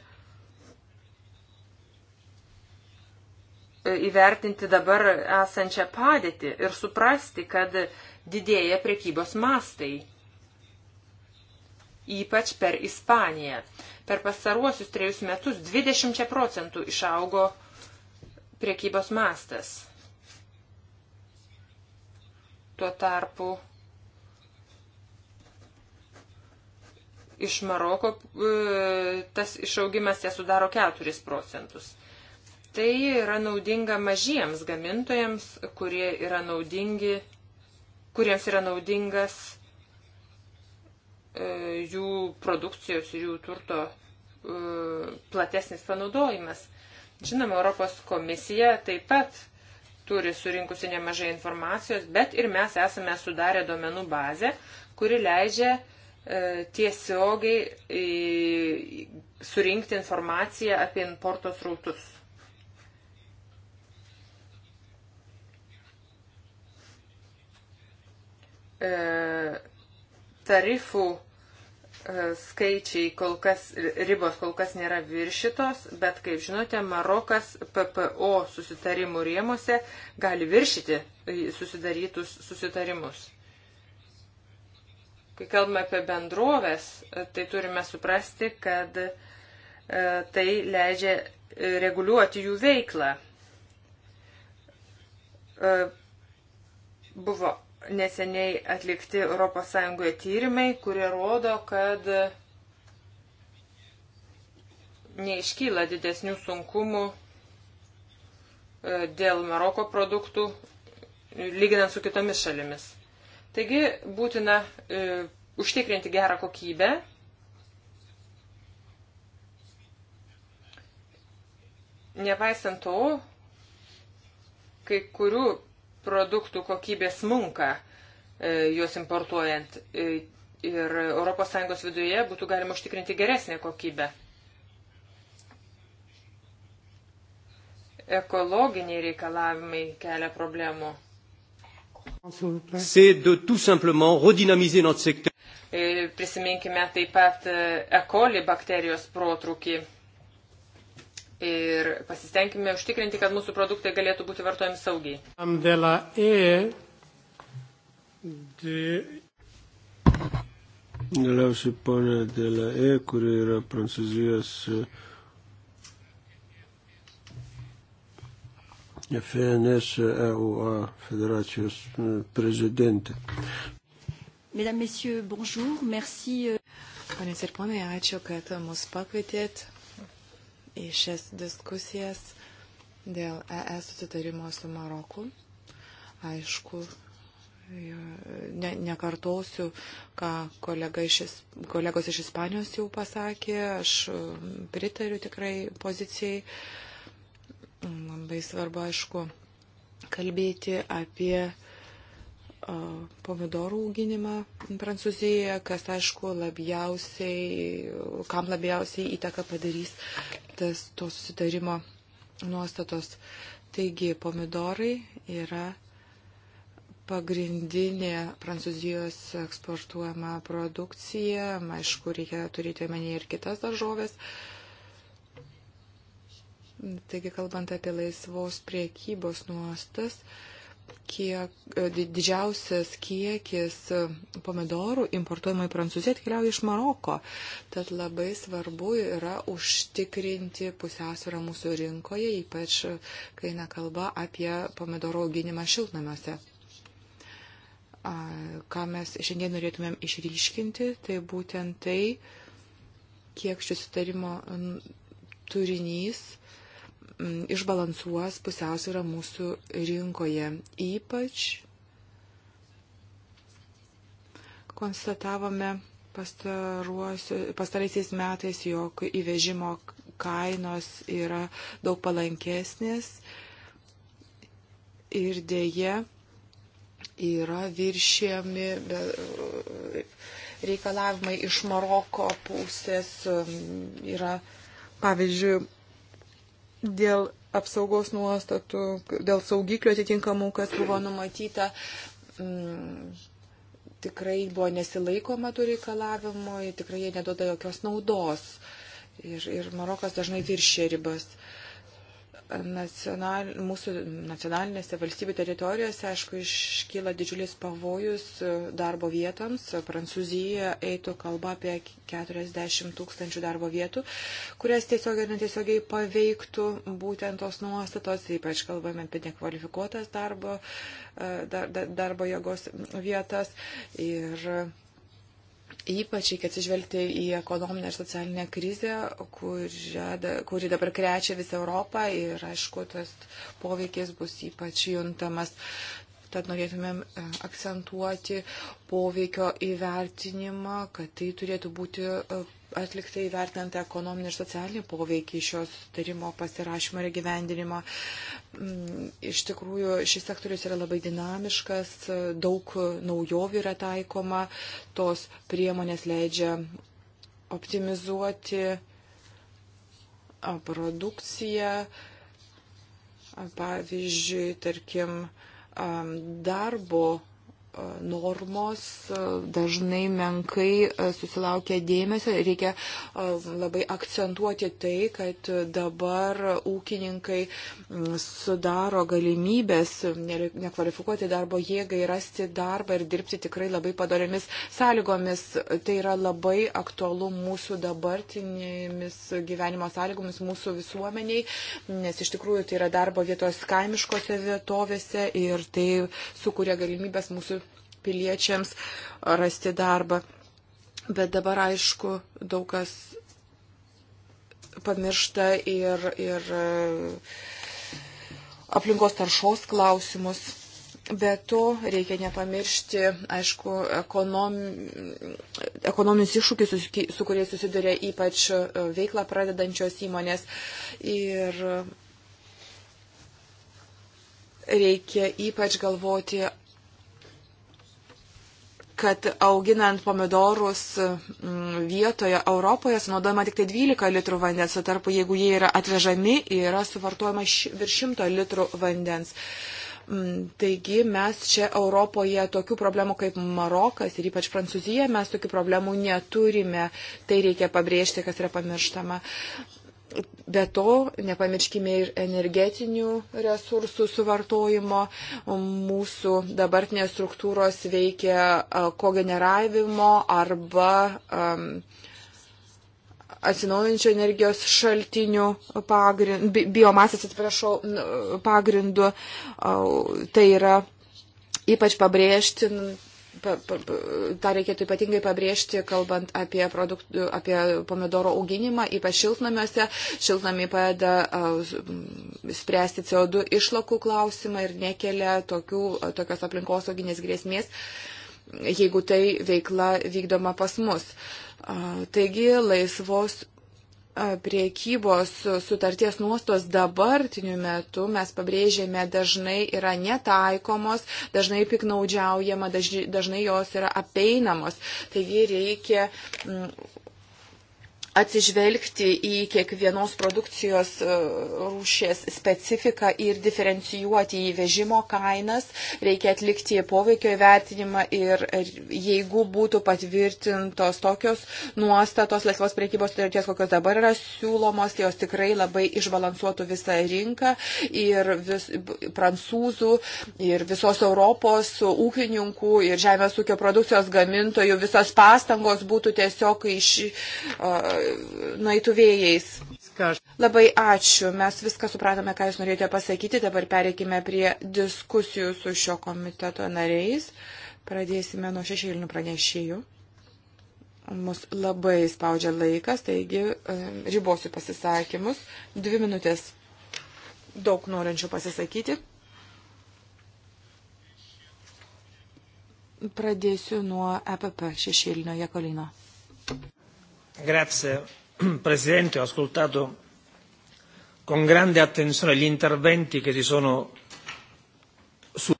įvertinti dabar esančią padėtį ir suprasti, kad didėja prekybos mastai, ypač per Ispaniją. Per pastaruosius trejus metus 20 procentų išaugo prekybos mastas. Tuo tarpu iš Maroko e, tas išaugimas jie sudaro 4 procentus. Tai yra naudinga mažiems gamintojams, kurie yra naudingi, kuriems yra naudingas e, jų produkcijos ir jų turto e, platesnis panaudojimas. Žinoma, Europos komisija taip pat turi surinkusi nemažai informacijos, bet ir mes esame sudarę duomenų bazę, kuri leidžia e, tiesiogiai e, surinkti informaciją apie importo srautus. E, tarifų e, skaičiai kol kas, ribos kol kas nėra viršytos, bet kaip žinote, Marokas PPO susitarimų rėmose gali viršyti susidarytus susitarimus. Kai kalbame apie bendrovės, e, tai turime suprasti, kad tai leidžia reguliuoti jų veiklą. Buvo neseniai atlikti ES tyrimai, kurie rodo, kad neiškyla didesnių sunkumų e, dėl Maroko produktų, lyginant su kitomis šalimis. Taigi būtina e, užtikrinti gerą kokybę. Nepaisant to, kai kurių produktų kokybė smunka e, juos importuojant e, ir ES viduje būtų galima užtikrinti geresnę kokybę. Ekologiniai reikalavimai kelia problemų. E, prisiminkime taip pat ekoli bakterijos protrukį ir pasistengime užtikrinti, kad mūsų produktai galėtų būti vartojami saugiai. E, Galiausiai ponė Dela E, kuri yra Prancūzijos e, FNS EUA federacijos e, prezidentė. Mesdames, messieurs, bonjour, merci. Euh. Ponės ir ponai, ačiū, kad mus pakvietėt į šias diskusijas dėl ES susitarimo su Maroku. Aišku, ne, nekartosiu, ką kolega iš, kolegos iš Ispanijos jau pasakė, aš mm, pritariu tikrai pozicijai. Mm, labai svarbu, aišku, kalbėti apie pomidorų auginimą Prancūzijoje, kas aišku labiausiai, kam labiausiai įtaką padarys tas, to susitarimo nuostatos. Taigi, pomidorai yra pagrindinė Prancūzijos eksportuojama produkcija. Aišku, reikia turėti omenyje ir kitas daržovės. Taigi, kalbant apie laisvos priekybos nuostas, uh, kiek e, didžiausias kiekis e, pomidorų importuojama į Prancūziją atkeliauja iš Maroko. Tad labai svarbu yra užtikrinti pusiausvyrą mūsų rinkoje, ypač e, kai eina kalba apie pomidorų auginimą šiltnamiuose. Ką mes šiandien norėtumėm išryškinti, tai būtent tai, kiek šis sutarimo turinys uh, Mm, išbalansuos pusiausvyrą mūsų rinkoje. Ypač konstatavome pastaraisiais metais, jog įvežimo kainos yra daug palankesnės ir dėje yra viršėmi reikalavimai iš Maroko pusės mm, yra, pavyzdžiui, dėl apsaugos nuostatų, dėl saugiklių atitinkamų, kas buvo numatyta. Mm, tikrai buvo nesilaikoma tų reikalavimų, tikrai jie neduoda jokios naudos. Ir, ir Marokas dažnai viršė ribas. Uh, nacional, mūsų nacionalinėse valstybių teritorijose, aišku, iškyla didžiulis pavojus e, darbo vietoms. Prancūzijoje eitų kalba apie 40 tūkstančių darbo vietų, kurias tiesiog ir netiesiogiai paveiktų būtent tos nuostatos, ypač kalbame apie nekvalifikuotas darbo, e, dar, darbo jėgos vietas. Ir Ypač reikia atsižvelgti į ekonominę ir socialinę krizę, kuri, kuri dabar krečia visą Europą ir, aišku, tas poveikis bus ypač juntamas. Tad norėtumėm e, akcentuoti poveikio įvertinimą, kad tai turėtų būti e, atlikta įvertinant ekonominį ir socialinį poveikį šios tarimo pasirašymo ir gyvendinimo. Mm, iš tikrųjų, šis sektorius yra labai dinamiškas, daug naujovių yra taikoma, tos priemonės leidžia optimizuoti produkciją, pavyzdžiui, tarkim, darbo normos dažnai menkai e, susilaukia dėmesio. Reikia e, labai akcentuoti tai, kad dabar ūkininkai sudaro galimybės nekvalifikuoti darbo jėgai, rasti darbą ir dirbti tikrai labai padoriomis sąlygomis. Tai yra labai aktualu mūsų dabartinėmis gyvenimo sąlygomis, mūsų visuomeniai, nes iš tikrųjų tai yra darbo vietos kaimiškose vietovėse ir tai sukuria galimybės mūsų piliečiams rasti darbą. Bet dabar, aišku, daug kas pamiršta ir, ir e, aplinkos taršos klausimus. Be to reikia nepamiršti, aišku, ekonom, ekonominis iššūkis, su kuriais susiduria ypač e, veiklą pradedančios įmonės. Ir reikia ypač galvoti kad auginant pomidorus mm, vietoje Europoje sunaudojama tik tai 12 litrų vandens, o tarpu jeigu jie yra atvežami, yra suvartojama virš 100 litrų vandens. Mm, taigi mes čia Europoje tokių problemų kaip Marokas ir ypač Prancūzija mes tokių problemų neturime. Tai reikia pabrėžti, kas yra pamirštama. Be to, nepamirškime ir energetinių resursų suvartojimo. Mūsų dabartinės struktūros veikia kogeneravimo arba um, atsinaujančio energijos šaltinių pagrindu, biomasės atsiprašau, pagrindu. Tai yra ypač pabrėžtin pa, pa, tą reikėtų ypatingai pabrėžti, kalbant apie, produktų, apie pomidoro auginimą, ypač šiltnamiuose. Šiltnamiai padeda spręsti CO2 išlakų klausimą ir nekelia tokių, tokios aplinkosauginės grėsmės, jeigu tai veikla vykdoma pas mus. Taigi laisvos priekybos sutarties nuostos dabartiniu metu, mes pabrėžėme, dažnai yra netaikomos, dažnai piknaudžiaujama, dažnai jos yra apeinamos. Taigi reikia mm, atsižvelgti į kiekvienos produkcijos e, rūšės specifiką ir diferencijuoti įvežimo kainas, reikia atlikti poveikio įvertinimą ir jeigu būtų patvirtintos tokios nuostatos laisvos priekybos sutarties, kokios dabar yra siūlomos, tai jos tikrai labai išbalansuotų visą rinką ir vis, prancūzų ir visos Europos ūkininkų ir žemės ūkio produkcijos gamintojų visas pastangos būtų tiesiog iš. Uh, nueitų vėjais. Labai ačiū. Mes viską supratome, ką Jūs norėjote pasakyti. Dabar pereikime prie diskusijų su šio komiteto nariais. Pradėsime nuo šešėlinių pranešėjų. Mus labai spaudžia laikas, taigi ribosiu pasisakymus. Dvi minutės daug norinčių pasisakyti. Pradėsiu nuo EPP šešėlinio Jekolino. Grazie Presidente, ho ascoltato con grande attenzione gli interventi che si sono su...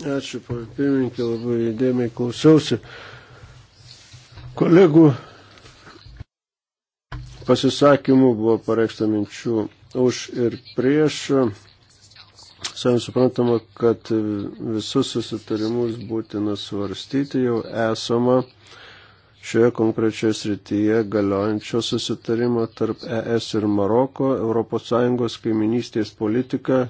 Ačiū, pana pirmininkė, labai įdėmiai klausiausi kolegų pasisakymų, buvo pareikšta minčių už ir prieš. Savim suprantama, kad visus susitarimus būtina svarstyti, jau esama uh, šioje konkrečioje srityje galiojančio susitarimo tarp ES ir Maroko, ES kaiminystės politika.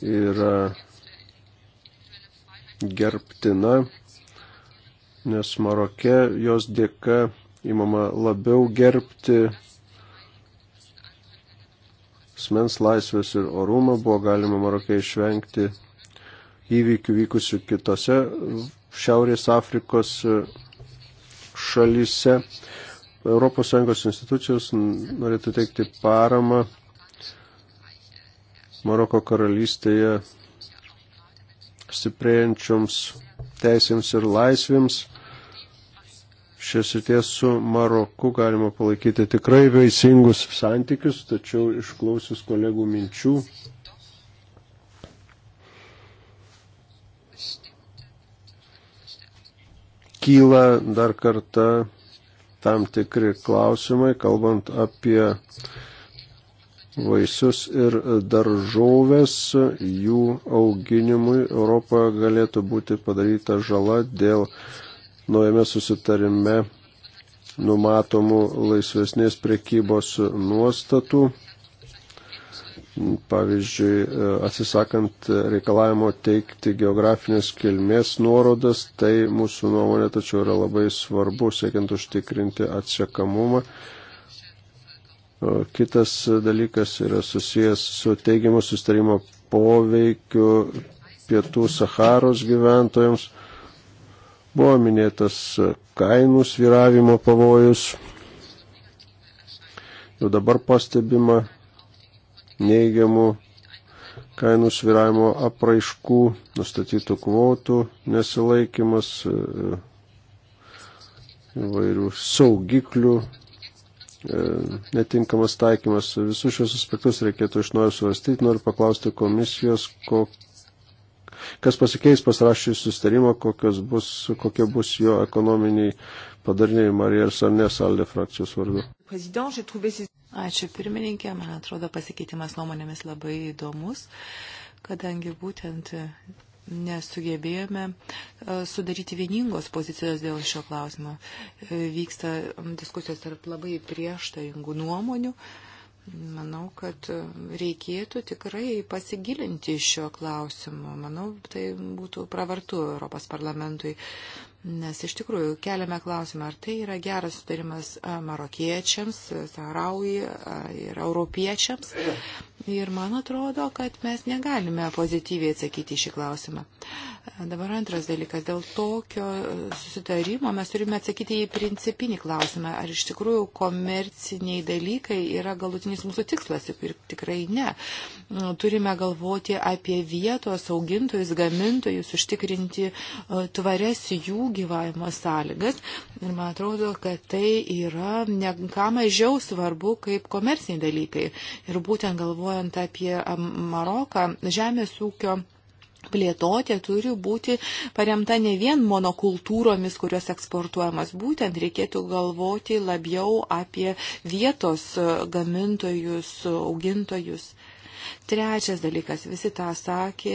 Yra gerbtina, nes Maroke jos dėka įmama labiau gerbti asmens laisvės ir orumą, buvo galima Marokė išvengti įvykių vykusių kitose Šiaurės Afrikos e, šalyse. ES institucijos norėtų teikti paramą Maroko karalystėje stiprėjančioms teisėms ir laisvėms. Šias įties su Maroku galima palaikyti tikrai veisingus santykius, tačiau išklausius kolegų minčių kyla dar kartą tam tikri klausimai, kalbant apie vaisius ir daržovės, jų auginimui Europoje galėtų būti padaryta žala dėl naujame susitarime numatomų laisvesnės prekybos nuostatų pavyzdžiui, e, atsisakant reikalavimo teikti geografinės kilmės nuorodas, tai mūsų nuomonė tačiau yra labai svarbu, siekiant užtikrinti atsiekamumą. Kitas dalykas yra susijęs su teigiamu sustarimo poveikiu pietų Saharos gyventojams. Buvo minėtas kainų sviravimo pavojus. Jau dabar pastebima neigiamų kainų sviravimo apraiškų, nustatytų kvotų nesilaikimas, e, įvairių saugiklių e, netinkamas taikymas. Visus šios aspektus reikėtų iš naujo svarstyti. Noriu paklausti komisijos, ko, kas pasikeis pasirašys sustarimą, bus, kokie bus jo ekonominiai padariniai. Marija ir Sarnės Aldė frakcijos vardu. Ačiū pirmininkė, man atrodo pasikeitimas nuomonėmis labai įdomus, kadangi būtent nesugebėjome e, sudaryti vieningos pozicijos dėl šio klausimo. E, vyksta diskusijos tarp labai prieštaringų nuomonių. Manau, kad e, reikėtų tikrai pasigilinti šio klausimu. Manau, tai būtų pravartu Europos parlamentui. Nes iš tikrųjų keliame klausimą, ar tai yra geras sutarimas marokiečiams, saraui ir europiečiams. Ir man atrodo, kad mes negalime pozityviai atsakyti šį klausimą. Dabar antras dalykas. Dėl tokio susitarimo mes turime atsakyti į principinį klausimą, ar iš tikrųjų komerciniai dalykai yra galutinis mūsų tikslas. Ir tikrai ne. Nu, turime galvoti apie vietos augintojus, gamintojus, užtikrinti tvarias jų gyvavimo sąlygas. Ir man atrodo, kad tai yra ne ką mažiau svarbu kaip komerciniai dalykai. Ir būtent galvojant apie Maroką, žemės ūkio plėtotė turi būti paremta ne vien monokultūromis, kurios eksportuojamas. Būtent reikėtų galvoti labiau apie vietos e, gamintojus, augintojus. Trečias dalykas, visi tą sakė,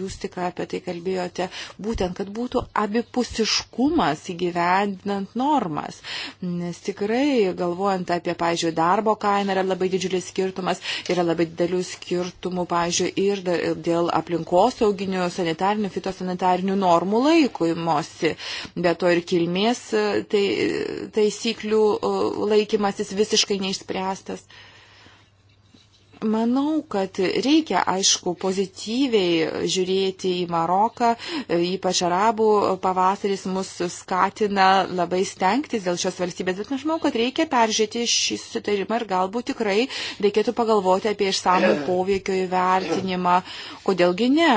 jūs tik apie tai kalbėjote, būtent, kad būtų abipusiškumas įgyvendinant normas. Nes tikrai, galvojant apie, pavyzdžiui, darbo kainą, yra labai didžiulis skirtumas, yra labai didelių skirtumų, pavyzdžiui, ir dėl aplinkosauginių, sanitarinių, fitosanitarinių normų laikomosi. Be to ir kilmės e, tai, e, taisyklių e, laikymasis visiškai neišspręstas. Manau, kad reikia, aišku, pozityviai žiūrėti į Maroką, ypač arabų pavasaris mus skatina labai stengtis dėl šios valstybės, bet aš manau, kad reikia peržiūrėti šį sutarimą ir galbūt tikrai reikėtų pagalvoti apie išsamų poveikio įvertinimą, kodėlgi ne.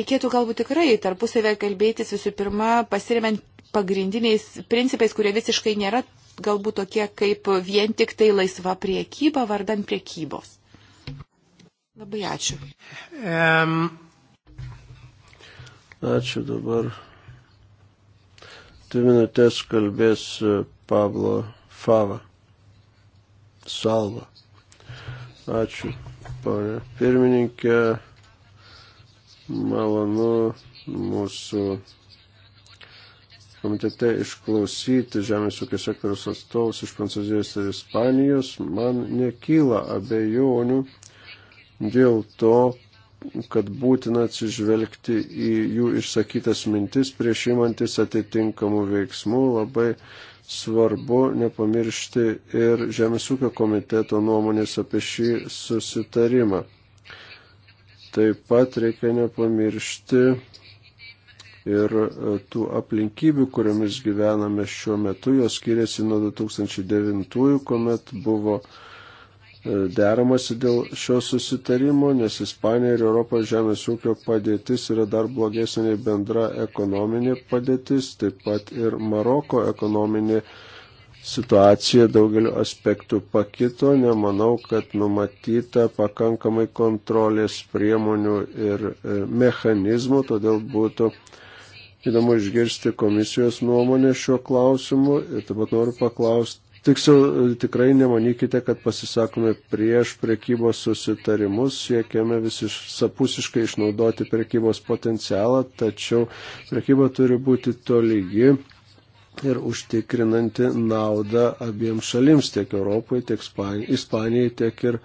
Reikėtų galbūt tikrai tarpusavę kalbėtis visų pirma, pasiriment pagrindiniais principais, kurie visiškai nėra galbūt tokie kaip vien tik tai laisva priekyba vardan priekybos. Labai ačiū. Um. Ačiū dabar. Dvi minutės kalbės e, Pablo Fava. Salva. Ačiū, ponė pirmininkė. Malonu mūsų komitete išklausyti žemės ūkio sektoriaus atstovus iš Prancūzijos ir Ispanijos. Man nekyla abejonių dėl to, kad būtina atsižvelgti į jų išsakytas mintis prieš įmantis atitinkamų veiksmų. Labai svarbu nepamiršti ir Žemės ūkio komiteto nuomonės apie šį susitarimą. Taip pat reikia nepamiršti ir e, tų aplinkybių, kuriomis gyvename šiuo metu, jos skiriasi nuo 2009, kuomet buvo E, deramasi dėl šio susitarimo, nes Ispanija ir Europos žemės ūkio padėtis yra dar blogesnė nei bendra ekonominė padėtis, taip pat ir Maroko ekonominė situacija daugeliu aspektų pakito, nemanau, kad numatyta pakankamai kontrolės priemonių ir e, mechanizmų, todėl būtų įdomu išgirsti komisijos nuomonę šiuo klausimu ir taip pat noriu paklausti Tiksliau, e, tikrai nemanykite, kad pasisakome prieš prekybos susitarimus, siekiame visapusiškai išnaudoti prekybos potencialą, tačiau prekyba turi būti tolygi ir užtikrinanti naudą abiems šalims, tiek Europai, tiek Ispanijai, tiek ir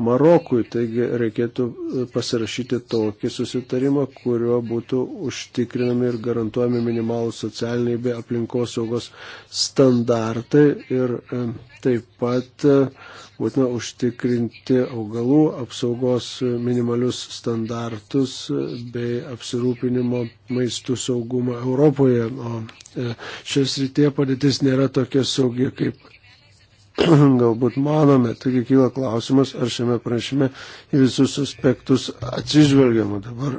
Marokui. Taigi reikėtų e, pasirašyti tokį susitarimą, kuriuo būtų užtikrinami ir garantuojami minimalų socialiniai bei aplinkos saugos standartai ir e, taip pat e, būtina užtikrinti augalų apsaugos minimalius standartus bei apsirūpinimo maistų saugumą Europoje. O šios rytėje padėtis nėra tokia saugi kaip galbūt manome. Taigi kyla klausimas, ar šiame prašyme į visus aspektus atsižvelgiama dabar.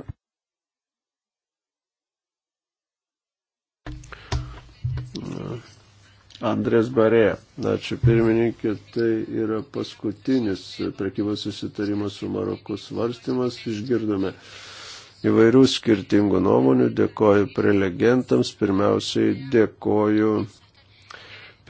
Andrės Barė, ačiū pirmininkė, tai yra paskutinis prekybos susitarimas su Maroku svarstymas, išgirdome įvairių skirtingų nuomonių, dėkoju prelegentams, pirmiausiai dėkoju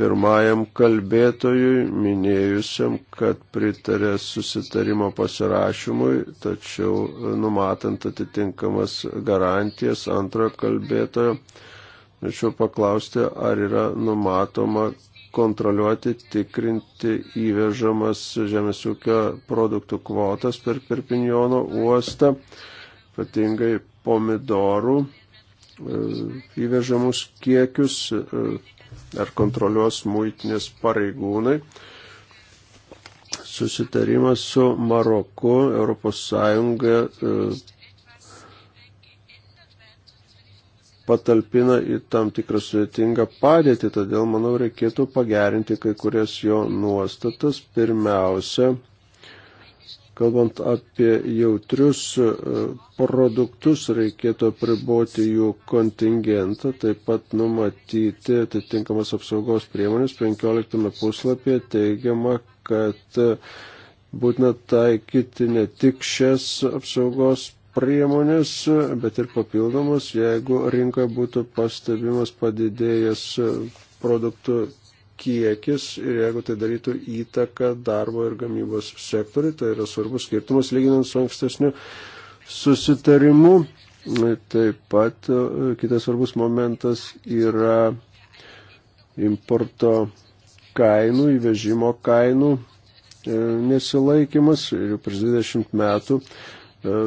pirmajam kalbėtojui minėjusiam, kad pritarė susitarimo pasirašymui, tačiau numatant atitinkamas garantijas antrojo kalbėtojo, norėčiau paklausti, ar yra numatoma kontroliuoti, tikrinti įvežamas žemės ūkio produktų kvotas per Perpinjono uostą, ypatingai pomidorų e, įvežamus kiekius e, ar kontroliuos muitinės pareigūnai. Susitarimas su Maroku ES e, patalpina į tam tikrą sudėtingą padėtį, todėl, manau, reikėtų pagerinti kai kurias jo nuostatas. Pirmiausia, Kalbant apie jautrius e, produktus, reikėtų apriboti jų kontingentą, taip pat numatyti atitinkamas apsaugos priemonės. 15 puslapyje teigiama, kad e, būtina taikyti ne tik šias apsaugos priemonės, e, bet ir papildomus, jeigu rinkoje būtų pastebimas padidėjęs produktų kiekis ir jeigu tai darytų įtaką darbo ir gamybos sektoriui, tai yra svarbus skirtumas lyginant su ankstesniu susitarimu. Taip pat e, kitas svarbus momentas yra importo kainų, įvežimo kainų e, nesilaikimas ir prieš 20 metų e,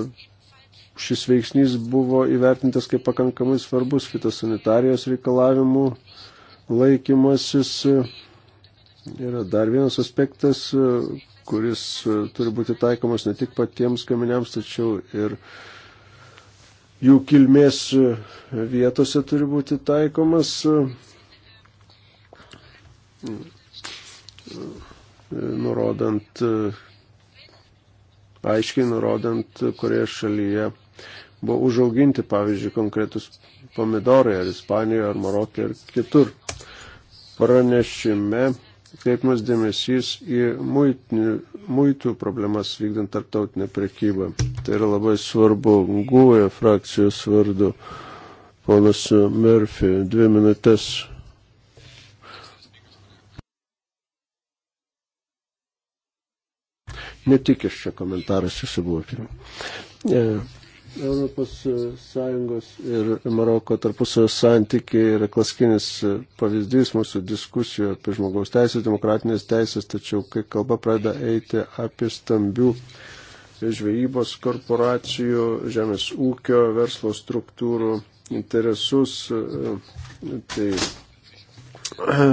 šis veiksnys buvo įvertintas kaip pakankamai svarbus fitosanitarijos reikalavimų laikymasis. Yra dar vienas aspektas, kuris turi būti taikomas ne tik patiems gaminiams, tačiau ir jų kilmės vietose turi būti taikomas. Nurodant, aiškiai nurodant, kurioje šalyje buvo užauginti, pavyzdžiui, konkretus pomidorai ar Ispanijoje, ar Marokė, ar kitur pranešime kreipimas dėmesys į muitinių, muitų problemas vykdant tarptautinę prekybą. Tai yra labai svarbu. Gūja frakcijos vardu ponas Murphy, dvi minutės. Netikės čia komentaras jūsų buvo. ES e, ir Maroko tarpusavio santykiai yra klasikinis e, pavyzdys mūsų diskusijų apie žmogaus teisės, demokratinės teisės, tačiau kai kalba pradeda eiti apie stambių žvejybos korporacijų, žemės ūkio, verslo struktūrų interesus, e, tai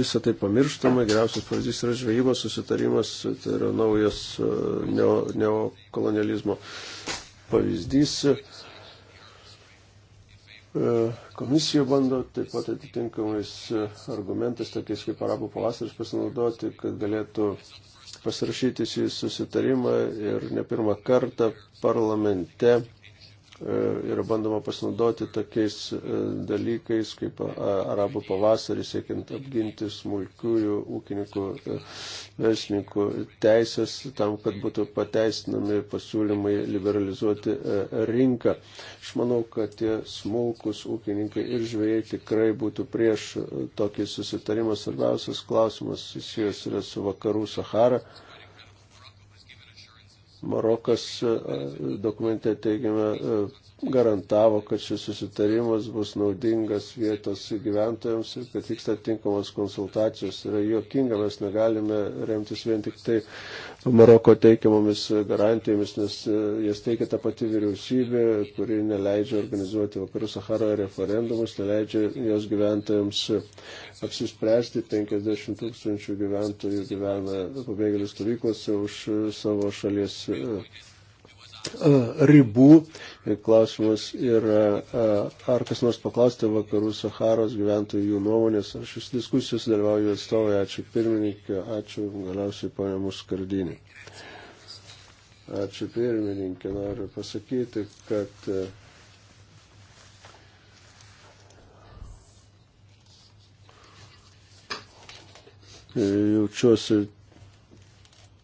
visą tai pamirštama, geriausias pavyzdys yra žvejybos susitarimas, tai yra naujas neokolonializmo neo pavyzdys. E, komisija bando taip pat atitinkamais e, argumentais, tokiais kaip arabų pavasaris, pasinaudoti, kad galėtų pasirašyti šį susitarimą ir ne pirmą kartą parlamente E, yra bandoma pasinaudoti tokiais e, dalykais kaip e, arabų pavasarį, siekiant apginti smulkiųjų ūkininkų, verslininkų teisės, tam, kad būtų pateisinami pasiūlymai liberalizuoti rinką. Aš manau, kad tie smulkus ūkininkai ir žvėjai tikrai būtų prieš tokį susitarimą. Svarbiausias klausimas susijęs yra su vakarų Sahara. Marokas e, dokumente teigiame garantavo, kad šis susitarimas bus naudingas vietos gyventojams ir kad vyksta tinkamos konsultacijos. Yra jokinga, mes negalime remtis vien tik tai Maroko teikiamomis garantijomis, nes e, jas teikia ta pati vyriausybė, kuri neleidžia organizuoti vakarų Saharoje referendumus, neleidžia jos gyventojams apsispręsti. 50 tūkstančių gyventojų gyvena pabėgėlių stovyklose už savo šalies e, ribų. Klausimas yra, ar kas nors paklausė vakarų Saharos gyventojų jų nuomonės, ar šis diskusijos dalyvauju atstovai, ačiū pirmininkė, ačiū galiausiai ponė Muskardinė. Ačiū pirmininkė, noriu pasakyti, kad jaučiuosi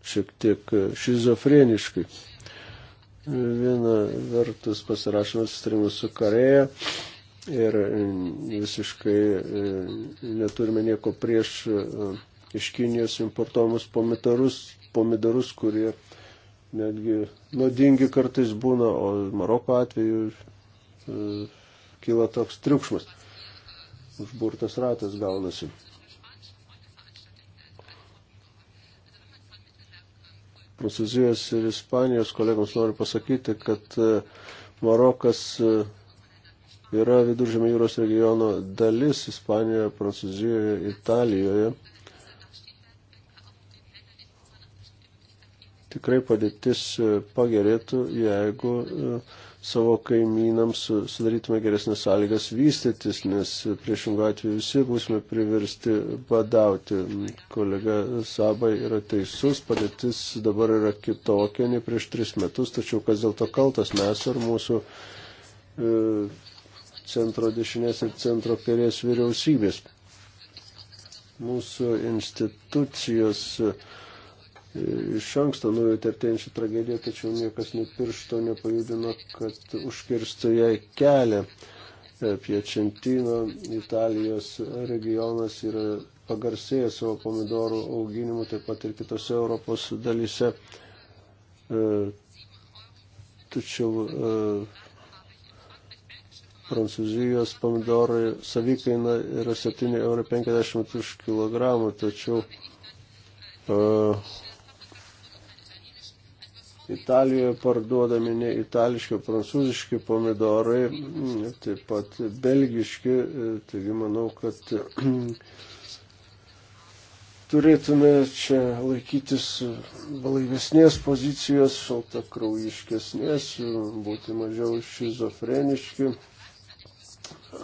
šiek tiek šizofreniškai. Viena vertus pasirašėme sustarimą su Koreja ir e, visiškai e, neturime nieko prieš e, iš Kinijos importuomus pomidorus, pomidorus kurie netgi nuodingi kartais būna, o Maroko atveju kyla toks triukšmas. Užburtas ratas gaunasi. Prancūzijos ir Ispanijos kolegams noriu pasakyti, kad e, Marokas e, yra viduržėmio jūros regiono dalis Ispanijoje, Prancūzijoje, Italijoje. Tikrai padėtis e, pagerėtų, jeigu uh, savo kaimynams sudarytume geresnės sąlygas vystytis, nes priešingų atveju visi būsime priversti badauti. Kolega Sabai yra teisus, padėtis dabar yra kitokia nei prieš tris metus, tačiau kas dėl to kaltas mes ar mūsų e, centro dešinės ir centro kairės vyriausybės. Mūsų institucijos e, iš anksto nujautė artėjančią tragediją, tačiau niekas nepiršto nepajudino, kad užkirstų jai kelią. E, Piečentino Italijos regionas yra pagarsėjęs savo pomidorų auginimu, taip pat ir kitose Europos dalyse. E, tačiau e, Prancūzijos pomidorai savikaina yra 7,50 eurų už kilogramą, tačiau uh, Italijoje parduodami ne itališki, prancūziški pomidorai, mm, taip pat belgiški. E, taigi manau, kad turėtume čia laikytis blaivesnės pozicijos, šaltakraujiškesnės, būti mažiau šizofreniški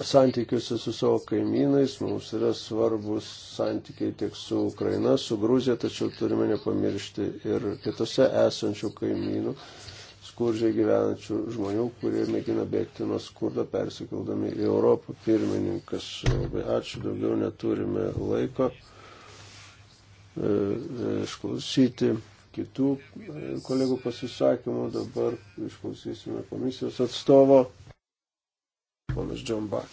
santykiuose su savo kaimynais, mums yra svarbus santykiai tiek su Ukraina, su Gruzija, tačiau turime nepamiršti ir kitose esančių kaimynų, skurdžiai gyvenančių žmonių, kurie mėgina bėgti nuo skurdo persikeldami į Europą. Pirmininkas, labai ačiū, daugiau neturime laiko e, e, išklausyti kitų e, kolegų pasisakymų, dabar išklausysime komisijos atstovo. Ponas Džombak.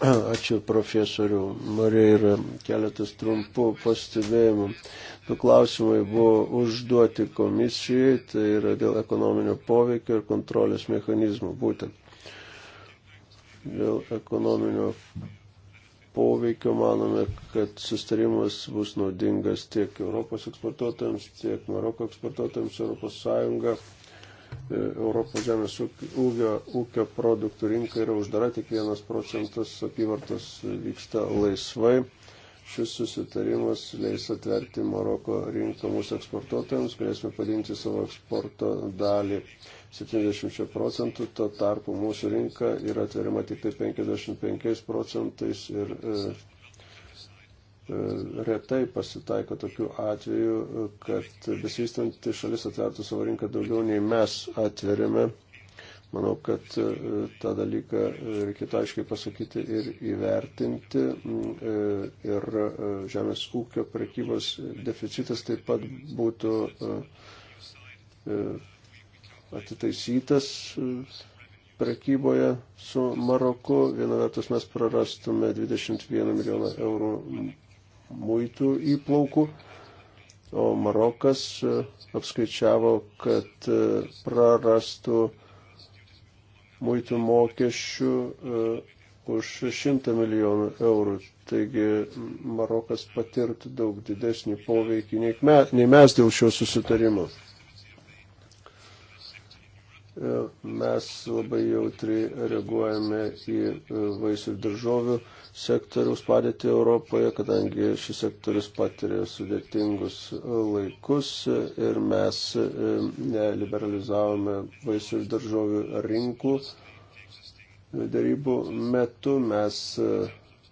Ačiū profesoriu. Marija yra keletas trumpų pastebėjimų. Du klausimai buvo užduoti komisijai, tai yra dėl ekonominio poveikio ir kontrolės mechanizmų būtent. Dėl ekonominio poveikio manome, kad sustarimas bus naudingas tiek Europos eksportuotojams, tiek Maroko eksportuotojams, Europos Sąjunga Europos žemės ūkio, ūkio produktų rinka yra uždara, tik vienas procentas apyvartos vyksta laisvai. Šis susitarimas leis atverti Maroko rinką mūsų eksportuotojams, galėsime padinti savo eksporto dalį 70 procentų, tuo tarpu mūsų rinka yra atveriama tik tai 55 procentais ir e, retai pasitaiko tokių atvejų, kad besivystanti šalis atvertų savo rinką daugiau nei mes atveriame. Manau, kad e, tą dalyką e, reikėtų aiškiai pasakyti ir įvertinti. Mm, e, ir žemės ūkio prekybos deficitas taip pat būtų atitaisytas prekyboje su Maroku. Viena vertus mes prarastume 21 milijoną eurų muitų įplaukų, o Marokas e, apskaičiavo, kad e, prarastų muitų mokesčių e, už 100 milijonų eurų. Taigi Marokas patirtų daug didesnį poveikį nei mes dėl šio susitarimo mes labai jautriai reaguojame į e, vaisių ir daržovių sektoriaus padėtį Europoje, kadangi šis sektorius patiria sudėtingus e, laikus ir mes e, neliberalizavome vaisių ir daržovių rinkų. Darybų metu mes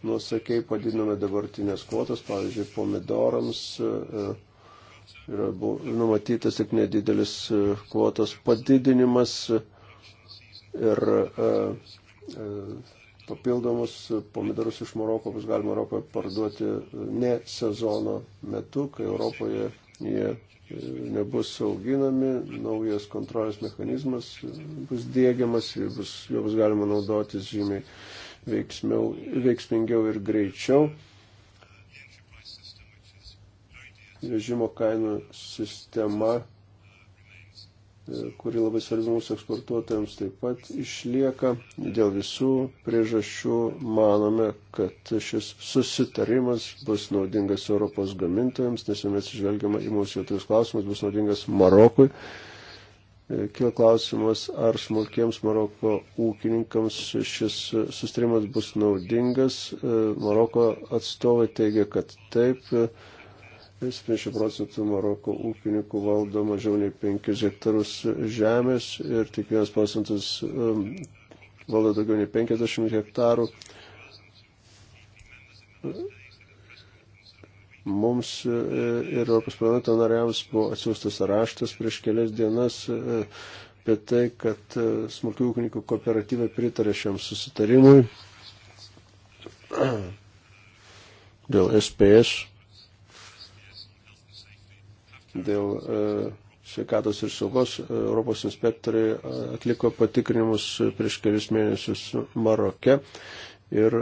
nusakiai padidinome dabartinės kvotas, pavyzdžiui, pomidorams, yra numatytas tik nedidelis e, kvotos padidinimas ir e, e, papildomus pomidorus iš Maroko bus galima Europoje parduoti ne sezono metu, kai Europoje jie nebus auginami, naujas kontrolės mechanizmas bus dėgiamas ir bus, jo bus galima naudotis žymiai veiksmiau, veiksmingiau ir greičiau. režimo kainų sistema, e, kuri labai svarbi mūsų eksportuotojams taip pat išlieka. Dėl visų priežasčių manome, kad šis susitarimas bus naudingas Europos gamintojams, nes mes išvelgiame į mūsų jautrius klausimus, bus naudingas Marokui. E, Kila klausimas, ar smulkiems Maroko ūkininkams šis sustarimas bus naudingas. E, Maroko atstovai teigia, kad taip. 30 procentų Maroko ūkininkų valdo mažiau nei 5 hektarus žemės ir tik 1 procentas um, valdo daugiau nei 50 hektarų. Mums e, ir Europos parlamento nariams buvo atsiųstas raštas prieš kelias dienas e, apie tai, kad e, smulkių ūkininkų kooperatyvai pritarė šiam susitarimui dėl SPS dėl e, sveikatos ir saugos e, Europos inspektoriai e, atliko patikrinimus prieš kelius mėnesius Maroke ir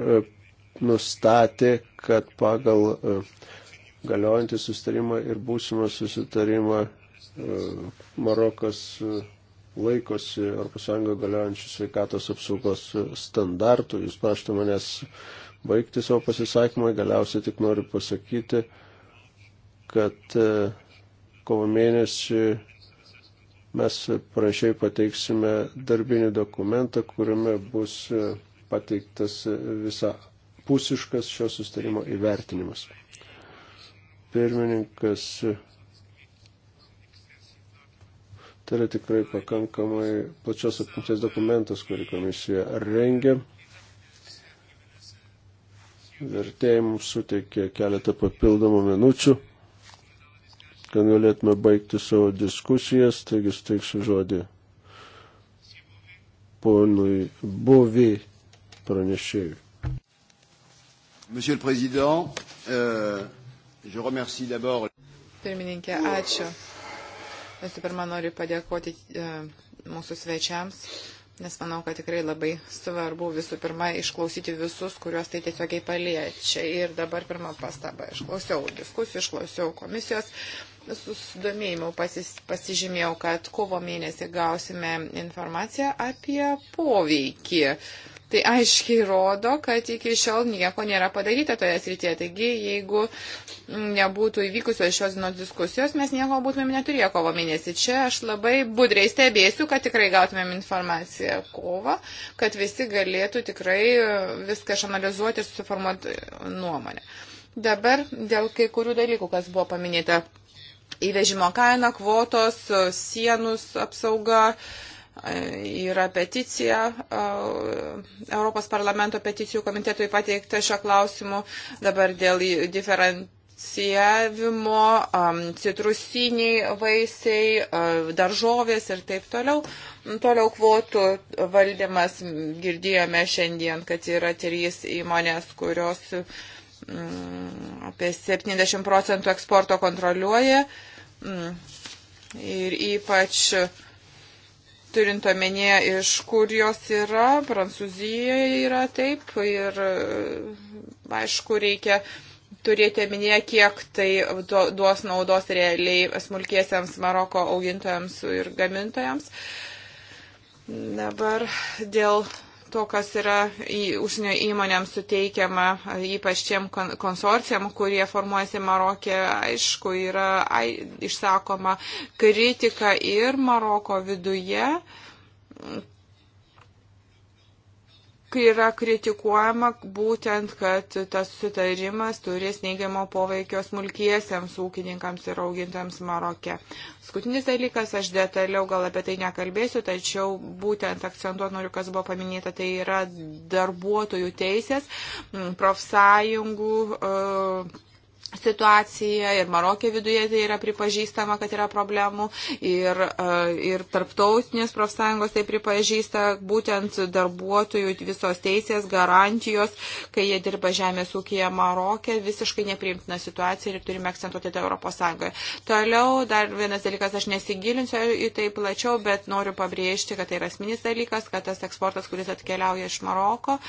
nustatė, kad pagal galiojantį sustarimą ir būsimą susitarimą Marokas laikosi ES galiojančių sveikatos apsaugos standartų. Jūs prašote manęs baigti savo pasisakymą, galiausiai tik noriu pasakyti, kad kovo mėnesį mes prašiai pateiksime darbinį dokumentą, kuriame bus pateiktas visa pusiškas šio sustarimo įvertinimas. Pirmininkas, tai yra tikrai pakankamai plačios apimties dokumentas, kurį komisija rengia. Vertėjai mums suteikė keletą papildomų minučių kad galėtume baigti savo diskusijas, taigi steiksiu žodį ponui Buvi pranešėjui. Monsieur le Président, euh, je remercie d'abord. Pirmininkė, ačiū. Visų pirma, noriu padėkoti uh, mūsų svečiams. Uh, nes manau, kad tikrai labai svarbu visų pirma išklausyti visus, kuriuos tai tiesiogiai paliečia. Ir dabar pirmą pastabą išklausiau diskusijų, išklausiau komisijos. Susidomėjimu pasis, pasižymėjau, kad kovo mėnesį gausime informaciją apie poveikį uh, Tai aiškiai rodo, kad iki šiol nieko nėra padaryta toje srityje. Taigi, jeigu nebūtų įvykusios šios dienos diskusijos, mes nieko būtumėm neturėję kovo mėnesį. Čia aš labai budriai stebėsiu, kad tikrai gautumėm informaciją kovo, kad visi galėtų tikrai viską išanalizuoti ir susiformuoti nuomonę. Dabar dėl kai kurių dalykų, kas buvo paminėta. Įvežimo kaina, kvotos, sienus apsauga. Uh, Yra peticija Europos parlamento peticijų komitetui pateikta šio klausimu dabar dėl diferencijavimo, citrusiniai vaisiai, daržovės ir taip toliau. Toliau kvotų valdymas girdėjome šiandien, kad yra trys įmonės, kurios mm, apie 70 procentų eksporto kontroliuoja. Mm. Ir ypač uh, turint omenyje, iš kur jos yra, Prancūzijoje yra taip ir e, aišku, reikia turėti omenyje, kiek tai duos naudos realiai smulkiesiams Maroko augintojams ir gamintojams. Dabar dėl to, kas yra į užsienio įmonėms suteikiama, ypač tiem konsorcijam, kurie formuojasi Marokė, aišku, yra ai, išsakoma kritika ir Maroko viduje kai yra kritikuojama būtent, kad tas sutarimas turės neigiamo poveikio smulkiesiems ūkininkams ir augintams Maroke. Skutinis dalykas, aš detaliau gal apie tai nekalbėsiu, tačiau būtent akcentuot noriu, kas buvo paminėta, tai yra darbuotojų teisės, profsąjungų e, situacija ir Marokė viduje tai yra pripažįstama, kad yra problemų ir, e, ir tarptautinės profsąjungos tai pripažįsta būtent darbuotojų visos teisės, garantijos, kai jie dirba žemės ūkija Marokė, visiškai nepriimtina situacija ir turime akcentuoti tai Europos Sąjungoje. Toliau dar vienas dalykas, aš nesigilinsiu į tai plačiau, bet noriu pabrėžti, kad tai yra asmenis dalykas, kad tas eksportas, kuris atkeliauja iš Maroko,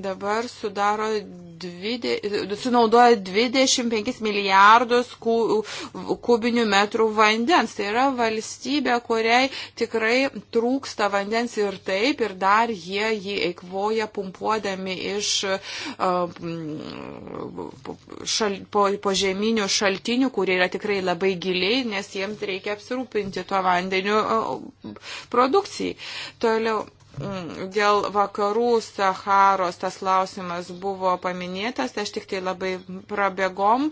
dabar sudaro 20, sunaudoja 25 milijardus kubinių metrų vandens. Tai yra valstybė, kuriai tikrai trūksta vandens ir taip, ir dar jie jį eikvoja pumpuodami iš mm, šal, po, požeminių šaltinių, kurie yra tikrai labai giliai, nes jiems reikia apsirūpinti tuo vandeniu produkcijai. Toliau Mm, dėl vakarų Saharos tas klausimas buvo paminėtas, tai aš tik tai labai prabėgom,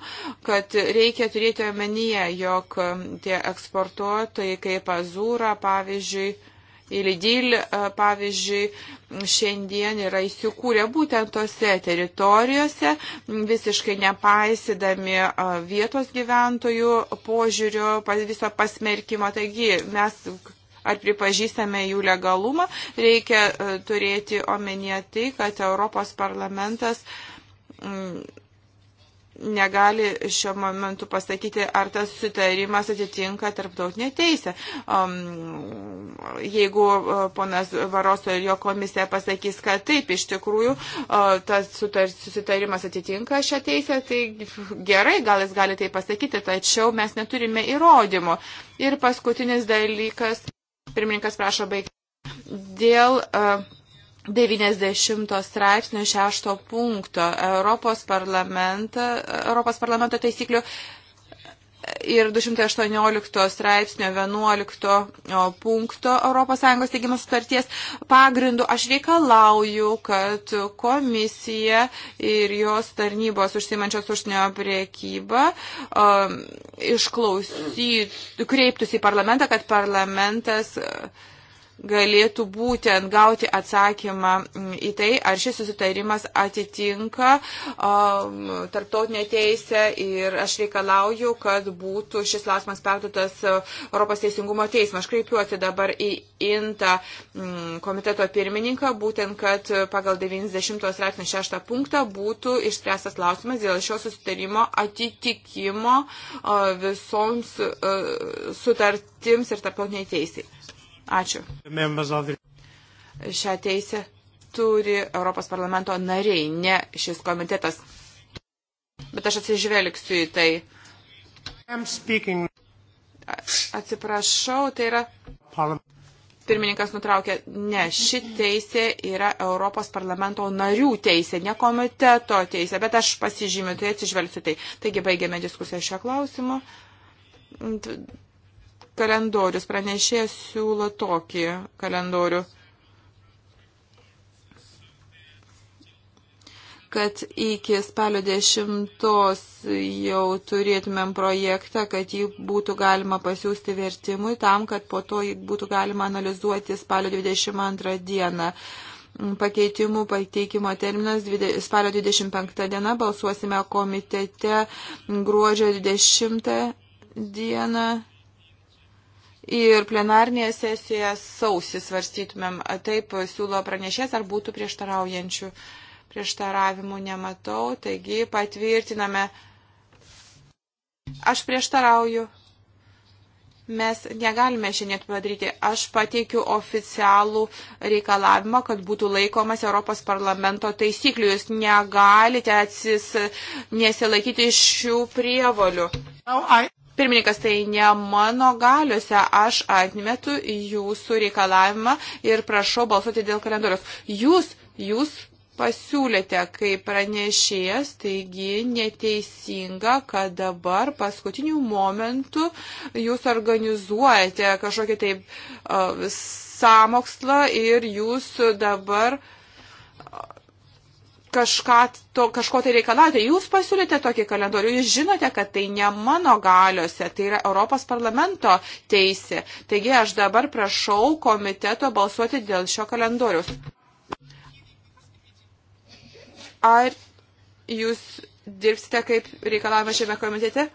kad reikia turėti omenyje, jog mm, tie eksportuotojai kaip Azūra, pavyzdžiui, Ilidil, e, pavyzdžiui, šiandien yra įsikūrę būtent tose teritorijose, visiškai nepaisydami e, vietos gyventojų požiūrio, viso pasmerkimo. Taigi mes ar pripažįstame jų legalumą, reikia e, turėti omenyje tai, kad Europos parlamentas mm, negali šiuo momentu pasakyti, ar tas sutarimas atitinka tarptautinė teisė. Um, jeigu e, ponas Varoso ir jo komisija pasakys, kad taip, iš tikrųjų, uh, tas sutar, susitarimas atitinka šią teisę, tai gerai, gal jis gali tai pasakyti, tačiau mes neturime įrodymų. Ir paskutinis dalykas. Pirmininkas prašo baigti. Dėl uh, e, 90 straipsnio 6 punkto Europos, Europos parlamento taisyklių ir 218 straipsnio 11 punkto ES teigimas sutarties pagrindu aš reikalauju, kad komisija ir jos tarnybos užsimančios užsienio priekybą um, išklausytų, kreiptųsi į parlamentą, kad parlamentas uh, galėtų būtent gauti atsakymą į tai, ar šis susitarimas atitinka um, tarptautinę teisę ir aš reikalauju, kad būtų šis klausimas perduotas Europos Teisingumo teismą. Aš kreipiuosi dabar į INTA um, komiteto pirmininką, būtent, kad pagal 90 straipsnį 6 punktą būtų išspręstas klausimas dėl šio susitarimo atitikimo uh, visoms uh, sutartims ir tarptautiniai teisai. Ačiū. Šią teisę turi Europos parlamento nariai, ne šis komitetas. Bet aš atsižvelgsiu į tai. Atsiprašau, tai yra. Pirmininkas nutraukė, ne, ši teisė yra Europos parlamento narių teisė, ne komiteto teisė, bet aš pasižymiu, tai atsižvelgsiu tai. Taigi baigėme diskusiją šio klausimu kalendorius. Pranešėjas siūlo tokį kalendorių. kad iki spalio 10 jau turėtumėm projektą, kad jį būtų galima pasiūsti vertimui tam, kad po to jį būtų galima analizuoti spalio 22 dieną. Pakeitimų pateikimo terminas spalio 25 diena, balsuosime komitete gruodžio 20 dieną ir plenarnėje sesijoje sausį svarstytumėm. Taip siūlo pranešės, ar būtų prieštaraujančių. Prieštaravimų nematau, taigi patvirtiname. Aš prieštarauju. Mes negalime šiandien padaryti. Aš pateikiu oficialų reikalavimą, kad būtų laikomas Europos parlamento taisyklių. Jūs negalite atsis nesilaikyti iš šių prievolių. Oh, I... Pirmininkas, tai ne mano galiuose, aš atmetu jūsų reikalavimą ir prašau balsuoti dėl kalendorius. Jūs, jūs pasiūlėte kaip pranešėjas, taigi neteisinga, kad dabar paskutinių momentų jūs organizuojate kažkokį taip uh, samokslą ir jūs dabar uh, kažką, to, kažko tai reikalauti. Jūs pasiūlėte tokį kalendorių, jūs žinote, kad tai ne mano galiuose, tai yra Europos parlamento teisė. Taigi aš dabar prašau komiteto balsuoti dėl šio kalendorius. Ar jūs dirbsite kaip reikalavimą šiame komitete?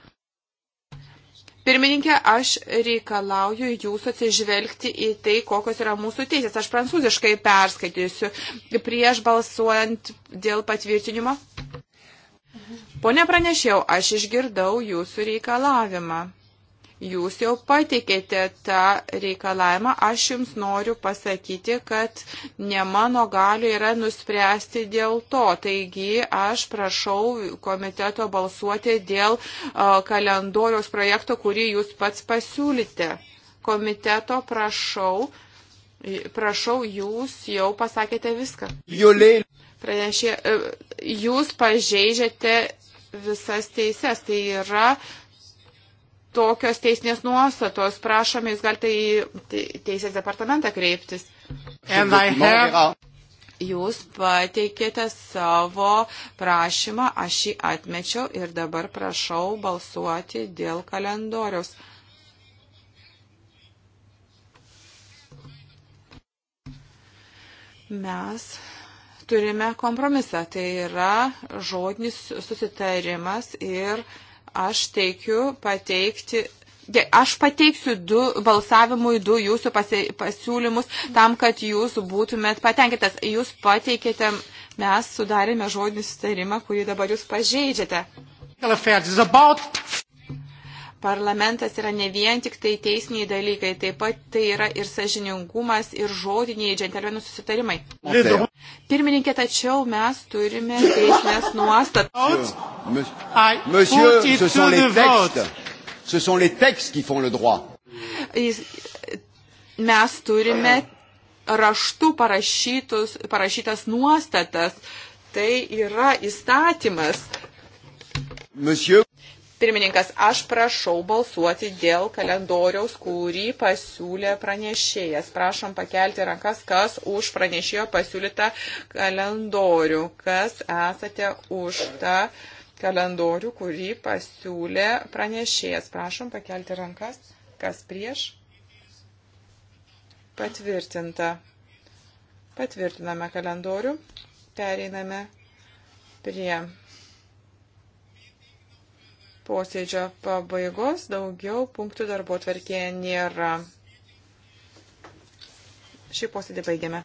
Pirmininkė, aš reikalauju jūsų atsižvelgti į tai, kokios yra mūsų teisės. Aš prancūziškai perskaitysiu prieš balsuojant dėl patvirtinimo. Pone pranešiau, aš išgirdau jūsų reikalavimą. Jūs jau patikėte tą reikalavimą. Aš jums noriu pasakyti, kad ne mano galiu yra nuspręsti dėl to. Taigi aš prašau komiteto balsuoti dėl kalendoriaus projekto, kurį jūs pats pasiūlyte. Komiteto prašau. Prašau, jūs jau pasakėte viską. Juliai. Pranešė, e, jūs pažeidžiate visas teises. Tai yra tokios teisinės nuostatos. Prašome, jūs galite į Teisės departamentą kreiptis. Have... Jūs pateikėte savo prašymą, aš jį atmečiau ir dabar prašau balsuoti dėl kalendoriaus. Mes turime kompromisą, tai yra žodinis susitarimas ir uh, Aš teikiu pateikti aš pateiksiu du balsavimui du jūsų pasiūlymus tam, kad jūs būtumėt patenkintas. Jūs pateikėte, mes sudarėme žodinį sutarimą, kurį dabar jūs pažeidžiate. Parlamentas yra ne vien tik tai teisiniai dalykai, taip pat tai yra ir sažiningumas, ir žodiniai džentelmenų susitarimai. Okay. Pirmininkė, tačiau mes turime teisinės nuostatas. Monsieur, ce sont les textes. Ce sont les textes qui font le droit. Mes turime raštu parašytas nuostatas. Tai yra įstatymas. Monsieur. Pirmininkas, aš prašau balsuoti dėl kalendoriaus, kurį pasiūlė pranešėjas. Prašom pakelti rankas, kas už pranešėjo pasiūlytą kalendorių. Kas esate už tą kalendorių, kurį pasiūlė pranešėjas. Prašom pakelti rankas, kas prieš. Patvirtinta. Patvirtiname kalendorių. Pereiname prie posėdžio pabaigos daugiau punktų darbo tvarkėje nėra. Šį posėdį baigiame.